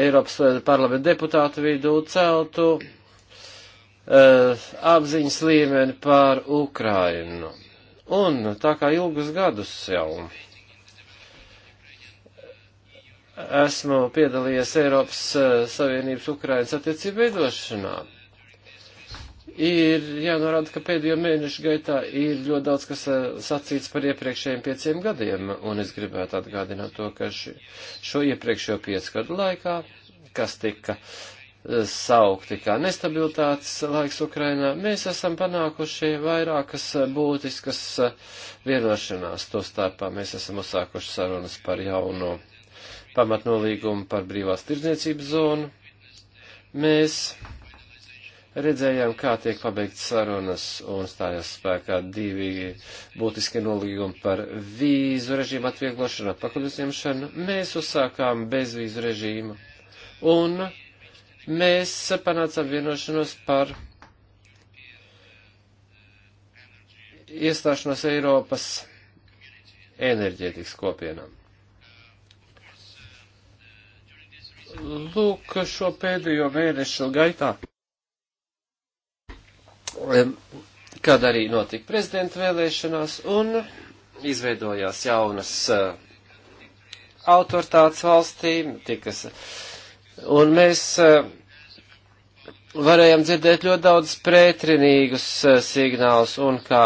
Eiropas eh, parlamenta deputātu vidū celtu uh, apziņas līmeni pār Ukrainu. Un tā kā ilgus gadus jau esmu piedalījies Eiropas eh, Savienības Ukrainas attiecību veidošanā ir jānorāda, ka pēdējo mēnešu gaitā ir ļoti daudz, kas eh, sacīts par iepriekšējiem pieciem gadiem, un es gribētu atgādināt to, ka šo, šo iepriekšējo piecu gadu laikā, kas tika eh, saukti kā nestabilitātes laiks Ukrainā, mēs esam panākuši vairākas eh, būtiskas vienošanās. To starpā mēs esam uzsākuši sarunas par jauno pamatnolīgumu par brīvās tirdzniecības zonu. Mēs redzējām, kā tiek pabeigts sarunas un stājās spēkā divi būtiski nolīgumi par vīzu režīmu atvieglošanu, atpakaļ uzņemšanu. Mēs uzsākām bezvīzu režīmu un mēs panācām vienošanos par iestāšanos Eiropas enerģētikas kopienām. Lūk, šo pēdējo mēnešu gaitā kad arī notika prezidenta vēlēšanās un izveidojās jaunas eh, autoritātes valstī, tikas, un mēs eh, varējām dzirdēt ļoti daudz pretrinīgus eh, signālus, un kā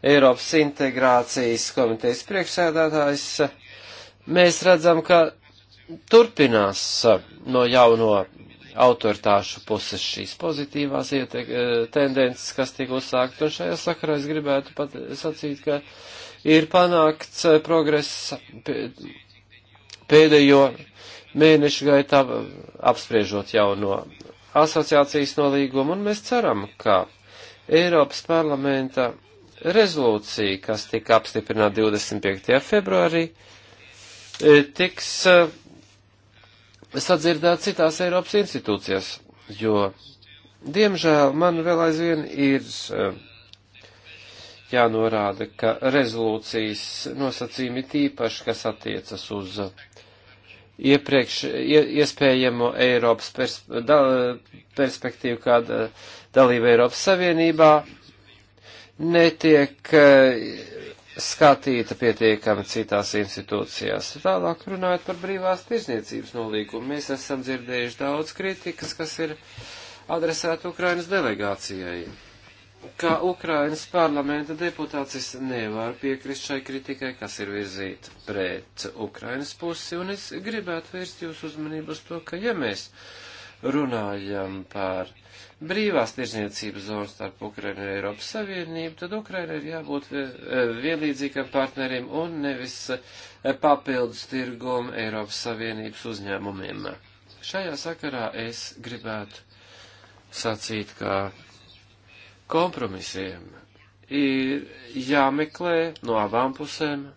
Eiropas integrācijas komitejas priekšsēdētājs, mēs redzam, ka turpinās no jauno autoritāšu puses šīs pozitīvās ietek, e, tendences, kas tiek uzsākt. Un šajā sakarā es gribētu pat sacīt, ka ir panākts e, progress pēdējo mēnešu gaitā e, apspriežot jauno asociācijas nolīgumu, un mēs ceram, ka Eiropas parlamenta rezolūcija, kas tika apstiprināta 25. februārī, tiks sadzirdēt citās Eiropas institūcijās, jo, diemžēl, man vēl aizvien ir eh, jānorāda, ka rezolūcijas nosacījumi tīpaši, kas attiecas uz eh, iepriekš iespējamo Eiropas pers da perspektīvu kāda eh, dalība Eiropas Savienībā, netiek skatīta pietiekami citās institūcijās. Tālāk runājot par brīvās tirzniecības nolīgumu, mēs esam dzirdējuši daudz kritikas, kas ir adresēta Ukrainas delegācijai. Kā Ukrainas parlamenta deputācis nevar piekrist šai kritikai, kas ir virzīta pret Ukrainas pusi, un es gribētu vērst jūsu uzmanību uz to, ka ja mēs runājam par brīvās tirzniecības zonu starp Ukrainu un Eiropas Savienību, tad Ukraina ir jābūt eh, vienlīdzīgam partnerim un nevis eh, papildus tirgumu Eiropas Savienības uzņēmumiem. Šajā sakarā es gribētu sacīt, ka kompromisiem ir jāmeklē no abām pusēm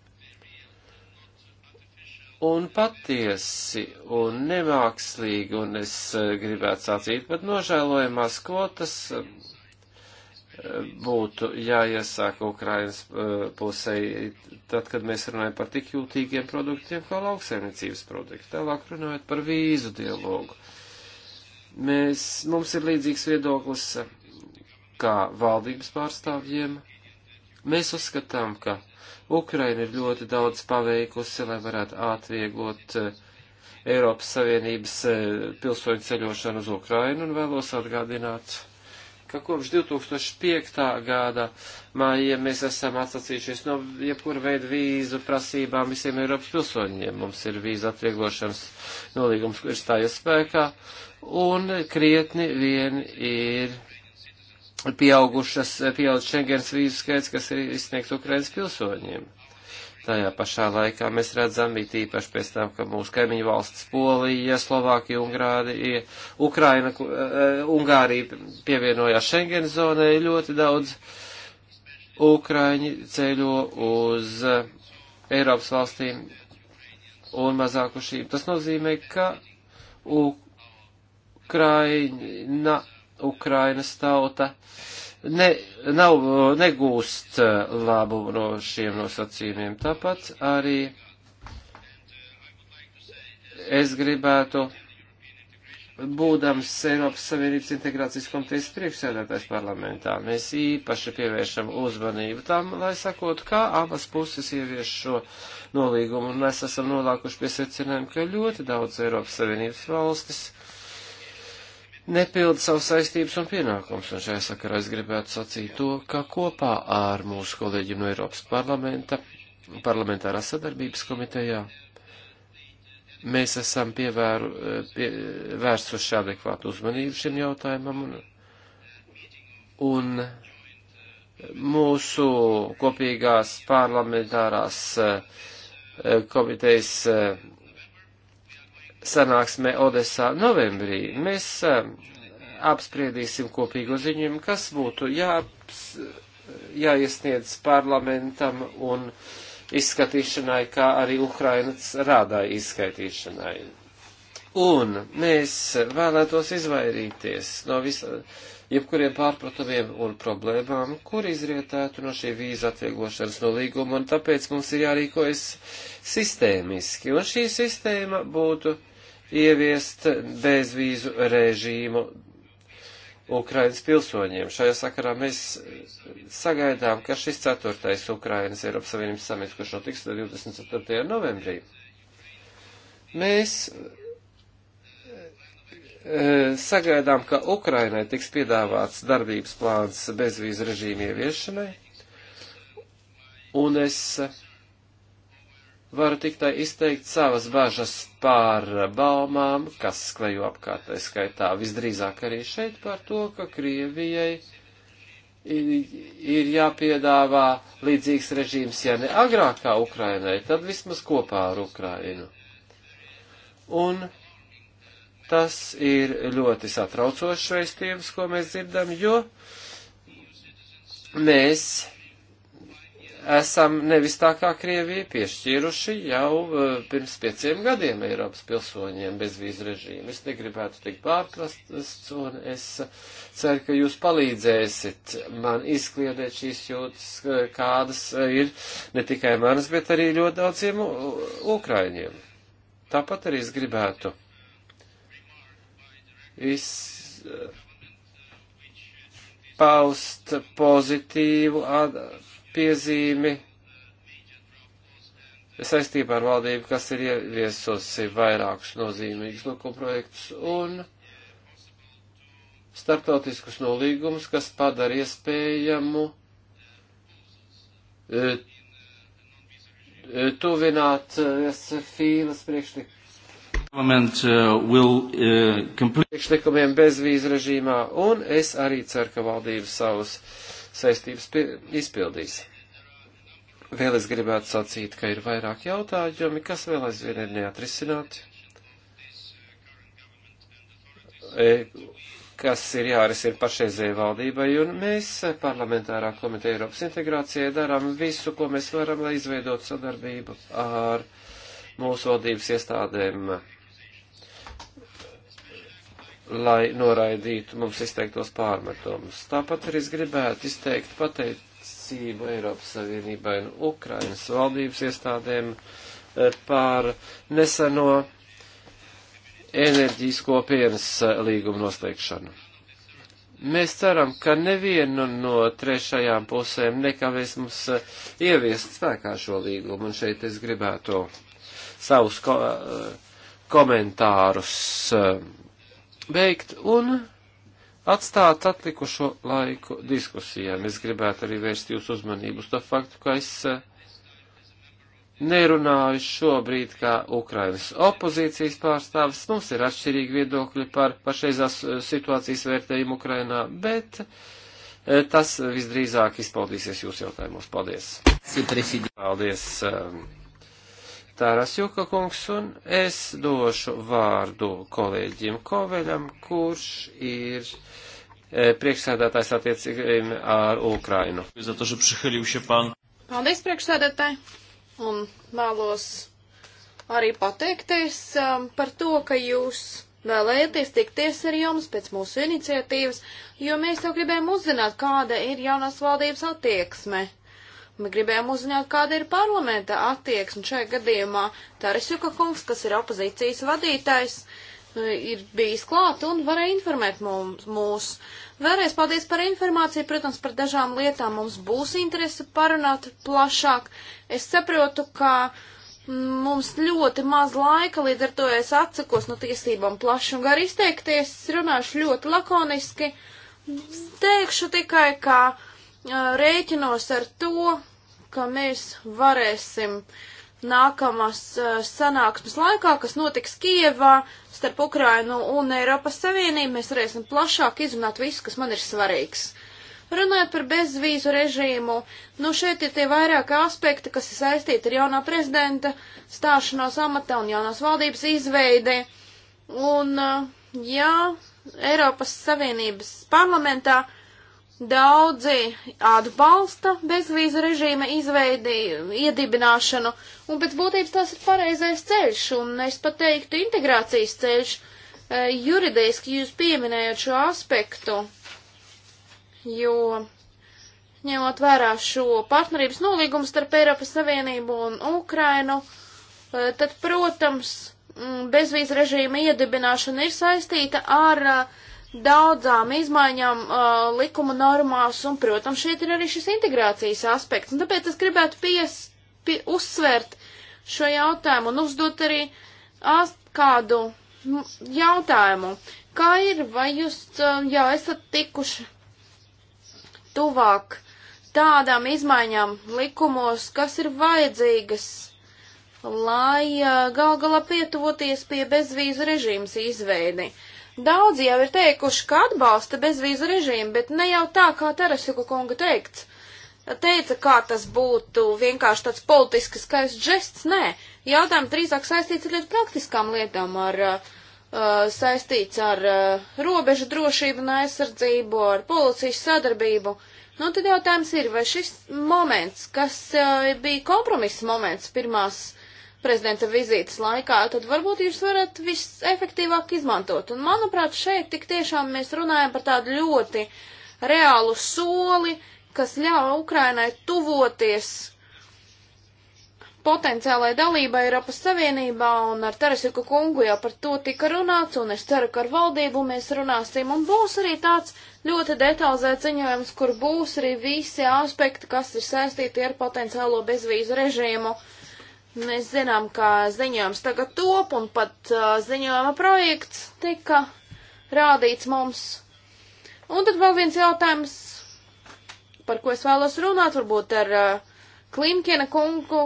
un patiesi un nemākslīgi, un es eh, gribētu sacīt, pat nožēlojamās kvotas eh, būtu jāiesāk Ukrainas eh, pusē, tad, kad mēs runājam par tik jūtīgiem produktiem kā lauksaimniecības produkti. Tālāk runājot par vīzu dialogu. Mēs, mums ir līdzīgs viedoklis kā valdības pārstāvjiem. Mēs uzskatām, ka Ukraina ir ļoti daudz paveikusi, lai varētu atvieglot eh, Eiropas Savienības eh, pilsoņu ceļošanu uz Ukrainu un vēlos atgādināt ka kopš 2005. gada māja mēs esam atsacījušies no jebkura veida vīzu prasībām visiem Eiropas pilsoņiem. Mums ir vīza atvieglošanas nolīgums, kurš stājas spēkā, un krietni vien ir pieaugušas, pieaudz Schengens vīzu skaits, kas ir izsniegts Ukrainas pilsoņiem. Tajā pašā laikā mēs redzam, it īpaši pēc tam, ka mūsu kaimiņu valsts Polija, Slovākija, Ungrādi, Ukraina, eh, Ungārija pievienojās Schengen zonai ļoti daudz. Ukraiņi ceļo uz eh, Eiropas valstīm un mazākušīm. Tas nozīmē, ka Ukraina Ukrainas tauta ne, nav, negūst eh, labu no šiem nosacījumiem. Tāpat arī es gribētu, būdams Eiropas Savienības integrācijas komitejas priekšsēdētājs parlamentā, mēs īpaši pievēršam uzmanību tam, lai sakot, kā abas puses ievieš šo nolīgumu, un mēs esam nolākuši pie secinājuma, ka ļoti daudz Eiropas Savienības valstis uh, nepilda savas saistības un pienākums, un šajā sakarā es gribētu sacīt to, ka kopā ar mūsu kolēģiem no Eiropas parlamenta, parlamentārā sadarbības komitejā, mēs esam pievēru, pie, vērsuši adekvātu uzmanību šim jautājumam, un, un mūsu kopīgās parlamentārās eh, komitejas eh, sanāksmē Odesā novembrī mēs um, apspriedīsim kopīgo ziņojumu, kas būtu jāaps, jāiesniedz parlamentam un izskatīšanai, kā arī Ukrainas rādā izskaitīšanai. Un mēs vēlētos izvairīties no visa, jebkuriem pārpratumiem un problēmām, kur izrietētu no šī vīza atvieglošanas no līguma, un tāpēc mums ir jārīkojas sistēmiski, un šī sistēma būtu ieviest bezvīzu režīmu Ukrainas pilsoņiem. Šajā sakarā mēs sagaidām, ka šis ceturtais Ukrainas Eiropas Savienības samits, kurš notiks 24. novembrī, mēs e, sagaidām, ka Ukrainai tiks piedāvāts darbības plāns bezvīzu režīmu ieviešanai, un es varu tikai izteikt savas bažas par baumām, kas sklejo apkārt, tā skaitā visdrīzāk arī šeit par to, ka Krievijai ir jāpiedāvā līdzīgs režīms, ja ne agrākā Ukrainai, tad vismaz kopā ar Ukrainu. Un tas ir ļoti satraucošais tiems, ko mēs dzirdam, jo mēs esam nevis tā kā Krievija piešķīruši jau eh, pirms pieciem gadiem Eiropas pilsoņiem bezvīzu režīmu. Es negribētu tikt pārprasts, un es ceru, ka jūs palīdzēsit man izkliedēt šīs jūtas, eh, kādas eh, ir ne tikai manas, bet arī ļoti daudziem ukraiņiem. Tāpat arī es gribētu. Es, paust pozitīvu at piezīmi saistībā ar valdību, kas ir ieviesusi vairākus nozīmīgus likumprojektus un starptautiskus nolīgumus, kas padara iespējamu eh, tuvināt eh, fīlas priekšlikumu. Eh, priekšlikumiem bezvīz režīmā, un es arī ceru, ka valdības savus uh, saistības izpildīs. Vēl es gribētu sacīt, ka ir vairāk jautājumi, kas vēl aizvien ir neatrisināti, e, kas ir jārisina pašreizējai valdībai, un mēs parlamentārā komiteja Eiropas integrācijai darām visu, ko mēs varam, lai izveidot sadarbību ar mūsu valdības iestādēm lai noraidītu mums izteiktos pārmetumus. Tāpat arī es gribētu izteikt pateicību Eiropas Savienībai un Ukrainas valdības iestādēm eh, par neseno enerģijas kopienas eh, līgumu noslēgšanu. Mēs ceram, ka nevienu no trešajām pusēm nekavēs mums eh, ieviest spēkā šo līgumu, un šeit es gribētu savus ko komentārus beigt un atstāt atlikušo laiku diskusijām. Es gribētu arī vērst jūsu uzmanību uz to faktu, ka es eh, nerunāju šobrīd kā Ukrainas opozīcijas pārstāvis. Mums ir atšķirīgi viedokļi par pašreizās eh, situācijas vērtējumu Ukrainā, bet eh, tas visdrīzāk izpaudīsies jūsu jautājumos. Paldies! Paldies! Tāras Jukakungs, un es došu vārdu kolēģim Koveļam, kurš ir e, priekšsēdētājs attiecībiem ar Ukrainu.
Paldies, priekšsēdētāji, un vēlos arī pateikties um, par to, ka jūs vēlēties tikties ar jums pēc mūsu iniciatīvas, jo mēs jau gribējām uzzināt, kāda ir jaunās valdības attieksme Mēs gribējām uzzināt, kāda ir parlamenta attieksme šajā gadījumā. Tarisjuka kungs, kas ir opozīcijas vadītājs, nu, ir bijis klāt un varēja informēt mums, mūs. Vēlreiz paldies par informāciju, protams, par dažām lietām mums būs interese parunāt plašāk. Es saprotu, ka mums ļoti maz laika, līdz ar to es atsakos no tiesībām plaši un gar izteikties, runāšu ļoti lakoniski. Teikšu tikai, ka. Kā rēķinos ar to, ka mēs varēsim nākamās sanāksmes laikā, kas notiks Kievā starp Ukrainu un Eiropas Savienību, mēs varēsim plašāk izrunāt visu, kas man ir svarīgs. Runājot par bezvīzu režīmu, nu šeit ir tie vairāki aspekti, kas ir saistīti ar jaunā prezidenta stāšanos amatā un jaunās valdības izveidi. Un, jā, Eiropas Savienības parlamentā uh, Daudzi atbalsta bezvīzu režīma izveidi, iedibināšanu, un pēc būtības tas ir pareizais ceļš, un es pat teiktu integrācijas ceļš, e, juridiski jūs pieminējot šo aspektu, jo ņemot vērā šo partnerības nolīgumu starp Eiropas Savienību un Ukrainu, e, tad, protams, bezvīz režīma iedibināšana ir saistīta ar uh, daudzām izmaiņām uh, likuma normās, un, protams, šeit ir arī šis integrācijas aspekts, un tāpēc es gribētu pies, pie, uzsvērt šo jautājumu un uzdot arī kādu jautājumu. Kā ir, vai jūs uh, jau esat tikuši tuvāk tādām izmaiņām likumos, kas ir vajadzīgas, lai uh, gal galā pietuvoties pie bezvīzu režīmas izveidi? Uh, Daudzi jau ir teikuši, ka atbalsta bezvīzu režīmu, bet ne jau tā, kā Tarasiku kunga teikts. Teica, kā tas būtu vienkārši tāds politiski skaists žests, nē. Jautājums drīzāk saistīts ar ļoti praktiskām lietām, ar, uh, uh, saistīts ar uh, robežu drošību un aizsardzību, ar policijas sadarbību. Nu, tad jautājums ir, vai šis moments, kas uh, bija kompromisa moments pirmās prezidenta vizītes laikā, tad varbūt jūs varat visefektīvāk izmantot. Un, manuprāt, šeit tik tiešām mēs runājam par tādu ļoti reālu soli, kas ļauj Ukrainai tuvoties potenciālai dalībai Eiropas Savienībā, un ar Tarasiku kungu jau par to tika runāts, un es ceru, ka ar valdību mēs runāsim, un būs arī tāds ļoti detalizēts ziņojums, kur būs arī visi aspekti, kas ir saistīti ar potenciālo bezvīzu režīmu. Uh, Mēs zinām, ka ziņojums tagad top un pat uh, ziņojuma projekts tika rādīts mums. Un tad vēl viens jautājums, par ko es vēlos runāt, varbūt ar uh, Klimkiena kungu,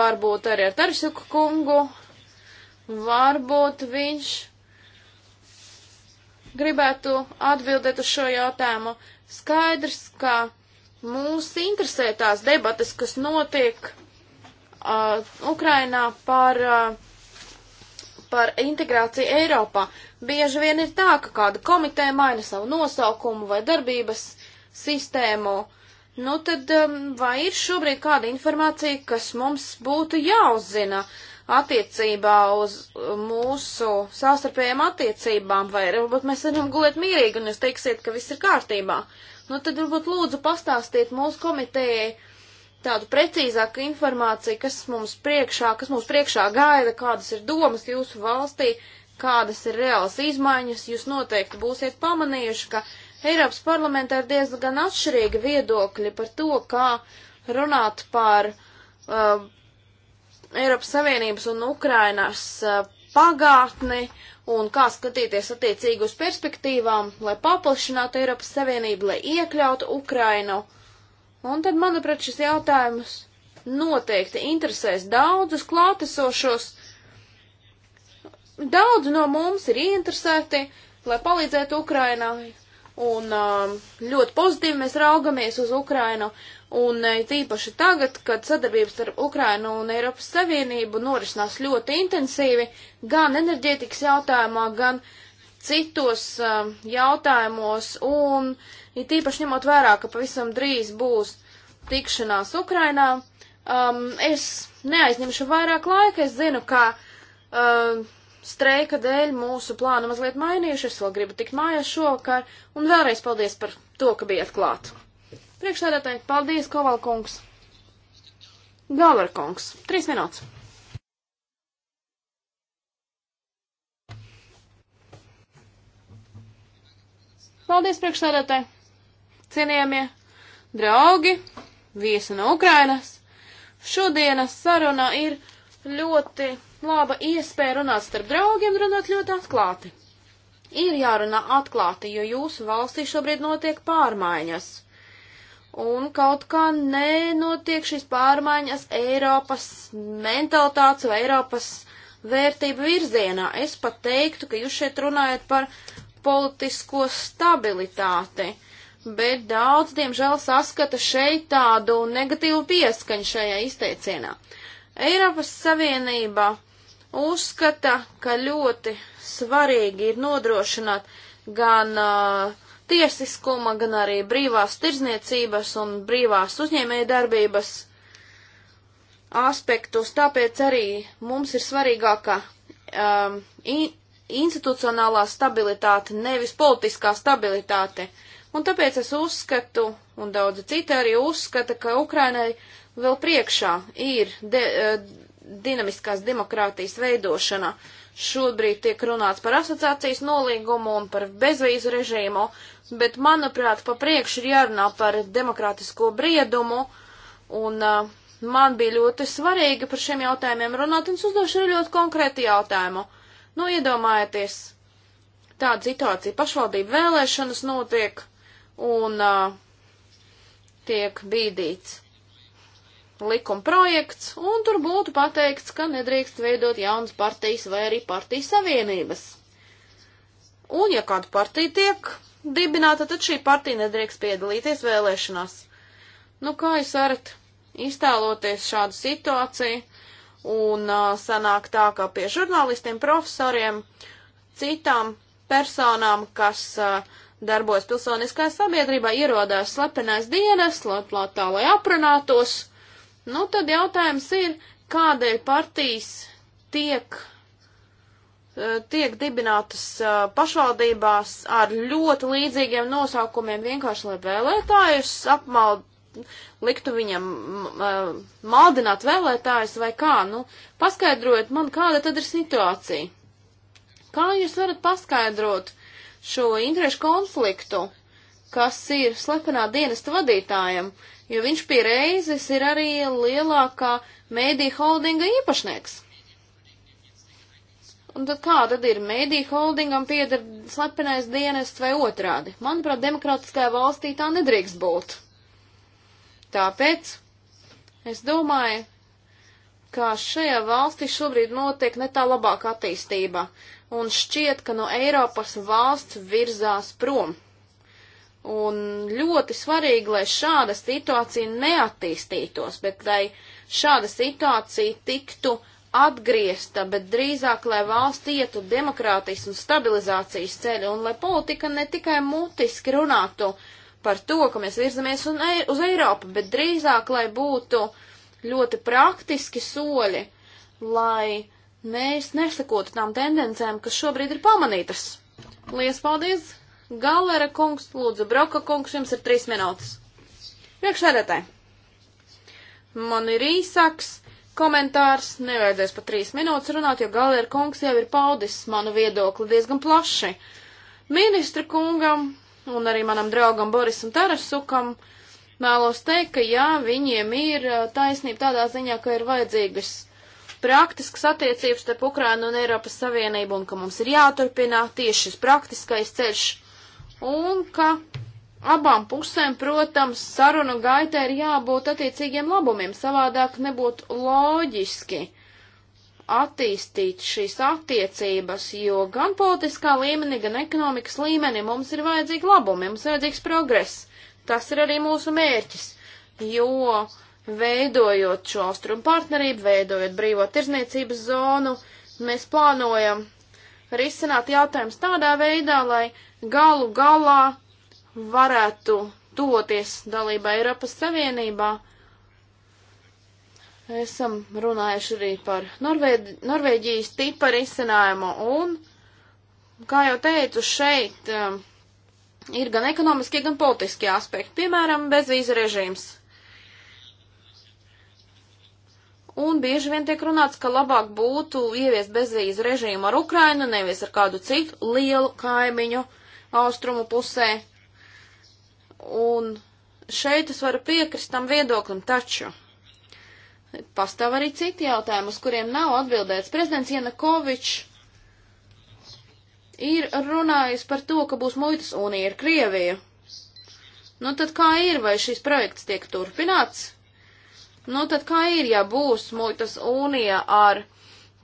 varbūt arī ar Tarsuku kungu, varbūt viņš gribētu atbildēt uz šo jautājumu. Skaidrs, ka mūs interesē tās debatas, kas notiek uh, Ukrainā par, uh, par integrāciju Eiropā. Bieži vien ir tā, ka kāda komiteja maina savu nosaukumu vai darbības sistēmu. Nu tad um, vai ir šobrīd kāda informācija, kas mums būtu jāuzzina attiecībā uz mūsu savstarpējām attiecībām, vai varbūt mēs varam gulēt mierīgi un jūs teiksiet, ka viss ir kārtībā. Nu tad varbūt lūdzu pastāstiet mūsu komitejai, uh, tādu precīzāku informāciju, kas mums priekšā, kas mums priekšā gaida, kādas ir domas jūsu valstī, kādas ir reālas izmaiņas, jūs noteikti būsiet pamanījuši, ka Eiropas parlamentā ir diezgan atšķirīga viedokļa par to, kā runāt par uh, Eiropas Savienības un Ukrainas uh, pagātni un kā skatīties attiecīgi uz perspektīvām, lai paplašinātu Eiropas Savienību, lai iekļautu Ukrainu. Un tad, manuprāt, šis jautājums noteikti interesēs daudzus klātesošos. Daudz no mums ir ieinteresēti, lai palīdzētu Ukrainai. Un um, ļoti pozitīvi mēs raugamies uz Ukrainu. Un eh, tīpaši tagad, kad sadarbības ar Ukrainu un Eiropas Savienību norisinās ļoti intensīvi, gan enerģētikas jautājumā, gan citos um, jautājumos. Un uh, It īpaši ņemot vērā, ka pavisam drīz būs tikšanās Ukrainā, um, es neaizņemšu vairāk laika. Es zinu, ka um, streika dēļ mūsu plāni mazliet mainījuši. Es vēl gribu tikt mājās šovakar. Un vēlreiz paldies par to, ka bijāt klāt. Priekšstādātāji, paldies, Kovalkungs! Galvarkungs, trīs minūtes. Paldies, priekšstādātāji! Cienījamie draugi, viesi no Ukrainas, šodienas saruna ir ļoti laba iespēja runāt starp draugiem, runāt ļoti atklāti. Ir jārunā atklāti, jo jūsu valstī šobrīd notiek pārmaiņas. Un kaut kā nenotiek šīs pārmaiņas Eiropas mentalitātes vai Eiropas vērtību virzienā. Es pat teiktu, ka jūs šeit runājat par politisko stabilitāti bet daudz, diemžēl, saskata šeit tādu negatīvu pieskaņu šajā izteicienā. Eiropas Savienība uzskata, ka ļoti svarīgi ir nodrošināt gan uh, tiesiskuma, gan arī brīvās tirzniecības un brīvās uzņēmēja darbības aspektus. Tāpēc arī mums ir svarīgāka um, in, institucionālā stabilitāte, nevis politiskā stabilitāte. Uh, Un tāpēc es uzskatu, un daudzi citi arī uzskata, ka Ukrainai vēl priekšā ir de, eh, dinamiskās demokrātijas veidošana. Šobrīd tiek runāts par asociācijas nolīgumu un par bezvīzu režīmu, bet, manuprāt, pa priekšu ir jārunā par demokrātisko briedumu, un uh, man bija ļoti svarīgi par šiem jautājumiem runāt, un es uzdošu arī ļoti konkrēti jautājumu. Nu, iedomājieties, tāda situācija pašvaldība vēlēšanas notiek, un uh, tiek bīdīts likuma projekts, un tur būtu pateikts, ka nedrīkst veidot jaunas partijas vai arī partijas savienības. Un, ja kāda partija tiek dibināta, tad šī partija nedrīkst piedalīties vēlēšanās. Nu, kā jūs varat iztēloties šādu situāciju, un uh, sanāk tā, ka pie žurnālistiem, profesoriem, citām personām, kas uh, darbojas pilsoniskajā sabiedrībā, ierodās slepenais dienas, lai plātā, lai aprunātos. Nu, tad jautājums ir, kādēļ partijas tiek, eh, tiek dibinātas eh, pašvaldībās ar ļoti līdzīgiem nosaukumiem, vienkārši lai vēlētājus apmald, liktu viņam eh, maldināt vēlētājus vai kā. Nu, paskaidrojiet man, kāda tad ir situācija. Kā jūs varat paskaidrot? Uh, šo interešu konfliktu, kas ir slepenā dienesta vadītājam, jo viņš pie reizes ir arī lielākā mēdī holdinga īpašnieks. Un tad kā tad ir mēdī holdingam pieder slepenais dienests vai otrādi? Manuprāt, demokrātiskajā valstī tā nedrīkst būt. Tāpēc es domāju, ka šajā valstī šobrīd notiek ne tā labāka attīstība un šķiet, ka no Eiropas valsts virzās prom. Un ļoti svarīgi, lai šāda situācija neattīstītos, bet lai šāda situācija tiktu atgriezta, bet drīzāk, lai valsts ietu demokrātijas un stabilizācijas ceļu, un lai politika ne tikai mutiski runātu par to, ka mēs virzamies uz Eiropu, bet drīzāk, lai būtu ļoti praktiski soļi, lai mēs nesakotu tām tendencēm, kas šobrīd ir pamanītas. Lies paldies! Galera kungs, lūdzu, Broka kungs, jums ir trīs minūtes. Priekšsēdētāji, man ir īsāks komentārs, nevajadzēs pat trīs minūtes runāt, jo Galera kungs jau ir paudis manu viedokli diezgan plaši. Ministra kungam un arī manam draugam Borisam Tarasukam vēlos teikt, ka jā, viņiem ir taisnība tādā ziņā, ka ir vajadzīgas praktiskas attiecības starp Ukrainu un Eiropas Savienību un ka mums ir jāturpinā tieši šis praktiskais ceļš un ka abām pusēm, protams, sarunu gaitē ir jābūt attiecīgiem labumiem, savādāk nebūtu loģiski attīstīt šīs attiecības, jo gan politiskā līmenī, gan ekonomikas līmenī mums ir vajadzīgi labumi, mums ir vajadzīgs progress. Tas ir arī mūsu mērķis, jo uh, veidojot šo austrumu partnerību, veidojot brīvo tirzniecības zonu, mēs plānojam risināt jautājumus tādā veidā, lai galu galā varētu toties dalībā Eiropas Savienībā. Esam runājuši arī par Norvēģi, Norvēģijas tipa risinājumu un, kā jau teicu, šeit um, ir gan ekonomiskie, gan politiskie aspekti, piemēram, bezvīza režīms un bieži vien tiek runāts, ka labāk būtu ieviest bezvīzu režīmu ar Ukrainu, nevis ar kādu citu lielu kaimiņu austrumu pusē. Un šeit es varu piekrist tam viedoklim, taču pastāv arī citi jautājumi, uz kuriem nav atbildēts. Prezidents Janakovičs ir runājis par to, ka būs muitas unija ar Krieviju. Nu tad kā ir, vai šis projekts tiek turpināts? Nu, tad kā ir, ja būs muitas unija ar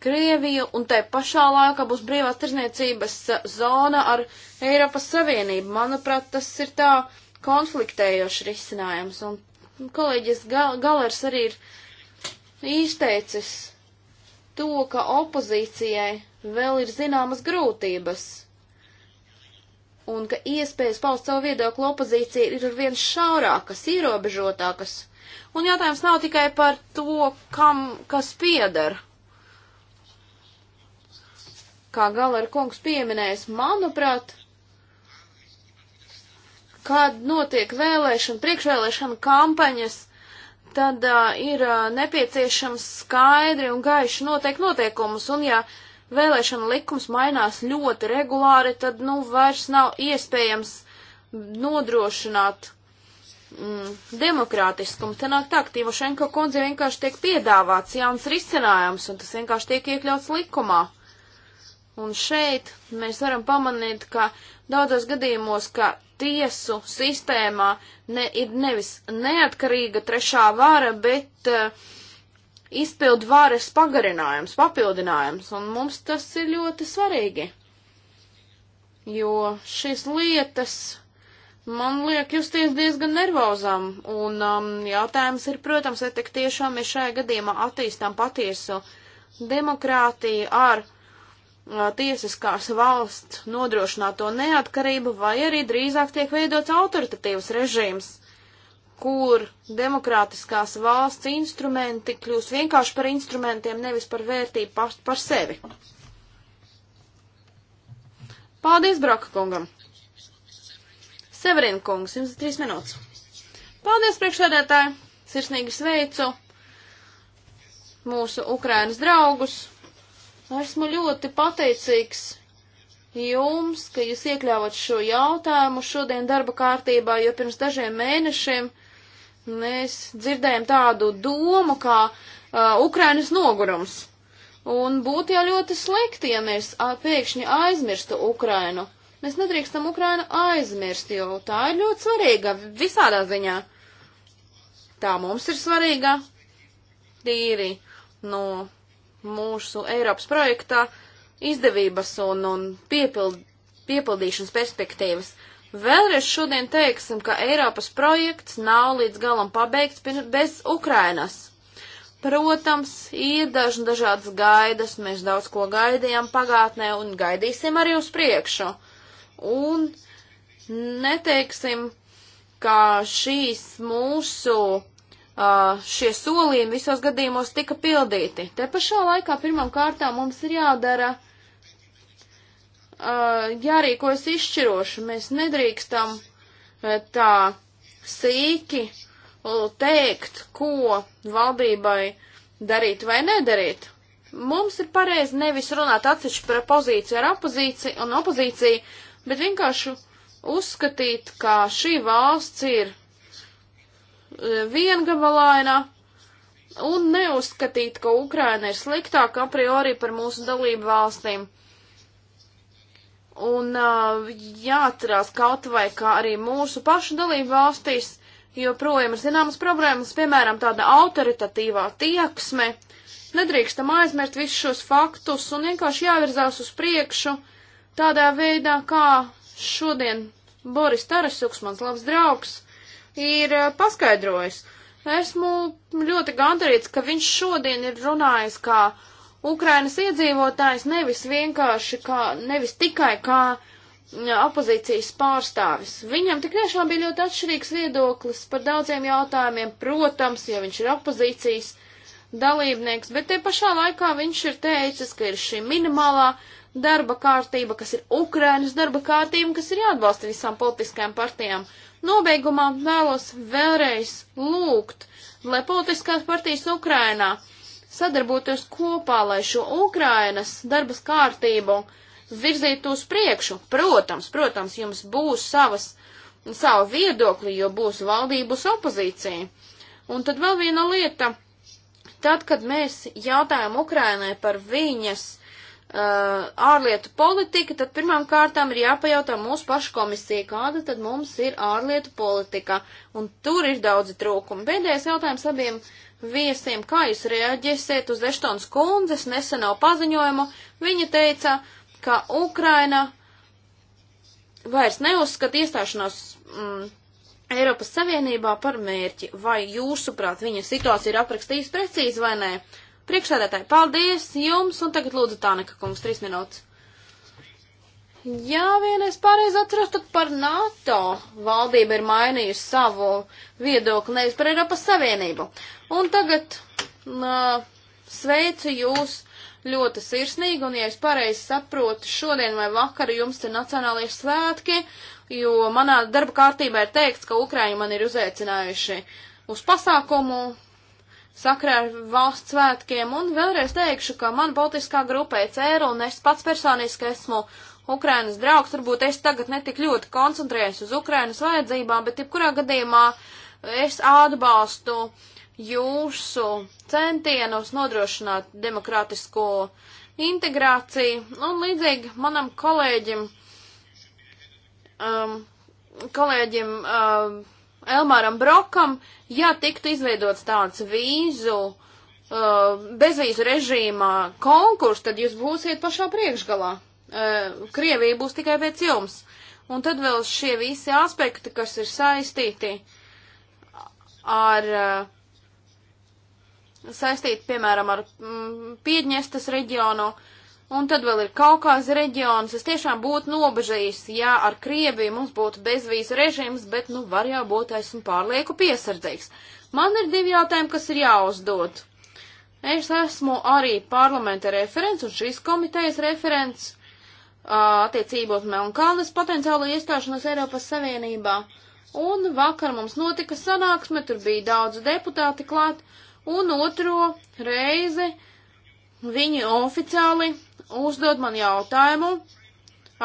Krieviju un te pašā laikā būs brīvās tirzniecības zona ar Eiropas Savienību? Manuprāt, tas ir tā konfliktējošs risinājums. Un kolēģis Gal Galers arī ir izteicis to, ka opozīcijai vēl ir zināmas grūtības un ka iespējas paust savu viedokli opozīcija ir arvien šaurākas, ierobežotākas. Un jautājums nav tikai par to, kam kas pieder. Kā galera kungs pieminējis, manuprāt, kad notiek vēlēšana, priekšvēlēšana kampaņas, tad uh, ir uh, nepieciešams skaidri un gaiši noteikt noteikumus, un ja vēlēšana likums mainās ļoti regulāri, tad, nu, vairs nav iespējams nodrošināt mm, demokrātiskumu. Te nāk tā, ka Timošenko kundze vienkārši tiek piedāvāts jauns risinājums, un tas vienkārši tiek iekļauts likumā. Un šeit mēs varam pamanīt, ka daudzos gadījumos, ka tiesu sistēmā ne, ir nevis neatkarīga trešā vara, bet uh, izpildu varas pagarinājums, papildinājums, un mums tas ir ļoti svarīgi. Jo šīs lietas Man liek justies diezgan nervozam, un um, jautājums ir, protams, vai tik tiešām mēs šajā gadījumā attīstām patiesu demokrātiju ar uh, tiesiskās valsts nodrošināto neatkarību, vai arī drīzāk tiek veidots autoritatīvs režīms, kur demokrātiskās valsts instrumenti kļūst vienkārši par instrumentiem, nevis par vērtību par, par sevi. Paldies, Braka kungam! Severina kungs, jums ir trīs minūtes. Paldies, priekšsēdētāji! Sirsnīgi sveicu mūsu Ukrainas draugus. Esmu ļoti pateicīgs jums, ka jūs iekļāvat šo jautājumu šodien darba kārtībā, jo pirms dažiem mēnešiem mēs dzirdējam tādu domu kā uh, Ukrainas nogurums. Un būtu jau ļoti slikti, ja mēs uh, pēkšņi aizmirstu Ukrainu. Mēs nedrīkstam Ukrainu aizmirst, jo tā ir ļoti svarīga visādā ziņā. Tā mums ir svarīga tīri no mūsu Eiropas projektā izdevības un, un piepild, piepildīšanas perspektīvas. Vēlreiz šodien teiksim, ka Eiropas projekts nav līdz galam pabeigts bez Ukrainas. Protams, ir dažni dažādas gaidas, mēs daudz ko gaidījām pagātnē un gaidīsim arī uz priekšu un neteiksim, ka šīs mūsu šie solījumi visos gadījumos tika pildīti. Te pašā laikā pirmām kārtām mums ir jādara, jārīkojas izšķiroši. Mēs nedrīkstam tā sīki teikt, ko valdībai darīt vai nedarīt. Mums ir pareizi nevis runāt atsevišķi par pozīciju ar opozīciju un opozīciju, bet vienkārši uzskatīt, ka šī valsts ir e, viengabalaina un neuzskatīt, ka Ukraina ir sliktāka a priori par mūsu dalību valstīm. Un uh, jāatcerās kaut vai, ka arī mūsu pašu dalību valstīs joprojām ir zināmas problēmas, piemēram, tāda autoritatīvā tieksme. Nedrīkstam aizmirst visus šos faktus un vienkārši jāvirzās uz priekšu uh, tādā veidā, kā šodien Boris Tarasuks, mans labs draugs, ir paskaidrojis. Esmu ļoti gandarīts, ka viņš šodien ir runājis kā Ukrainas iedzīvotājs, nevis vienkārši kā, nevis tikai kā opozīcijas pārstāvis. Viņam tik tiešām bija ļoti atšķirīgs viedoklis par daudziem jautājumiem, protams, ja viņš ir opozīcijas dalībnieks, bet te pašā laikā viņš ir teicis, ka ir šī minimālā darba kārtība, kas ir Ukrainas darba kārtība, kas ir jāatbalsta visām politiskajām partijām. Nobeigumā vēlos vēlreiz lūgt, lai politiskās partijas Ukrainā sadarbotos kopā, lai šo Ukrainas darbas kārtību virzītu uz priekšu. Protams, protams, jums būs savas, savu viedokli, jo būs valdības opozīcija. Un tad vēl viena lieta. Tad, kad mēs jautājam Ukrainai par viņas Uh, ārlietu politika, tad pirmām kārtām ir jāpajautā mūsu pašu komisija, kāda tad mums ir ārlietu politika. Un tur ir daudzi trūkumi. Pēdējais jautājums abiem viesiem, kā jūs reaģēsiet uz Eštons kundzes neseno paziņojumu. Viņa teica, ka Ukraina vairs neuzskata iestāšanos mm, Eiropas Savienībā par mērķi. Vai jūsuprāt, viņa situācija ir aprakstījusi precīzi vai nē? Priekšsēdētāji, paldies jums, un tagad lūdzu Tāneka kungs, trīs minūtes. Jā, vien es pareizi atceros, tad par NATO valdība ir mainījusi savu viedokli, nevis par Eiropas Savienību. Un tagad uh, sveicu jūs ļoti sirsnīgi, un ja es pareizi saprotu, šodien vai vakar jums ir nacionālie svētki, jo manā darba kārtībā ir teikts, ka Ukraiņi man ir uzaicinājuši uz pasākumu, sakrā ar valsts svētkiem, un vēlreiz teikšu, ka man politiskā grupa ECR, un es pats personiski esmu Ukrainas draugs, varbūt es tagad netik ļoti koncentrējos uz Ukrainas vajadzībām, bet jebkurā gadījumā es atbalstu jūsu centienus nodrošināt demokrātisko integrāciju, un līdzīgi manam kolēģim, um, kolēģim, um, Elmāram Brokam, ja tiktu izveidots tāds vīzu, uh, bezvīzu režīmā konkurs, tad jūs būsiet pašā priekšgalā. Uh, Krievija būs tikai pēc jums. Un tad vēl šie visi aspekti, kas ir saistīti ar, uh, saistīti, piemēram, ar mm, Piedņestas reģionu, uh, Un tad vēl ir Kaukāza reģions. Es tiešām būtu nobežījis, ja ar Krieviju mums būtu bezvīzu režīms, bet nu var jau būt esmu pārlieku piesardzīgs. Man ir divi jautājumi, kas ir jāuzdod. Es esmu arī parlamenta referents un šīs komitejas referents attiecībos Melnkalnes potenciālo iestāšanos Eiropas Savienībā. Un vakar mums notika sanāksme, tur bija daudz deputāti klāt, un otro reizi viņi oficiāli uzdod man jautājumu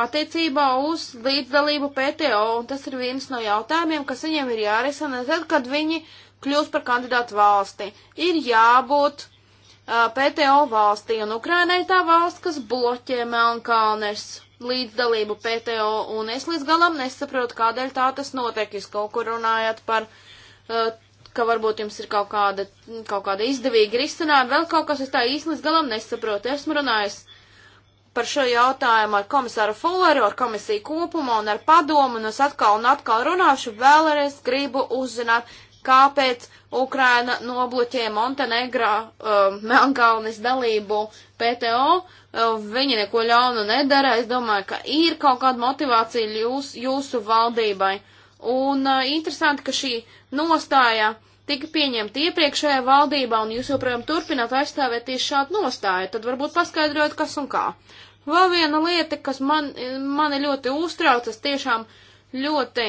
attiecībā uz līdzdalību PTO, un tas ir viens no jautājumiem, kas viņiem ir jārisina tad, kad viņi kļūst par kandidātu valsti. Ir jābūt uh, PTO valstī, un Ukrainai tā valsts, kas bloķē Melnkalnes līdzdalību PTO, un es līdz galam nesaprotu, kādēļ tā tas notiek. Jūs kaut kur runājat par uh, ka varbūt jums ir kaut kāda, kaut kāda izdevīga risinājuma, vēl kaut kas, es tā īsti līdz galam nesaprotu. Esmu runājis par šo jautājumu ar komisāru Fulleru, ar komisiju kopumā un ar padomu, un es atkal un atkal runāšu, vēlreiz gribu uzzināt, kāpēc Ukraina nobloķē Montenegrā uh, um, Melnkalnes dalību PTO. Uh, viņi neko ļaunu nedara. Es domāju, ka ir kaut kāda motivācija jūs, jūsu valdībai. Un uh, interesanti, ka šī nostāja tika pieņemta iepriekšējā valdībā, un jūs joprojām turpināt aizstāvēt tieši šādu nostāju. Tad varbūt paskaidrojot, kas un kā. Vēl viena lieta, kas man, mani ļoti uztraucas, tiešām ļoti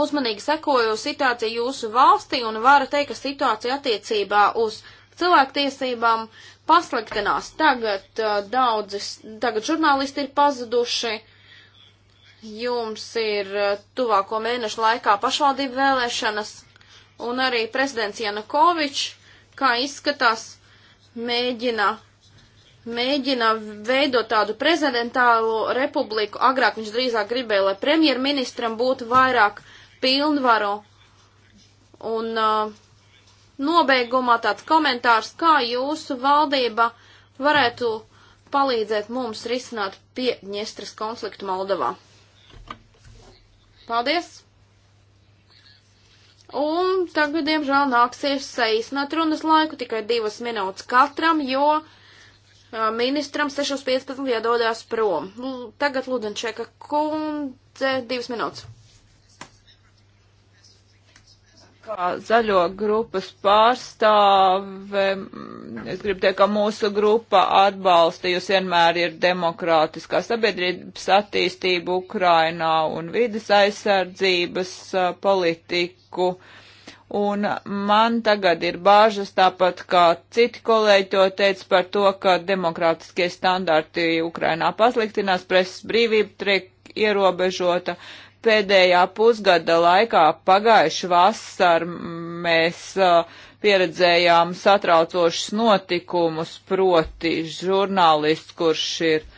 uzmanīgi sekoju situāciju jūsu valstī un varu teikt, ka situācija attiecībā uz cilvēktiesībām pasliktinās. Tagad uh, daudzas, tagad žurnālisti ir pazuduši, jums ir uh, tuvāko mēnešu laikā pašvaldību vēlēšanas un arī prezidents Janukovičs, kā izskatās, mēģina mēģina veidot tādu prezidentālu republiku. Agrāk viņš drīzāk gribēja, lai premjerministram būtu vairāk pilnvaru. Un uh, nobeigumā tāds komentārs, kā jūsu valdība varētu palīdzēt mums risināt pie Ņestras konfliktu Moldovā. Paldies! Un tagad, diemžēl, nāksies saīsināt runas laiku tikai divas minūtes katram, jo ministram 6.15 jādodās prom. Tagad Ludenčeka kundze divas minūtes.
Kā zaļo grupas pārstāve, es gribu teikt, ka mūsu grupa atbalstījusi vienmēr ir demokrātiskā sabiedrības attīstību Ukrainā un vidas aizsardzības politiku. Uh, Un man tagad ir bāžas, tāpat kā citi kolēģi to teica par to, ka demokrātiskie standarti Ukrainā pasliktinās, preses brīvība tiek ierobežota. Pēdējā pusgada laikā pagājuši vasar mēs uh, pieredzējām satraucošus notikumus, proti žurnālists, kurš ir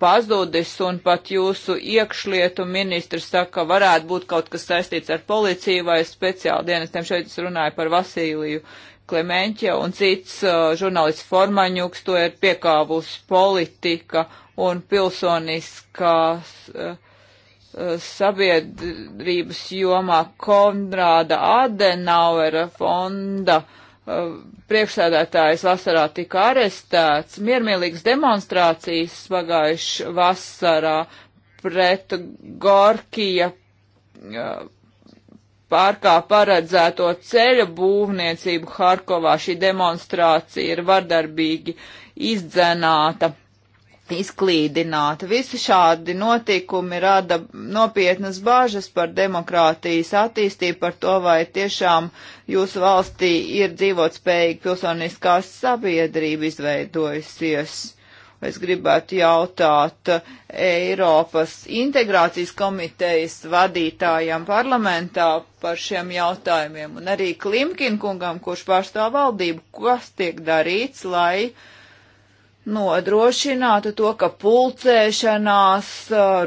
pazudis, un pat jūsu iekšlietu ministrs saka, ka varētu būt kaut kas saistīts ar policiju vai speciālu dienestiem. Šeit es runāju par Vasīliju Klemenķa, un cits uh, žurnālists Formaņuks to ir piekāvus politika un pilsoniskās uh, uh sabiedrības jomā Konrāda Adenauera fonda uh, Uh, priekšsēdētājs vasarā tika arestēts, miermīlīgas demonstrācijas pagājuši vasarā pret Gorkija uh, pārkā paredzēto ceļa būvniecību Harkovā. Šī demonstrācija ir vardarbīgi izdzenāta izklīdināta. Visi šādi notikumi rada nopietnas bāžas par demokrātijas attīstību, par to, vai tiešām jūsu valstī ir dzīvot spējīgi pilsoniskā sabiedrība izveidojusies. Es gribētu jautāt Eiropas integrācijas komitejas vadītājam parlamentā par šiem jautājumiem un arī Klimkin kungam, kurš pārstāv valdību, kas tiek darīts, lai uh, nodrošinātu to, ka pulcēšanās,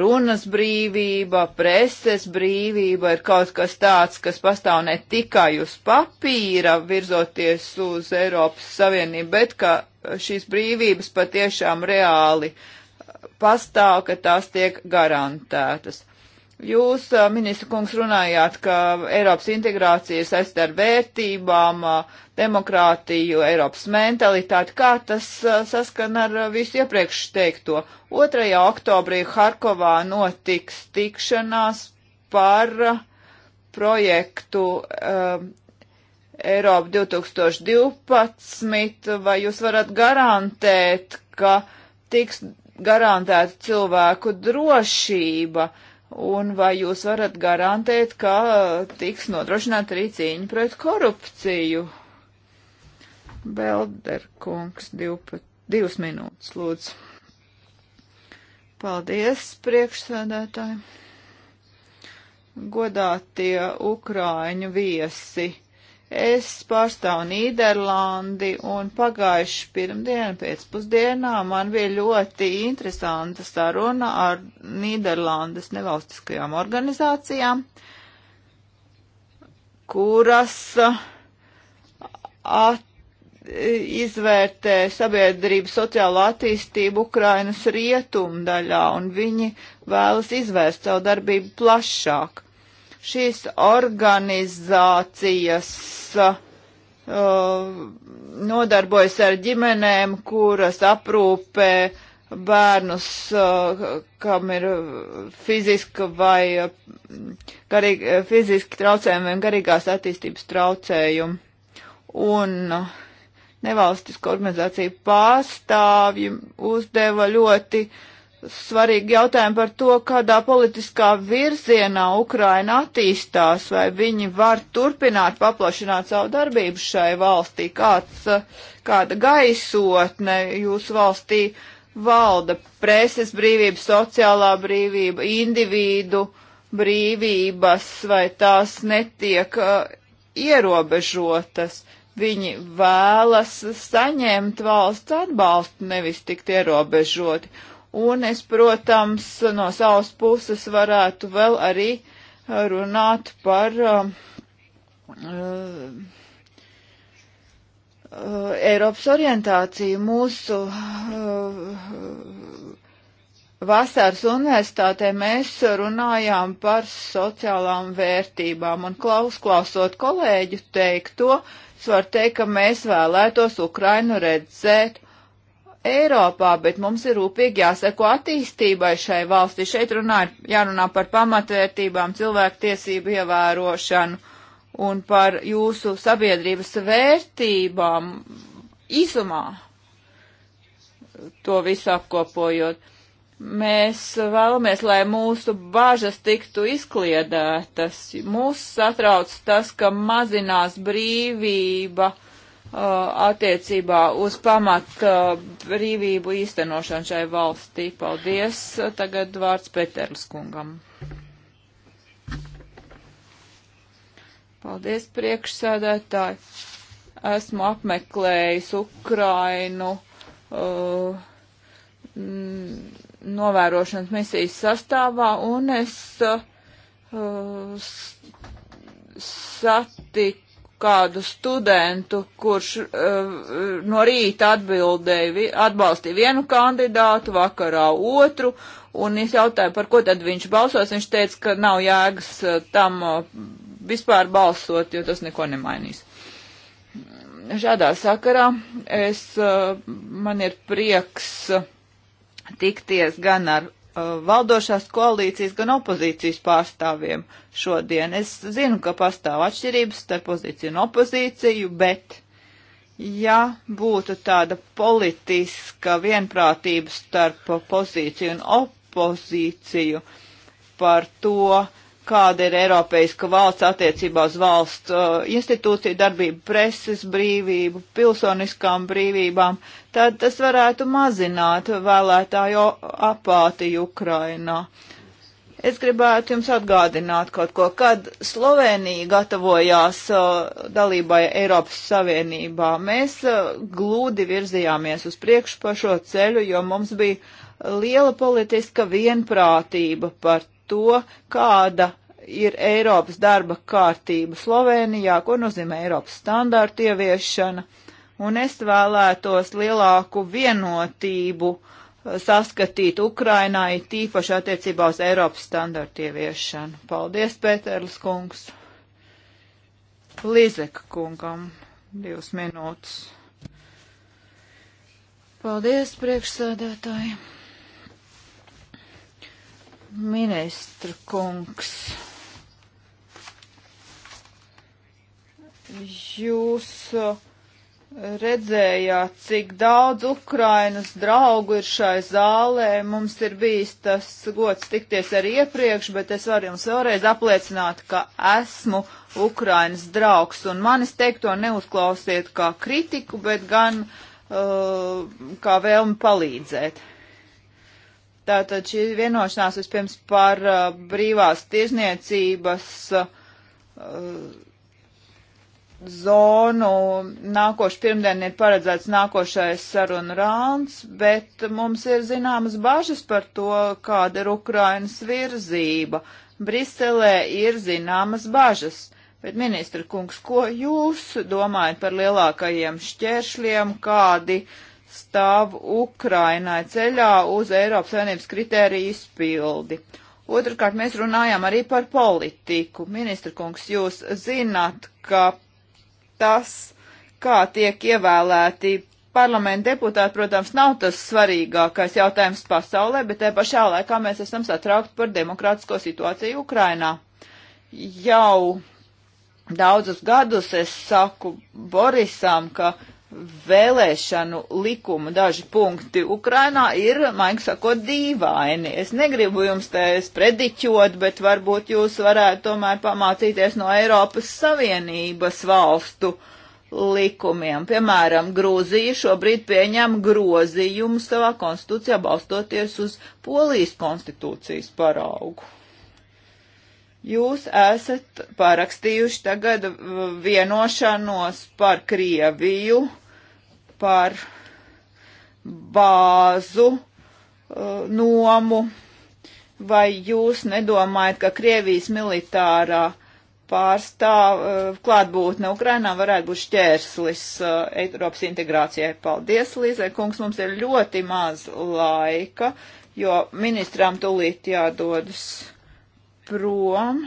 runas brīvība, preses brīvība ir kaut kas tāds, kas pastāv ne tikai uz papīra, virzoties uz Eiropas Savienību, bet ka šīs brīvības patiešām reāli pastāv, ka tās tiek garantētas. Jūs, ministra kungs, runājāt, ka Eiropas integrācija ir saistīta ar vērtībām, demokrātiju, Eiropas mentalitāti, kā tas saskan ar visu iepriekš teikto. 2. oktobrī Harkovā notiks tikšanās par projektu um, Eiropa 2012, vai jūs varat garantēt, ka tiks garantēta cilvēku drošība? Uh, un vai jūs varat garantēt, ka tiks nodrošināta arī cīņa pret korupciju? Belderkungs, divpa, divas minūtes, lūdzu. Paldies, priekšsēdētāji. Godātie Ukraiņu viesi. Es pārstāvu Nīderlandi un pagājuši pirmdienu pēcpusdienā man bija ļoti interesanta saruna ar Nīderlandes nevalstiskajām organizācijām, kuras at, izvērtē sabiedrības sociālo attīstību Ukrainas rietumdaļā un viņi vēlas izvērst savu darbību plašāk šīs organizācijas uh, nodarbojas ar ģimenēm, kuras aprūpē bērnus, uh, kam ir fiziska vai uh, garīgi, fiziski traucējumi un garīgās attīstības traucējumi. Un uh, nevalstisko organizāciju pārstāvji uzdeva ļoti uh, svarīgi jautājumi par to, kādā politiskā virzienā Ukraina attīstās, vai viņi var turpināt paplašināt savu darbību šai valstī, kāds, kāda gaisotne jūsu valstī valda preses brīvība, sociālā brīvība, individu brīvības, vai tās netiek uh, ierobežotas. Viņi vēlas saņemt valsts atbalstu, nevis tikt ierobežoti Un es, protams, no savas puses varētu vēl arī uh, runāt par uh, uh, Eiropas orientāciju mūsu uh, vasaras universitātē mēs runājām par sociālām vērtībām un klaus, klausot kolēģu teikto, es varu teikt, ka mēs vēlētos Ukrainu redzēt Eiropā, bet mums ir rūpīgi jāseko attīstībai šai valstī. Šeit runā, jārunā par pamatvērtībām, cilvēktiesību ievērošanu un par jūsu sabiedrības vērtībām īsumā to visu apkopojot. Mēs vēlamies, lai mūsu bāžas tiktu izkliedētas. Mūs satrauc tas, ka mazinās brīvība uh, Uh, attiecībā uz pamat uh, brīvību īstenošanu šai valstī. Paldies. Tagad vārds Peterlis kungam. Paldies, priekšsēdētāji. Esmu apmeklējis Ukrainu. Uh, novērošanas misijas sastāvā, un es uh, satiku kādu studentu, kurš uh, no rīta atbildēja, atbalstīja vienu kandidātu, vakarā otru, un es jautāju, par ko tad viņš balsos. Viņš teica, ka nav jēgas eh, tam eh, vispār balsot, jo tas neko nemainīs. Šādā sakarā es, man ir prieks tikties gan ar Uh, valdošās koalīcijas, gan opozīcijas pārstāvjiem šodien. Es zinu, ka pastāv atšķirības starp pozīciju un opozīciju, bet ja būtu tāda politiska vienprātība starp pozīciju un opozīciju par to, uh, kāda ir Eiropeiska valsts attiecībā uz valsts uh, institūciju darbību, preses brīvību, pilsoniskām brīvībām, tad tas varētu mazināt vēlētāju apātiju Ukrainā. Es gribētu jums atgādināt kaut ko, kad Slovenija gatavojās uh, dalībai Eiropas Savienībā. Mēs uh, glūdi virzījāmies uz priekšu pa šo ceļu, jo mums bija liela politiska vienprātība par to, kāda ir Eiropas darba kārtība Slovenijā, ko nozīmē Eiropas standārtu ieviešana, un es vēlētos lielāku vienotību eh, saskatīt Ukrainai tīpaši attiecībā uz Eiropas standārtu ieviešanu. Paldies, Pēterlis kungs! Līzeka kungam divas minūtes. Paldies, priekšsēdētāji! Ministru kungs, jūs uh, redzējāt, cik daudz Ukrainas draugu ir šai zālē. Mums ir bijis tas gods tikties arī iepriekš, bet es varu jums vēlreiz apliecināt, ka esmu Ukrainas draugs. Un manis teikto neuzklausiet kā kritiku, bet gan uh, kā vēlmi palīdzēt. Tātad šī vienošanās vispirms par uh, brīvās tirzniecības uh, zonu. Nākošu pirmdien ir paredzēts nākošais sarunu rauns, bet mums ir zināmas bažas par to, kāda ir Ukrainas virzība. Briselē ir zināmas bažas. Bet, ministra kungs, ko jūs domājat par lielākajiem šķēršļiem, kādi uh, stāv Ukrainai ceļā uz Eiropas Savienības kritēriju izpildi. Otrakārt, mēs runājam arī par politiku. Ministra kungs, jūs zināt, ka tas, kā tiek ievēlēti parlamenta deputāti, protams, nav tas svarīgākais jautājums pasaulē, bet te pašā laikā mēs esam satraukti par demokrātisko situāciju Ukrainā. Jau daudzus gadus es saku Borisam, ka vēlēšanu likumu daži punkti Ukrainā ir, maigi sakot, dīvaini. Es negribu jums te sprediķot, bet varbūt jūs varētu tomēr pamācīties no Eiropas Savienības valstu likumiem. Piemēram, Grūzija šobrīd pieņem grozījumu savā konstitūcijā balstoties uz Polijas konstitūcijas paraugu. Jūs esat parakstījuši tagad vienošanos par Krieviju, uh, par bāzu uh, nomu, vai jūs nedomājat, ka Krievijas militārā pārstāv uh, klātbūtne Ukrainā varētu būt šķērslis uh, Eiropas integrācijai? Paldies, Līzai, kungs, mums ir ļoti maz laika, jo ministram tūlīt jādodas prom.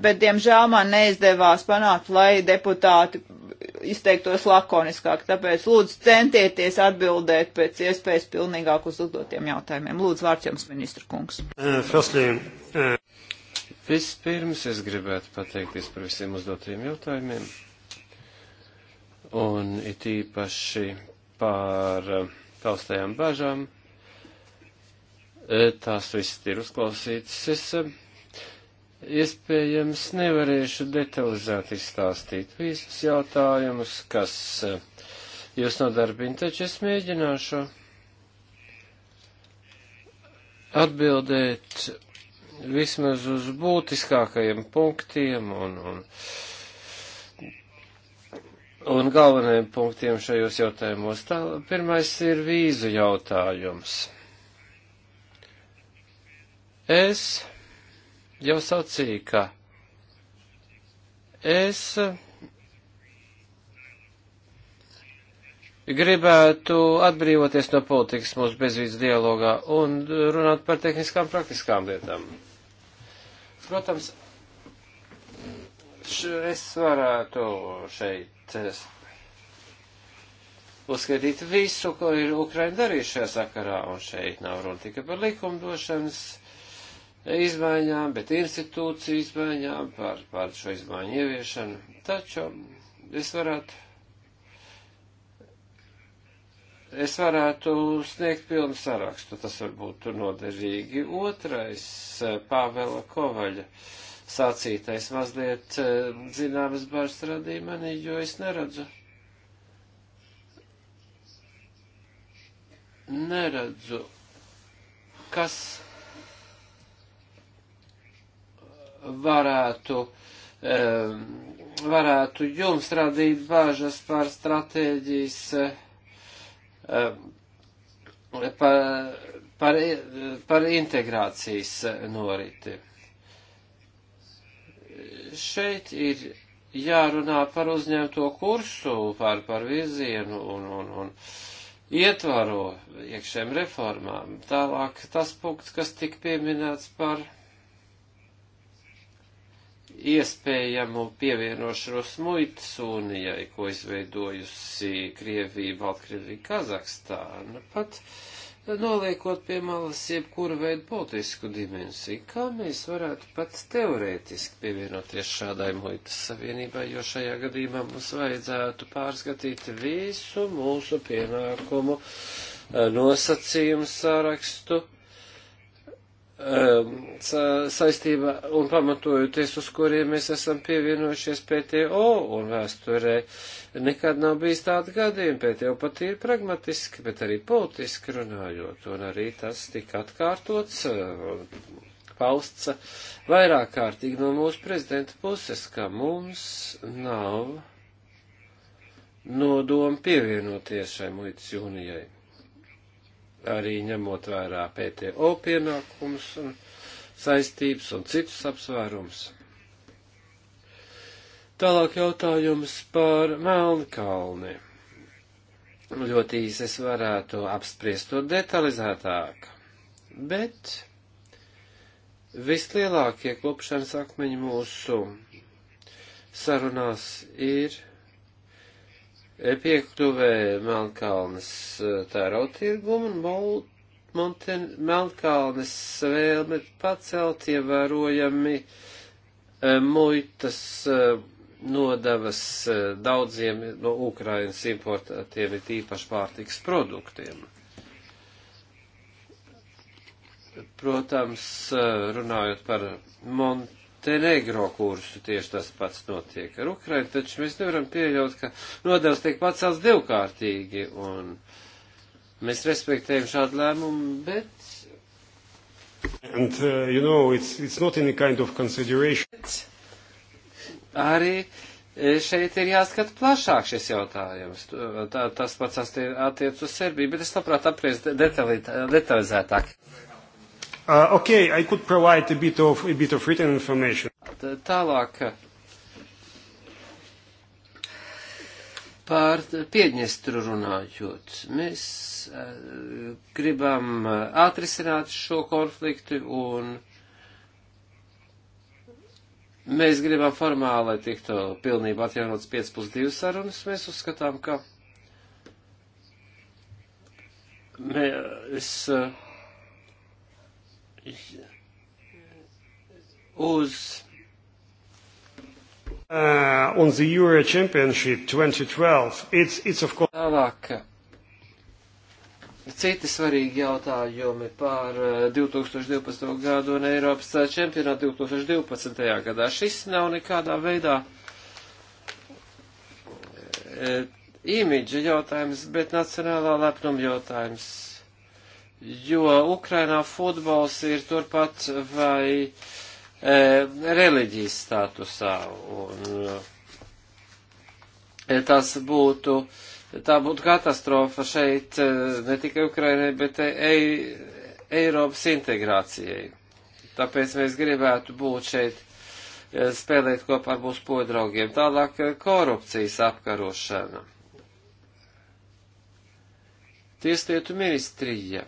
Bet, diemžēl, man neizdevās panākt, lai deputāti izteiktos lakoniskāk, tāpēc lūdzu centieties atbildēt pēc iespējas pilnīgāk uz uzdotiem jautājumiem. Lūdzu, vārds jums, ministra kungs. Uh,
firstly, uh... Vispirms es gribētu pateikties par visiem uzdotajiem jautājumiem, un it īpaši par eh, paustajām bažām. Tās viss ir uzklausītas. Es Iespējams, nevarēšu detalizēt izstāstīt visus jautājumus, kas eh, jūs nodarbina, taču es mēģināšu atbildēt vismaz uz būtiskākajiem punktiem un, un, un galvenajiem punktiem šajos jautājumos. Tā, pirmais ir vīzu jautājums. Es jau sacīja, ka es gribētu atbrīvoties no politikas mūsu bezvīdz dialogā un runāt par tehniskām praktiskām lietām. Protams, es varētu šeit uzskatīt visu, ko ir Ukraina darījusi šajā sakarā, un šeit nav runa tikai par likumdošanas izmaiņām, bet institūciju izmaiņām, par, par šo izmaiņu ieviešanu. Taču es varētu, es varētu sniegt pilnu sarakstu, tas varbūt tur noderīgi. Otrais eh, Pāvela Kovaļa sacītais mazliet eh, zināmas bars radīja manī, jo es neredzu. Neredzu, kas varētu, um, varētu jums radīt bāžas par stratēģijas, um, par, par, par integrācijas noriti. Šeit ir jārunā par uzņemto kursu, par, par virzienu un, un, un ietvaru iekšējiem reformām. Tālāk tas punkts, kas tik pieminēts par iespējamu pievienošanos muitas unijai, ko izveidojusi Krievija, Baltkrievija, Kazahstāna, pat noliekot pie malas jebkuru veidu politisku dimensiju, kā mēs varētu pat teorētiski pievienoties šādai muitas savienībai, jo šajā gadījumā mums vajadzētu pārskatīt visu mūsu pienākumu nosacījumu sārakstu Um, saistība un pamatojoties, uz kuriem mēs esam pievienojušies PTO un vēsturē. Nekad nav bijis tāda gadījuma, PTO pat ir pragmatiski, bet arī politiski runājot, un arī tas tika atkārtots, uh, pausts vairāk kārtīgi no mūsu prezidenta puses, ka mums nav nodoma pievienoties šai muitas jūnijai arī ņemot vērā PTO pienākums un saistības un citus apsvērums. Tālāk jautājums par Melnkalni. Ļoti īsi es varētu apspriest to detalizētāk, bet vislielākie klupšanas akmeņi mūsu sarunās ir piekļuvē Melnkalnes eh, tērautirgumu un Monten Melnkalnes vēlme pacelt ievērojami eh, muitas eh, nodavas daudziem no Ukrainas importētiem, ir tīpaši pārtiks produktiem. Protams, runājot par Mont Montenegro kursu tieši tas pats notiek ar Ukrainu, taču mēs nevaram pieļaut, ka nodevs tiek pacelts divkārtīgi, un mēs respektējam šādu lēmumu, bet. And, uh, you know, it's, it's not any kind of consideration. Arī e, šeit ir jāskat plašāk šis jautājums. E, tā, tas pats attiec uz Serbiju, bet es labprāt apriest detalizētāk. Uh, okay, I could provide a bit of, a bit of written information. Tālāk par Piedņestru runājot. Mēs uh, gribam uh, atrisināt šo konfliktu un mēs gribam formāli, lai tiktu pilnībā atjaunotas 5 plus 2 sarunas. Mēs uzskatām, ka mēs. Uh, uz. Uh, on the Euro Championship 2012, it's, it's of course. Tālāk. Citi svarīgi jautājumi par 2012. Uh, gadu un Eiropas uh, čempionātu 2012. gadā. Šis nav nekādā veidā e, imidža jautājums, bet nacionālā lepnuma jautājums jo Ukrainā futbols ir turpat vai e, reliģijas statusā. Un, e, tas būtu, tā būtu katastrofa šeit e, ne tikai Ukrainai, bet e, e, Eiropas integrācijai. Tāpēc mēs gribētu būt šeit e, spēlēt kopā ar mūsu podraugiem. Tālāk e, korupcijas apkarošana. Tieslietu ministrija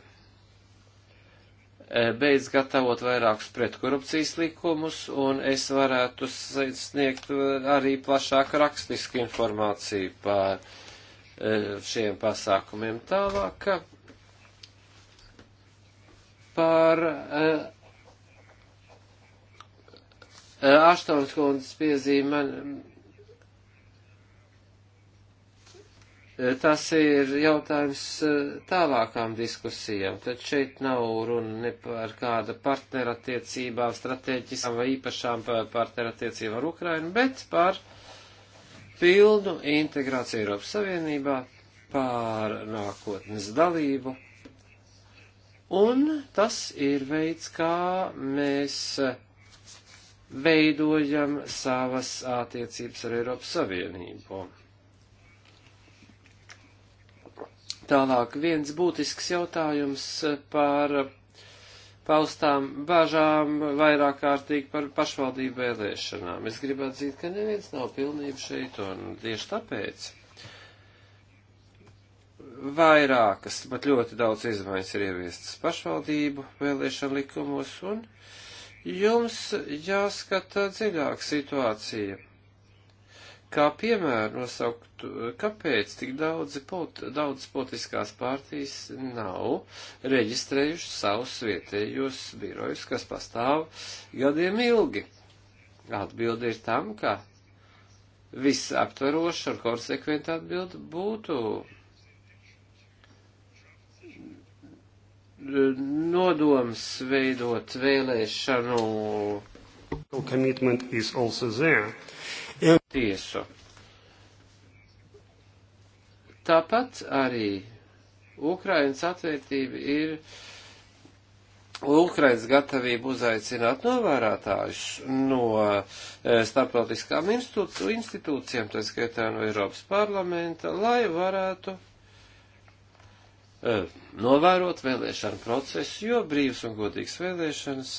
Eh, beidz gatavot vairākus pretkorupcijas likumus, un es varētu sniegt eh, arī plašāku rakstisku informāciju par eh, šiem pasākumiem tālāk. Par Aštons kundzes piezīme man, Tas ir jautājums eh, tālākām diskusijām, tad šeit nav runa ne par kāda partnerattiecībām, strateģiskām vai īpašām partnerattiecībām ar Ukrainu, bet par pilnu integrāciju Eiropas Savienībā, par nākotnes dalību. Un tas ir veids, kā mēs eh, veidojam savas attiecības ar Eiropas Savienību Tālāk viens būtisks jautājums par paustām bažām vairāk kārtīgi par pašvaldību vēlēšanām. Es gribētu zīt, ka neviens nav pilnība šeit, un tieši tāpēc vairākas, bet ļoti daudz izmaiņas ir ieviestas pašvaldību vēlēšanu likumos, un jums jāskata dziļāk situācija kā piemēru nosaukt, kāpēc tik daudzi pot, daudz politiskās pārtīs nav reģistrējuši savus vietējos birojus, kas pastāv gadiem ilgi. Atbildi ir tam, ka visaptveroša un konsekventa atbildi būtu nodoms veidot vēlēšanu. Commitment is also there tiesu. Tāpat arī Ukrainas atvērtība ir Ukrainas gatavība uzaicināt novērātājus no e, starptautiskām institūcijām, tā skaitā no Eiropas parlamenta, lai varētu e, novērot vēlēšanu procesu, jo brīvs un godīgs vēlēšanas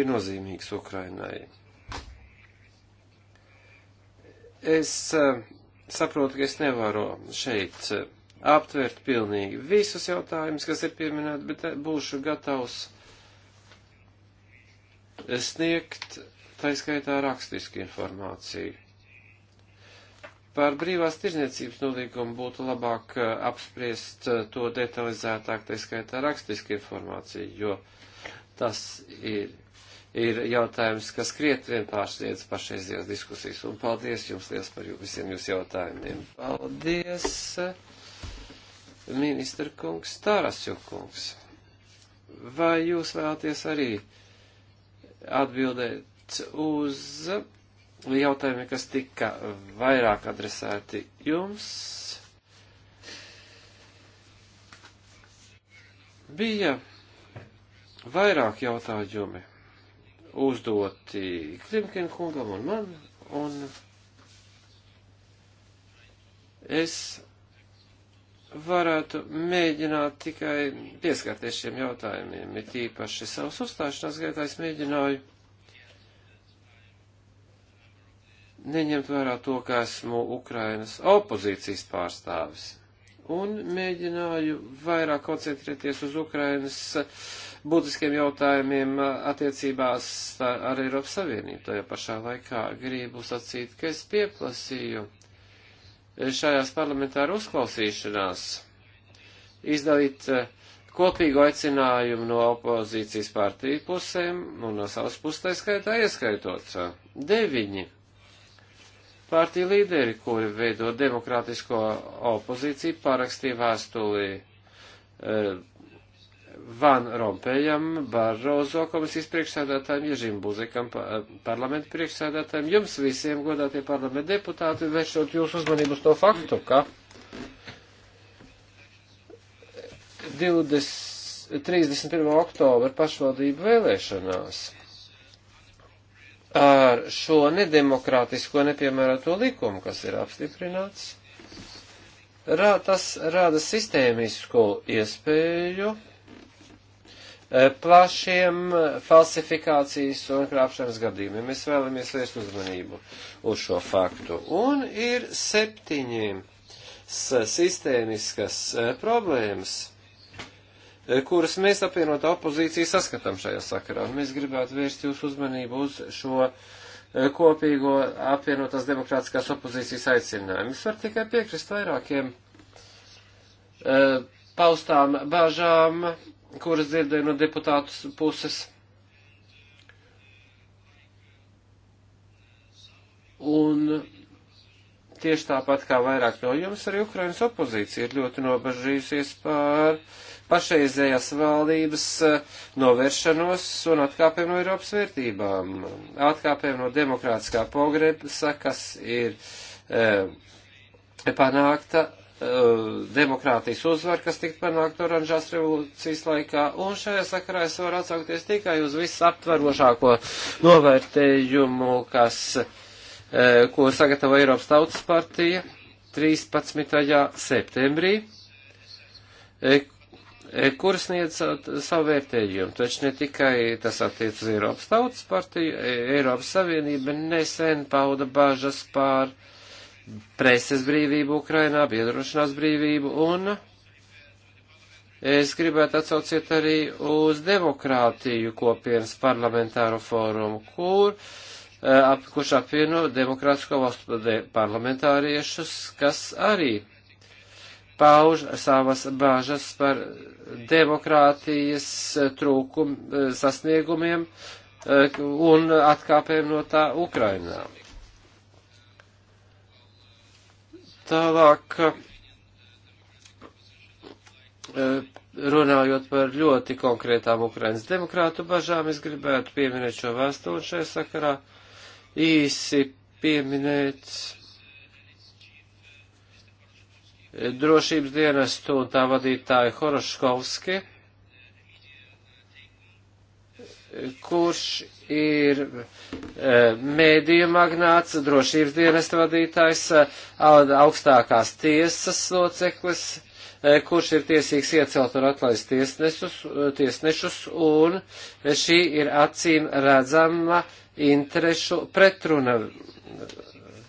ir nozīmīgs Ukrainai. Es eh, saprotu, ka es nevaru šeit eh, aptvert pilnīgi visus jautājumus, kas ir pieminēti, bet eh, būšu gatavs sniegt taiskaitā rakstisku informāciju. Par brīvās tirzniecības nolīgumu būtu labāk apspriest to detalizētāk, taiskaitā rakstisku informāciju, jo tas ir ir jautājums, kas krietni vien pārsniedz pašreizējās diskusijas. Un paldies jums liels par jū, visiem jūsu jautājumiem. Paldies, ministra kungs, Tārasju kungs. Vai jūs vēlaties arī atbildēt uz jautājumiem, kas tika vairāk adresēti jums? Bija vairāk jautājumi uzdoti Klimkina kungam un man, un es varētu mēģināt tikai pieskarties šiem jautājumiem, it īpaši savas uzstāšanās gaitā es mēģināju neņemt vērā to, ka esmu Ukrainas opozīcijas pārstāvis. Un mēģināju vairāk koncentrēties uz Ukrainas būtiskiem jautājumiem attiecībās ar Eiropas Savienību. Tajā pašā laikā gribu sacīt, ka es pieplasīju e, šajās parlamentāru uzklausīšanās izdalīt e, kopīgu aicinājumu no opozīcijas partiju pusēm un no savas pusē skaitā ieskaitot deviņi partiju līderi, kuri veido demokrātisko opozīciju, parakstīja vēstuli e, Van Rompējam, Barrozo komisijas priekšsēdētājiem, Ježim Buzekam, parlamentu priekšsēdētājiem, jums visiem, godātie parlamentu deputāti, vēršot jūsu uzmanību uz to faktu, ka 20, 31. oktobra pašvaldību vēlēšanās ar šo nedemokrātisko nepiemēroto likumu, kas ir apstiprināts, rā, tas rada sistēmisku iespēju Eh, plašiem eh, falsifikācijas un krāpšanas gadījumiem. Mēs vēlamies vērst uzmanību uz šo faktu. Un ir septiņi sistēmiskas eh, problēmas, kuras mēs apvienotā opozīcija saskatām šajā sakarā. Un mēs gribētu vērst jūsu uzmanību uz šo kopīgo apvienotās demokrātiskās opozīcijas aicinājumu. Es varu tikai piekrist vairākiem paustām bažām kuras dzirdēju no deputātu puses. Un tieši tāpat kā vairāk no jums, arī Ukrainas opozīcija ir ļoti nobažījusies pār pašreizējās valdības eh, novēršanos un atkāpēm no Eiropas vērtībām, atkāpēm no demokrātiskā pogresa, kas ir e, panākta Eh, demokrātijas uzvar, kas tika panākta oranžās revolūcijas laikā, un šajā sakarā es varu atsaukties tikai uz visaptverošāko novērtējumu, kas, eh, ko sagatavo Eiropas Tautas partija 13. septembrī, eh, kur sniedz savu vērtējumu. Taču ne tikai tas attiec uz Eiropas Tautas partiju, Eiropas Savienība nesen pauda bažas pār preses brīvību Ukrainā, biedrošanās brīvību, un es gribētu atsauciet arī uz demokrātiju kopienas parlamentāro fórumu, kur, eh, ap, kurš apvieno demokrātisko valstu parlamentāriešus, kas arī pauž savas bāžas par demokrātijas trūkumu eh, sasniegumiem eh, un atkāpēm no tā Ukrainā. Tālāk, eh, runājot par ļoti konkrētām Ukrainas demokrātu bažām, es gribētu pieminēt šo vēstuli šajā sakarā, īsi pieminēt drošības dienestu un tā vadītāju Horoškovski kurš ir e, mēdīja magnāts, drošības dienesta vadītājs, e, augstākās tiesas loceklis, e, kurš ir tiesīgs iecelt un atlaist tiesnesus, tiesnešus, un šī ir acīm redzama interešu pretruna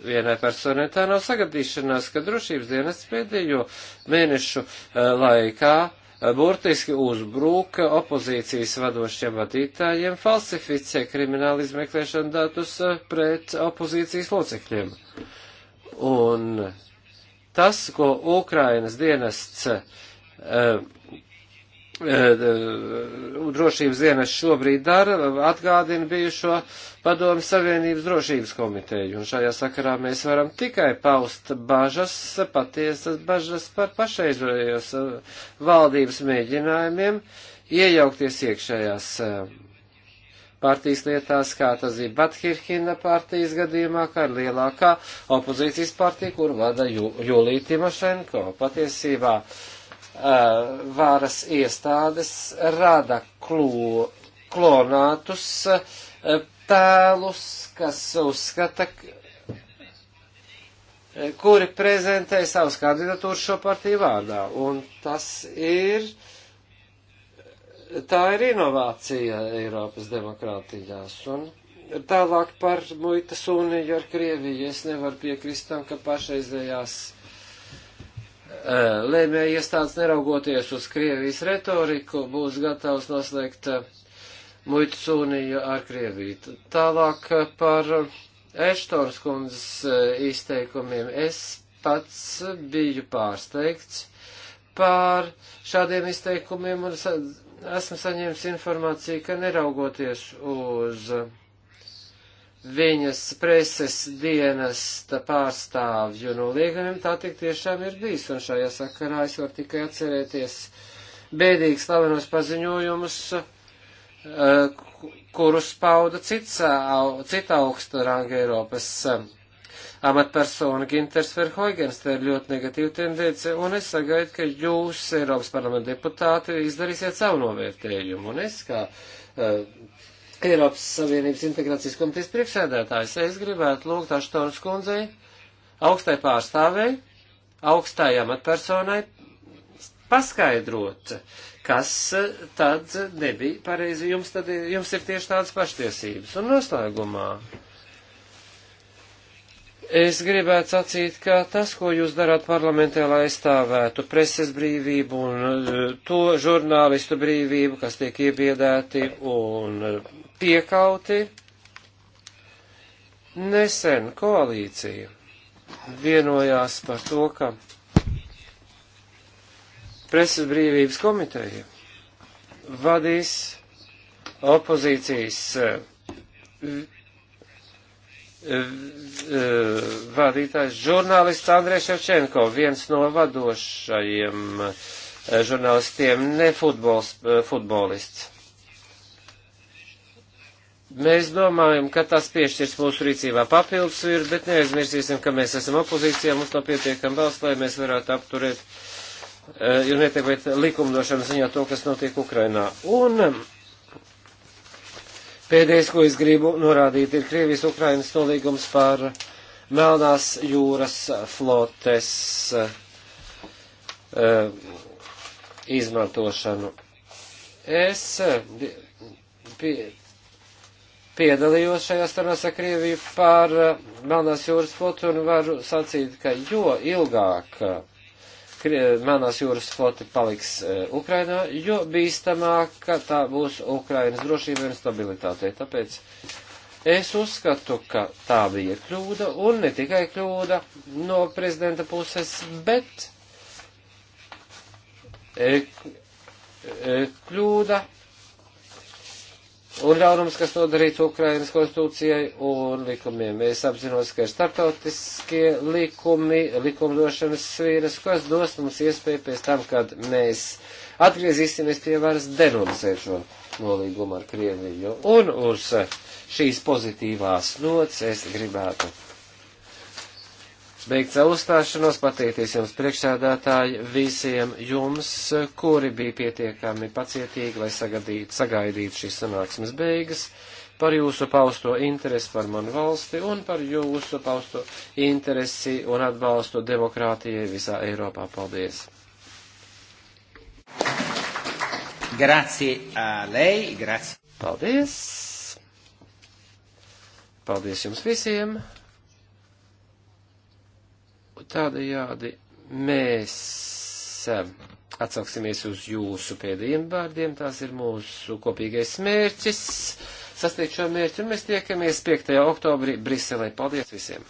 vienai personai. Tā nav sagadīšanās, ka drošības dienas pēdējo mēnešu laikā burtiski uzbruka opozīcijas vadošiem vadītājiem, falsificē krimināla izmeklēšana datus eh, pret opozīcijas locekļiem. Un tas, ko Ukrainas dienests eh, drošības dienas šobrīd dara, atgādina bijušo padomu Savienības drošības komiteju. Un šajā sakarā mēs varam tikai paust bažas, patiesas bažas par pašreizējos valdības mēģinājumiem iejaukties iekšējās partijas lietās, kā tas ir Batkirhina partijas gadījumā, kā ir lielākā opozīcijas partija, kur vada Jūlija Timošenko. Patiesībā uh, Uh, varas iestādes rada klo, klonātus uh, tēlus, kas uzskata, uh, kuri prezentē savus kandidatūras šo partiju vārdā. Un tas ir, tā ir inovācija Eiropas demokrātijās. Un tālāk par muitas uniju ar Krieviju. Es nevaru piekrist tam, ka pašreizējās Eh, lēmēja iestādes, neraugoties uz Krievijas retoriku, būs gatavs noslēgt eh, muitas uniju ar Krieviju. Tālāk eh, par Eštons kundzes izteikumiem. Es pats biju pārsteigts pār šādiem izteikumiem un esmu saņēmis informāciju, ka neraugoties uz uh, viņas preses dienesta pārstāvju no liegumiem, tā tik tiešām ir bijis, un šajā sakarā es varu tikai atcerēties bēdīgas slavenos paziņojumus, eh, kurus pauda cita, eh, cita augsta ranga Eiropas eh, amatpersona Ginters Verhoigens, te ir ļoti negatīva tendence, un es sagaidu, ka jūs, Eiropas parlamenta deputāti, izdarīsiet savu novērtējumu, un es kā uh, Eiropas Savienības integrācijas komitejas priekšsēdētājs. Es gribētu lūgt Aštonas kundzei, augstai pārstāvēji, augstai amatpersonai paskaidrot, kas tad nebija pareizi. Jums, tad, jums ir tieši tādas paštiesības. Un noslēgumā Es gribētu sacīt, ka tas, ko jūs darāt parlamentē, lai aizstāvētu preses brīvību un e, to žurnālistu brīvību, kas tiek iebiedēti un e, piekauti, nesen koalīcija vienojās par to, ka preses brīvības komiteja vadīs opozīcijas e, Eh, eh, vadītājs žurnālists Andrēs Ševčenko, viens no vadošajiem eh, žurnālistiem, ne futbols, futbolists. Mēs domājam, ka tas piešķirs mūsu rīcībā papildus ir, bet neaizmirsīsim, ka mēs esam opozīcijā, mums nav no pietiekam balsts, lai mēs varētu apturēt, jo netiek likumdošanas ziņā to, kas notiek Ukrainā. Un Pēdējais, ko es gribu norādīt, ir Krievijas-Ukrainas nolīgums par Melnās jūras flotes uh, izmantošanu. Es eh, pie, piedalījos šajā sarunās ar Krieviju par eh, Melnās jūras flotu un varu sacīt, ka jo ilgāk uh, Melnās jūras flote paliks eh, Ukrainā, jo bīstamāk, ka tā būs Ukrainas drošība un stabilitātei. Tāpēc es uzskatu, ka tā bija kļūda, un ne tikai kļūda no prezidenta puses, bet eh, eh, kļūda un ļaunums, kas nodarīts Ukrainas konstitūcijai un likumiem. Es apzinos, ka ir startautiskie likumi, likumdošanas svīras, kas dos mums iespēju pēc tam, kad mēs atgriezīsimies pie varas denuncēt šo nolīgumu ar Krieviju. Un uz šīs pozitīvās nots es gribētu beigt savu uzstāšanos, pateikties jums priekšsēdētāji visiem jums, kuri bija pietiekami pacietīgi, lai sagadītu, sagaidītu šīs sanāksmes beigas, par jūsu pausto interesi par manu valsti un par jūsu pausto interesi un atbalstu demokrātijai visā Eiropā. Paldies! Grazie a lei, grazie. Paldies. Paldies jums visiem. Tādējādi mēs eh, atsauksimies uz jūsu pēdējiem vārdiem. Tās ir mūsu kopīgais mērķis. Sasniegt šo mērķi, un mēs tiekamies 5. oktobrī Briselē. Paldies visiem!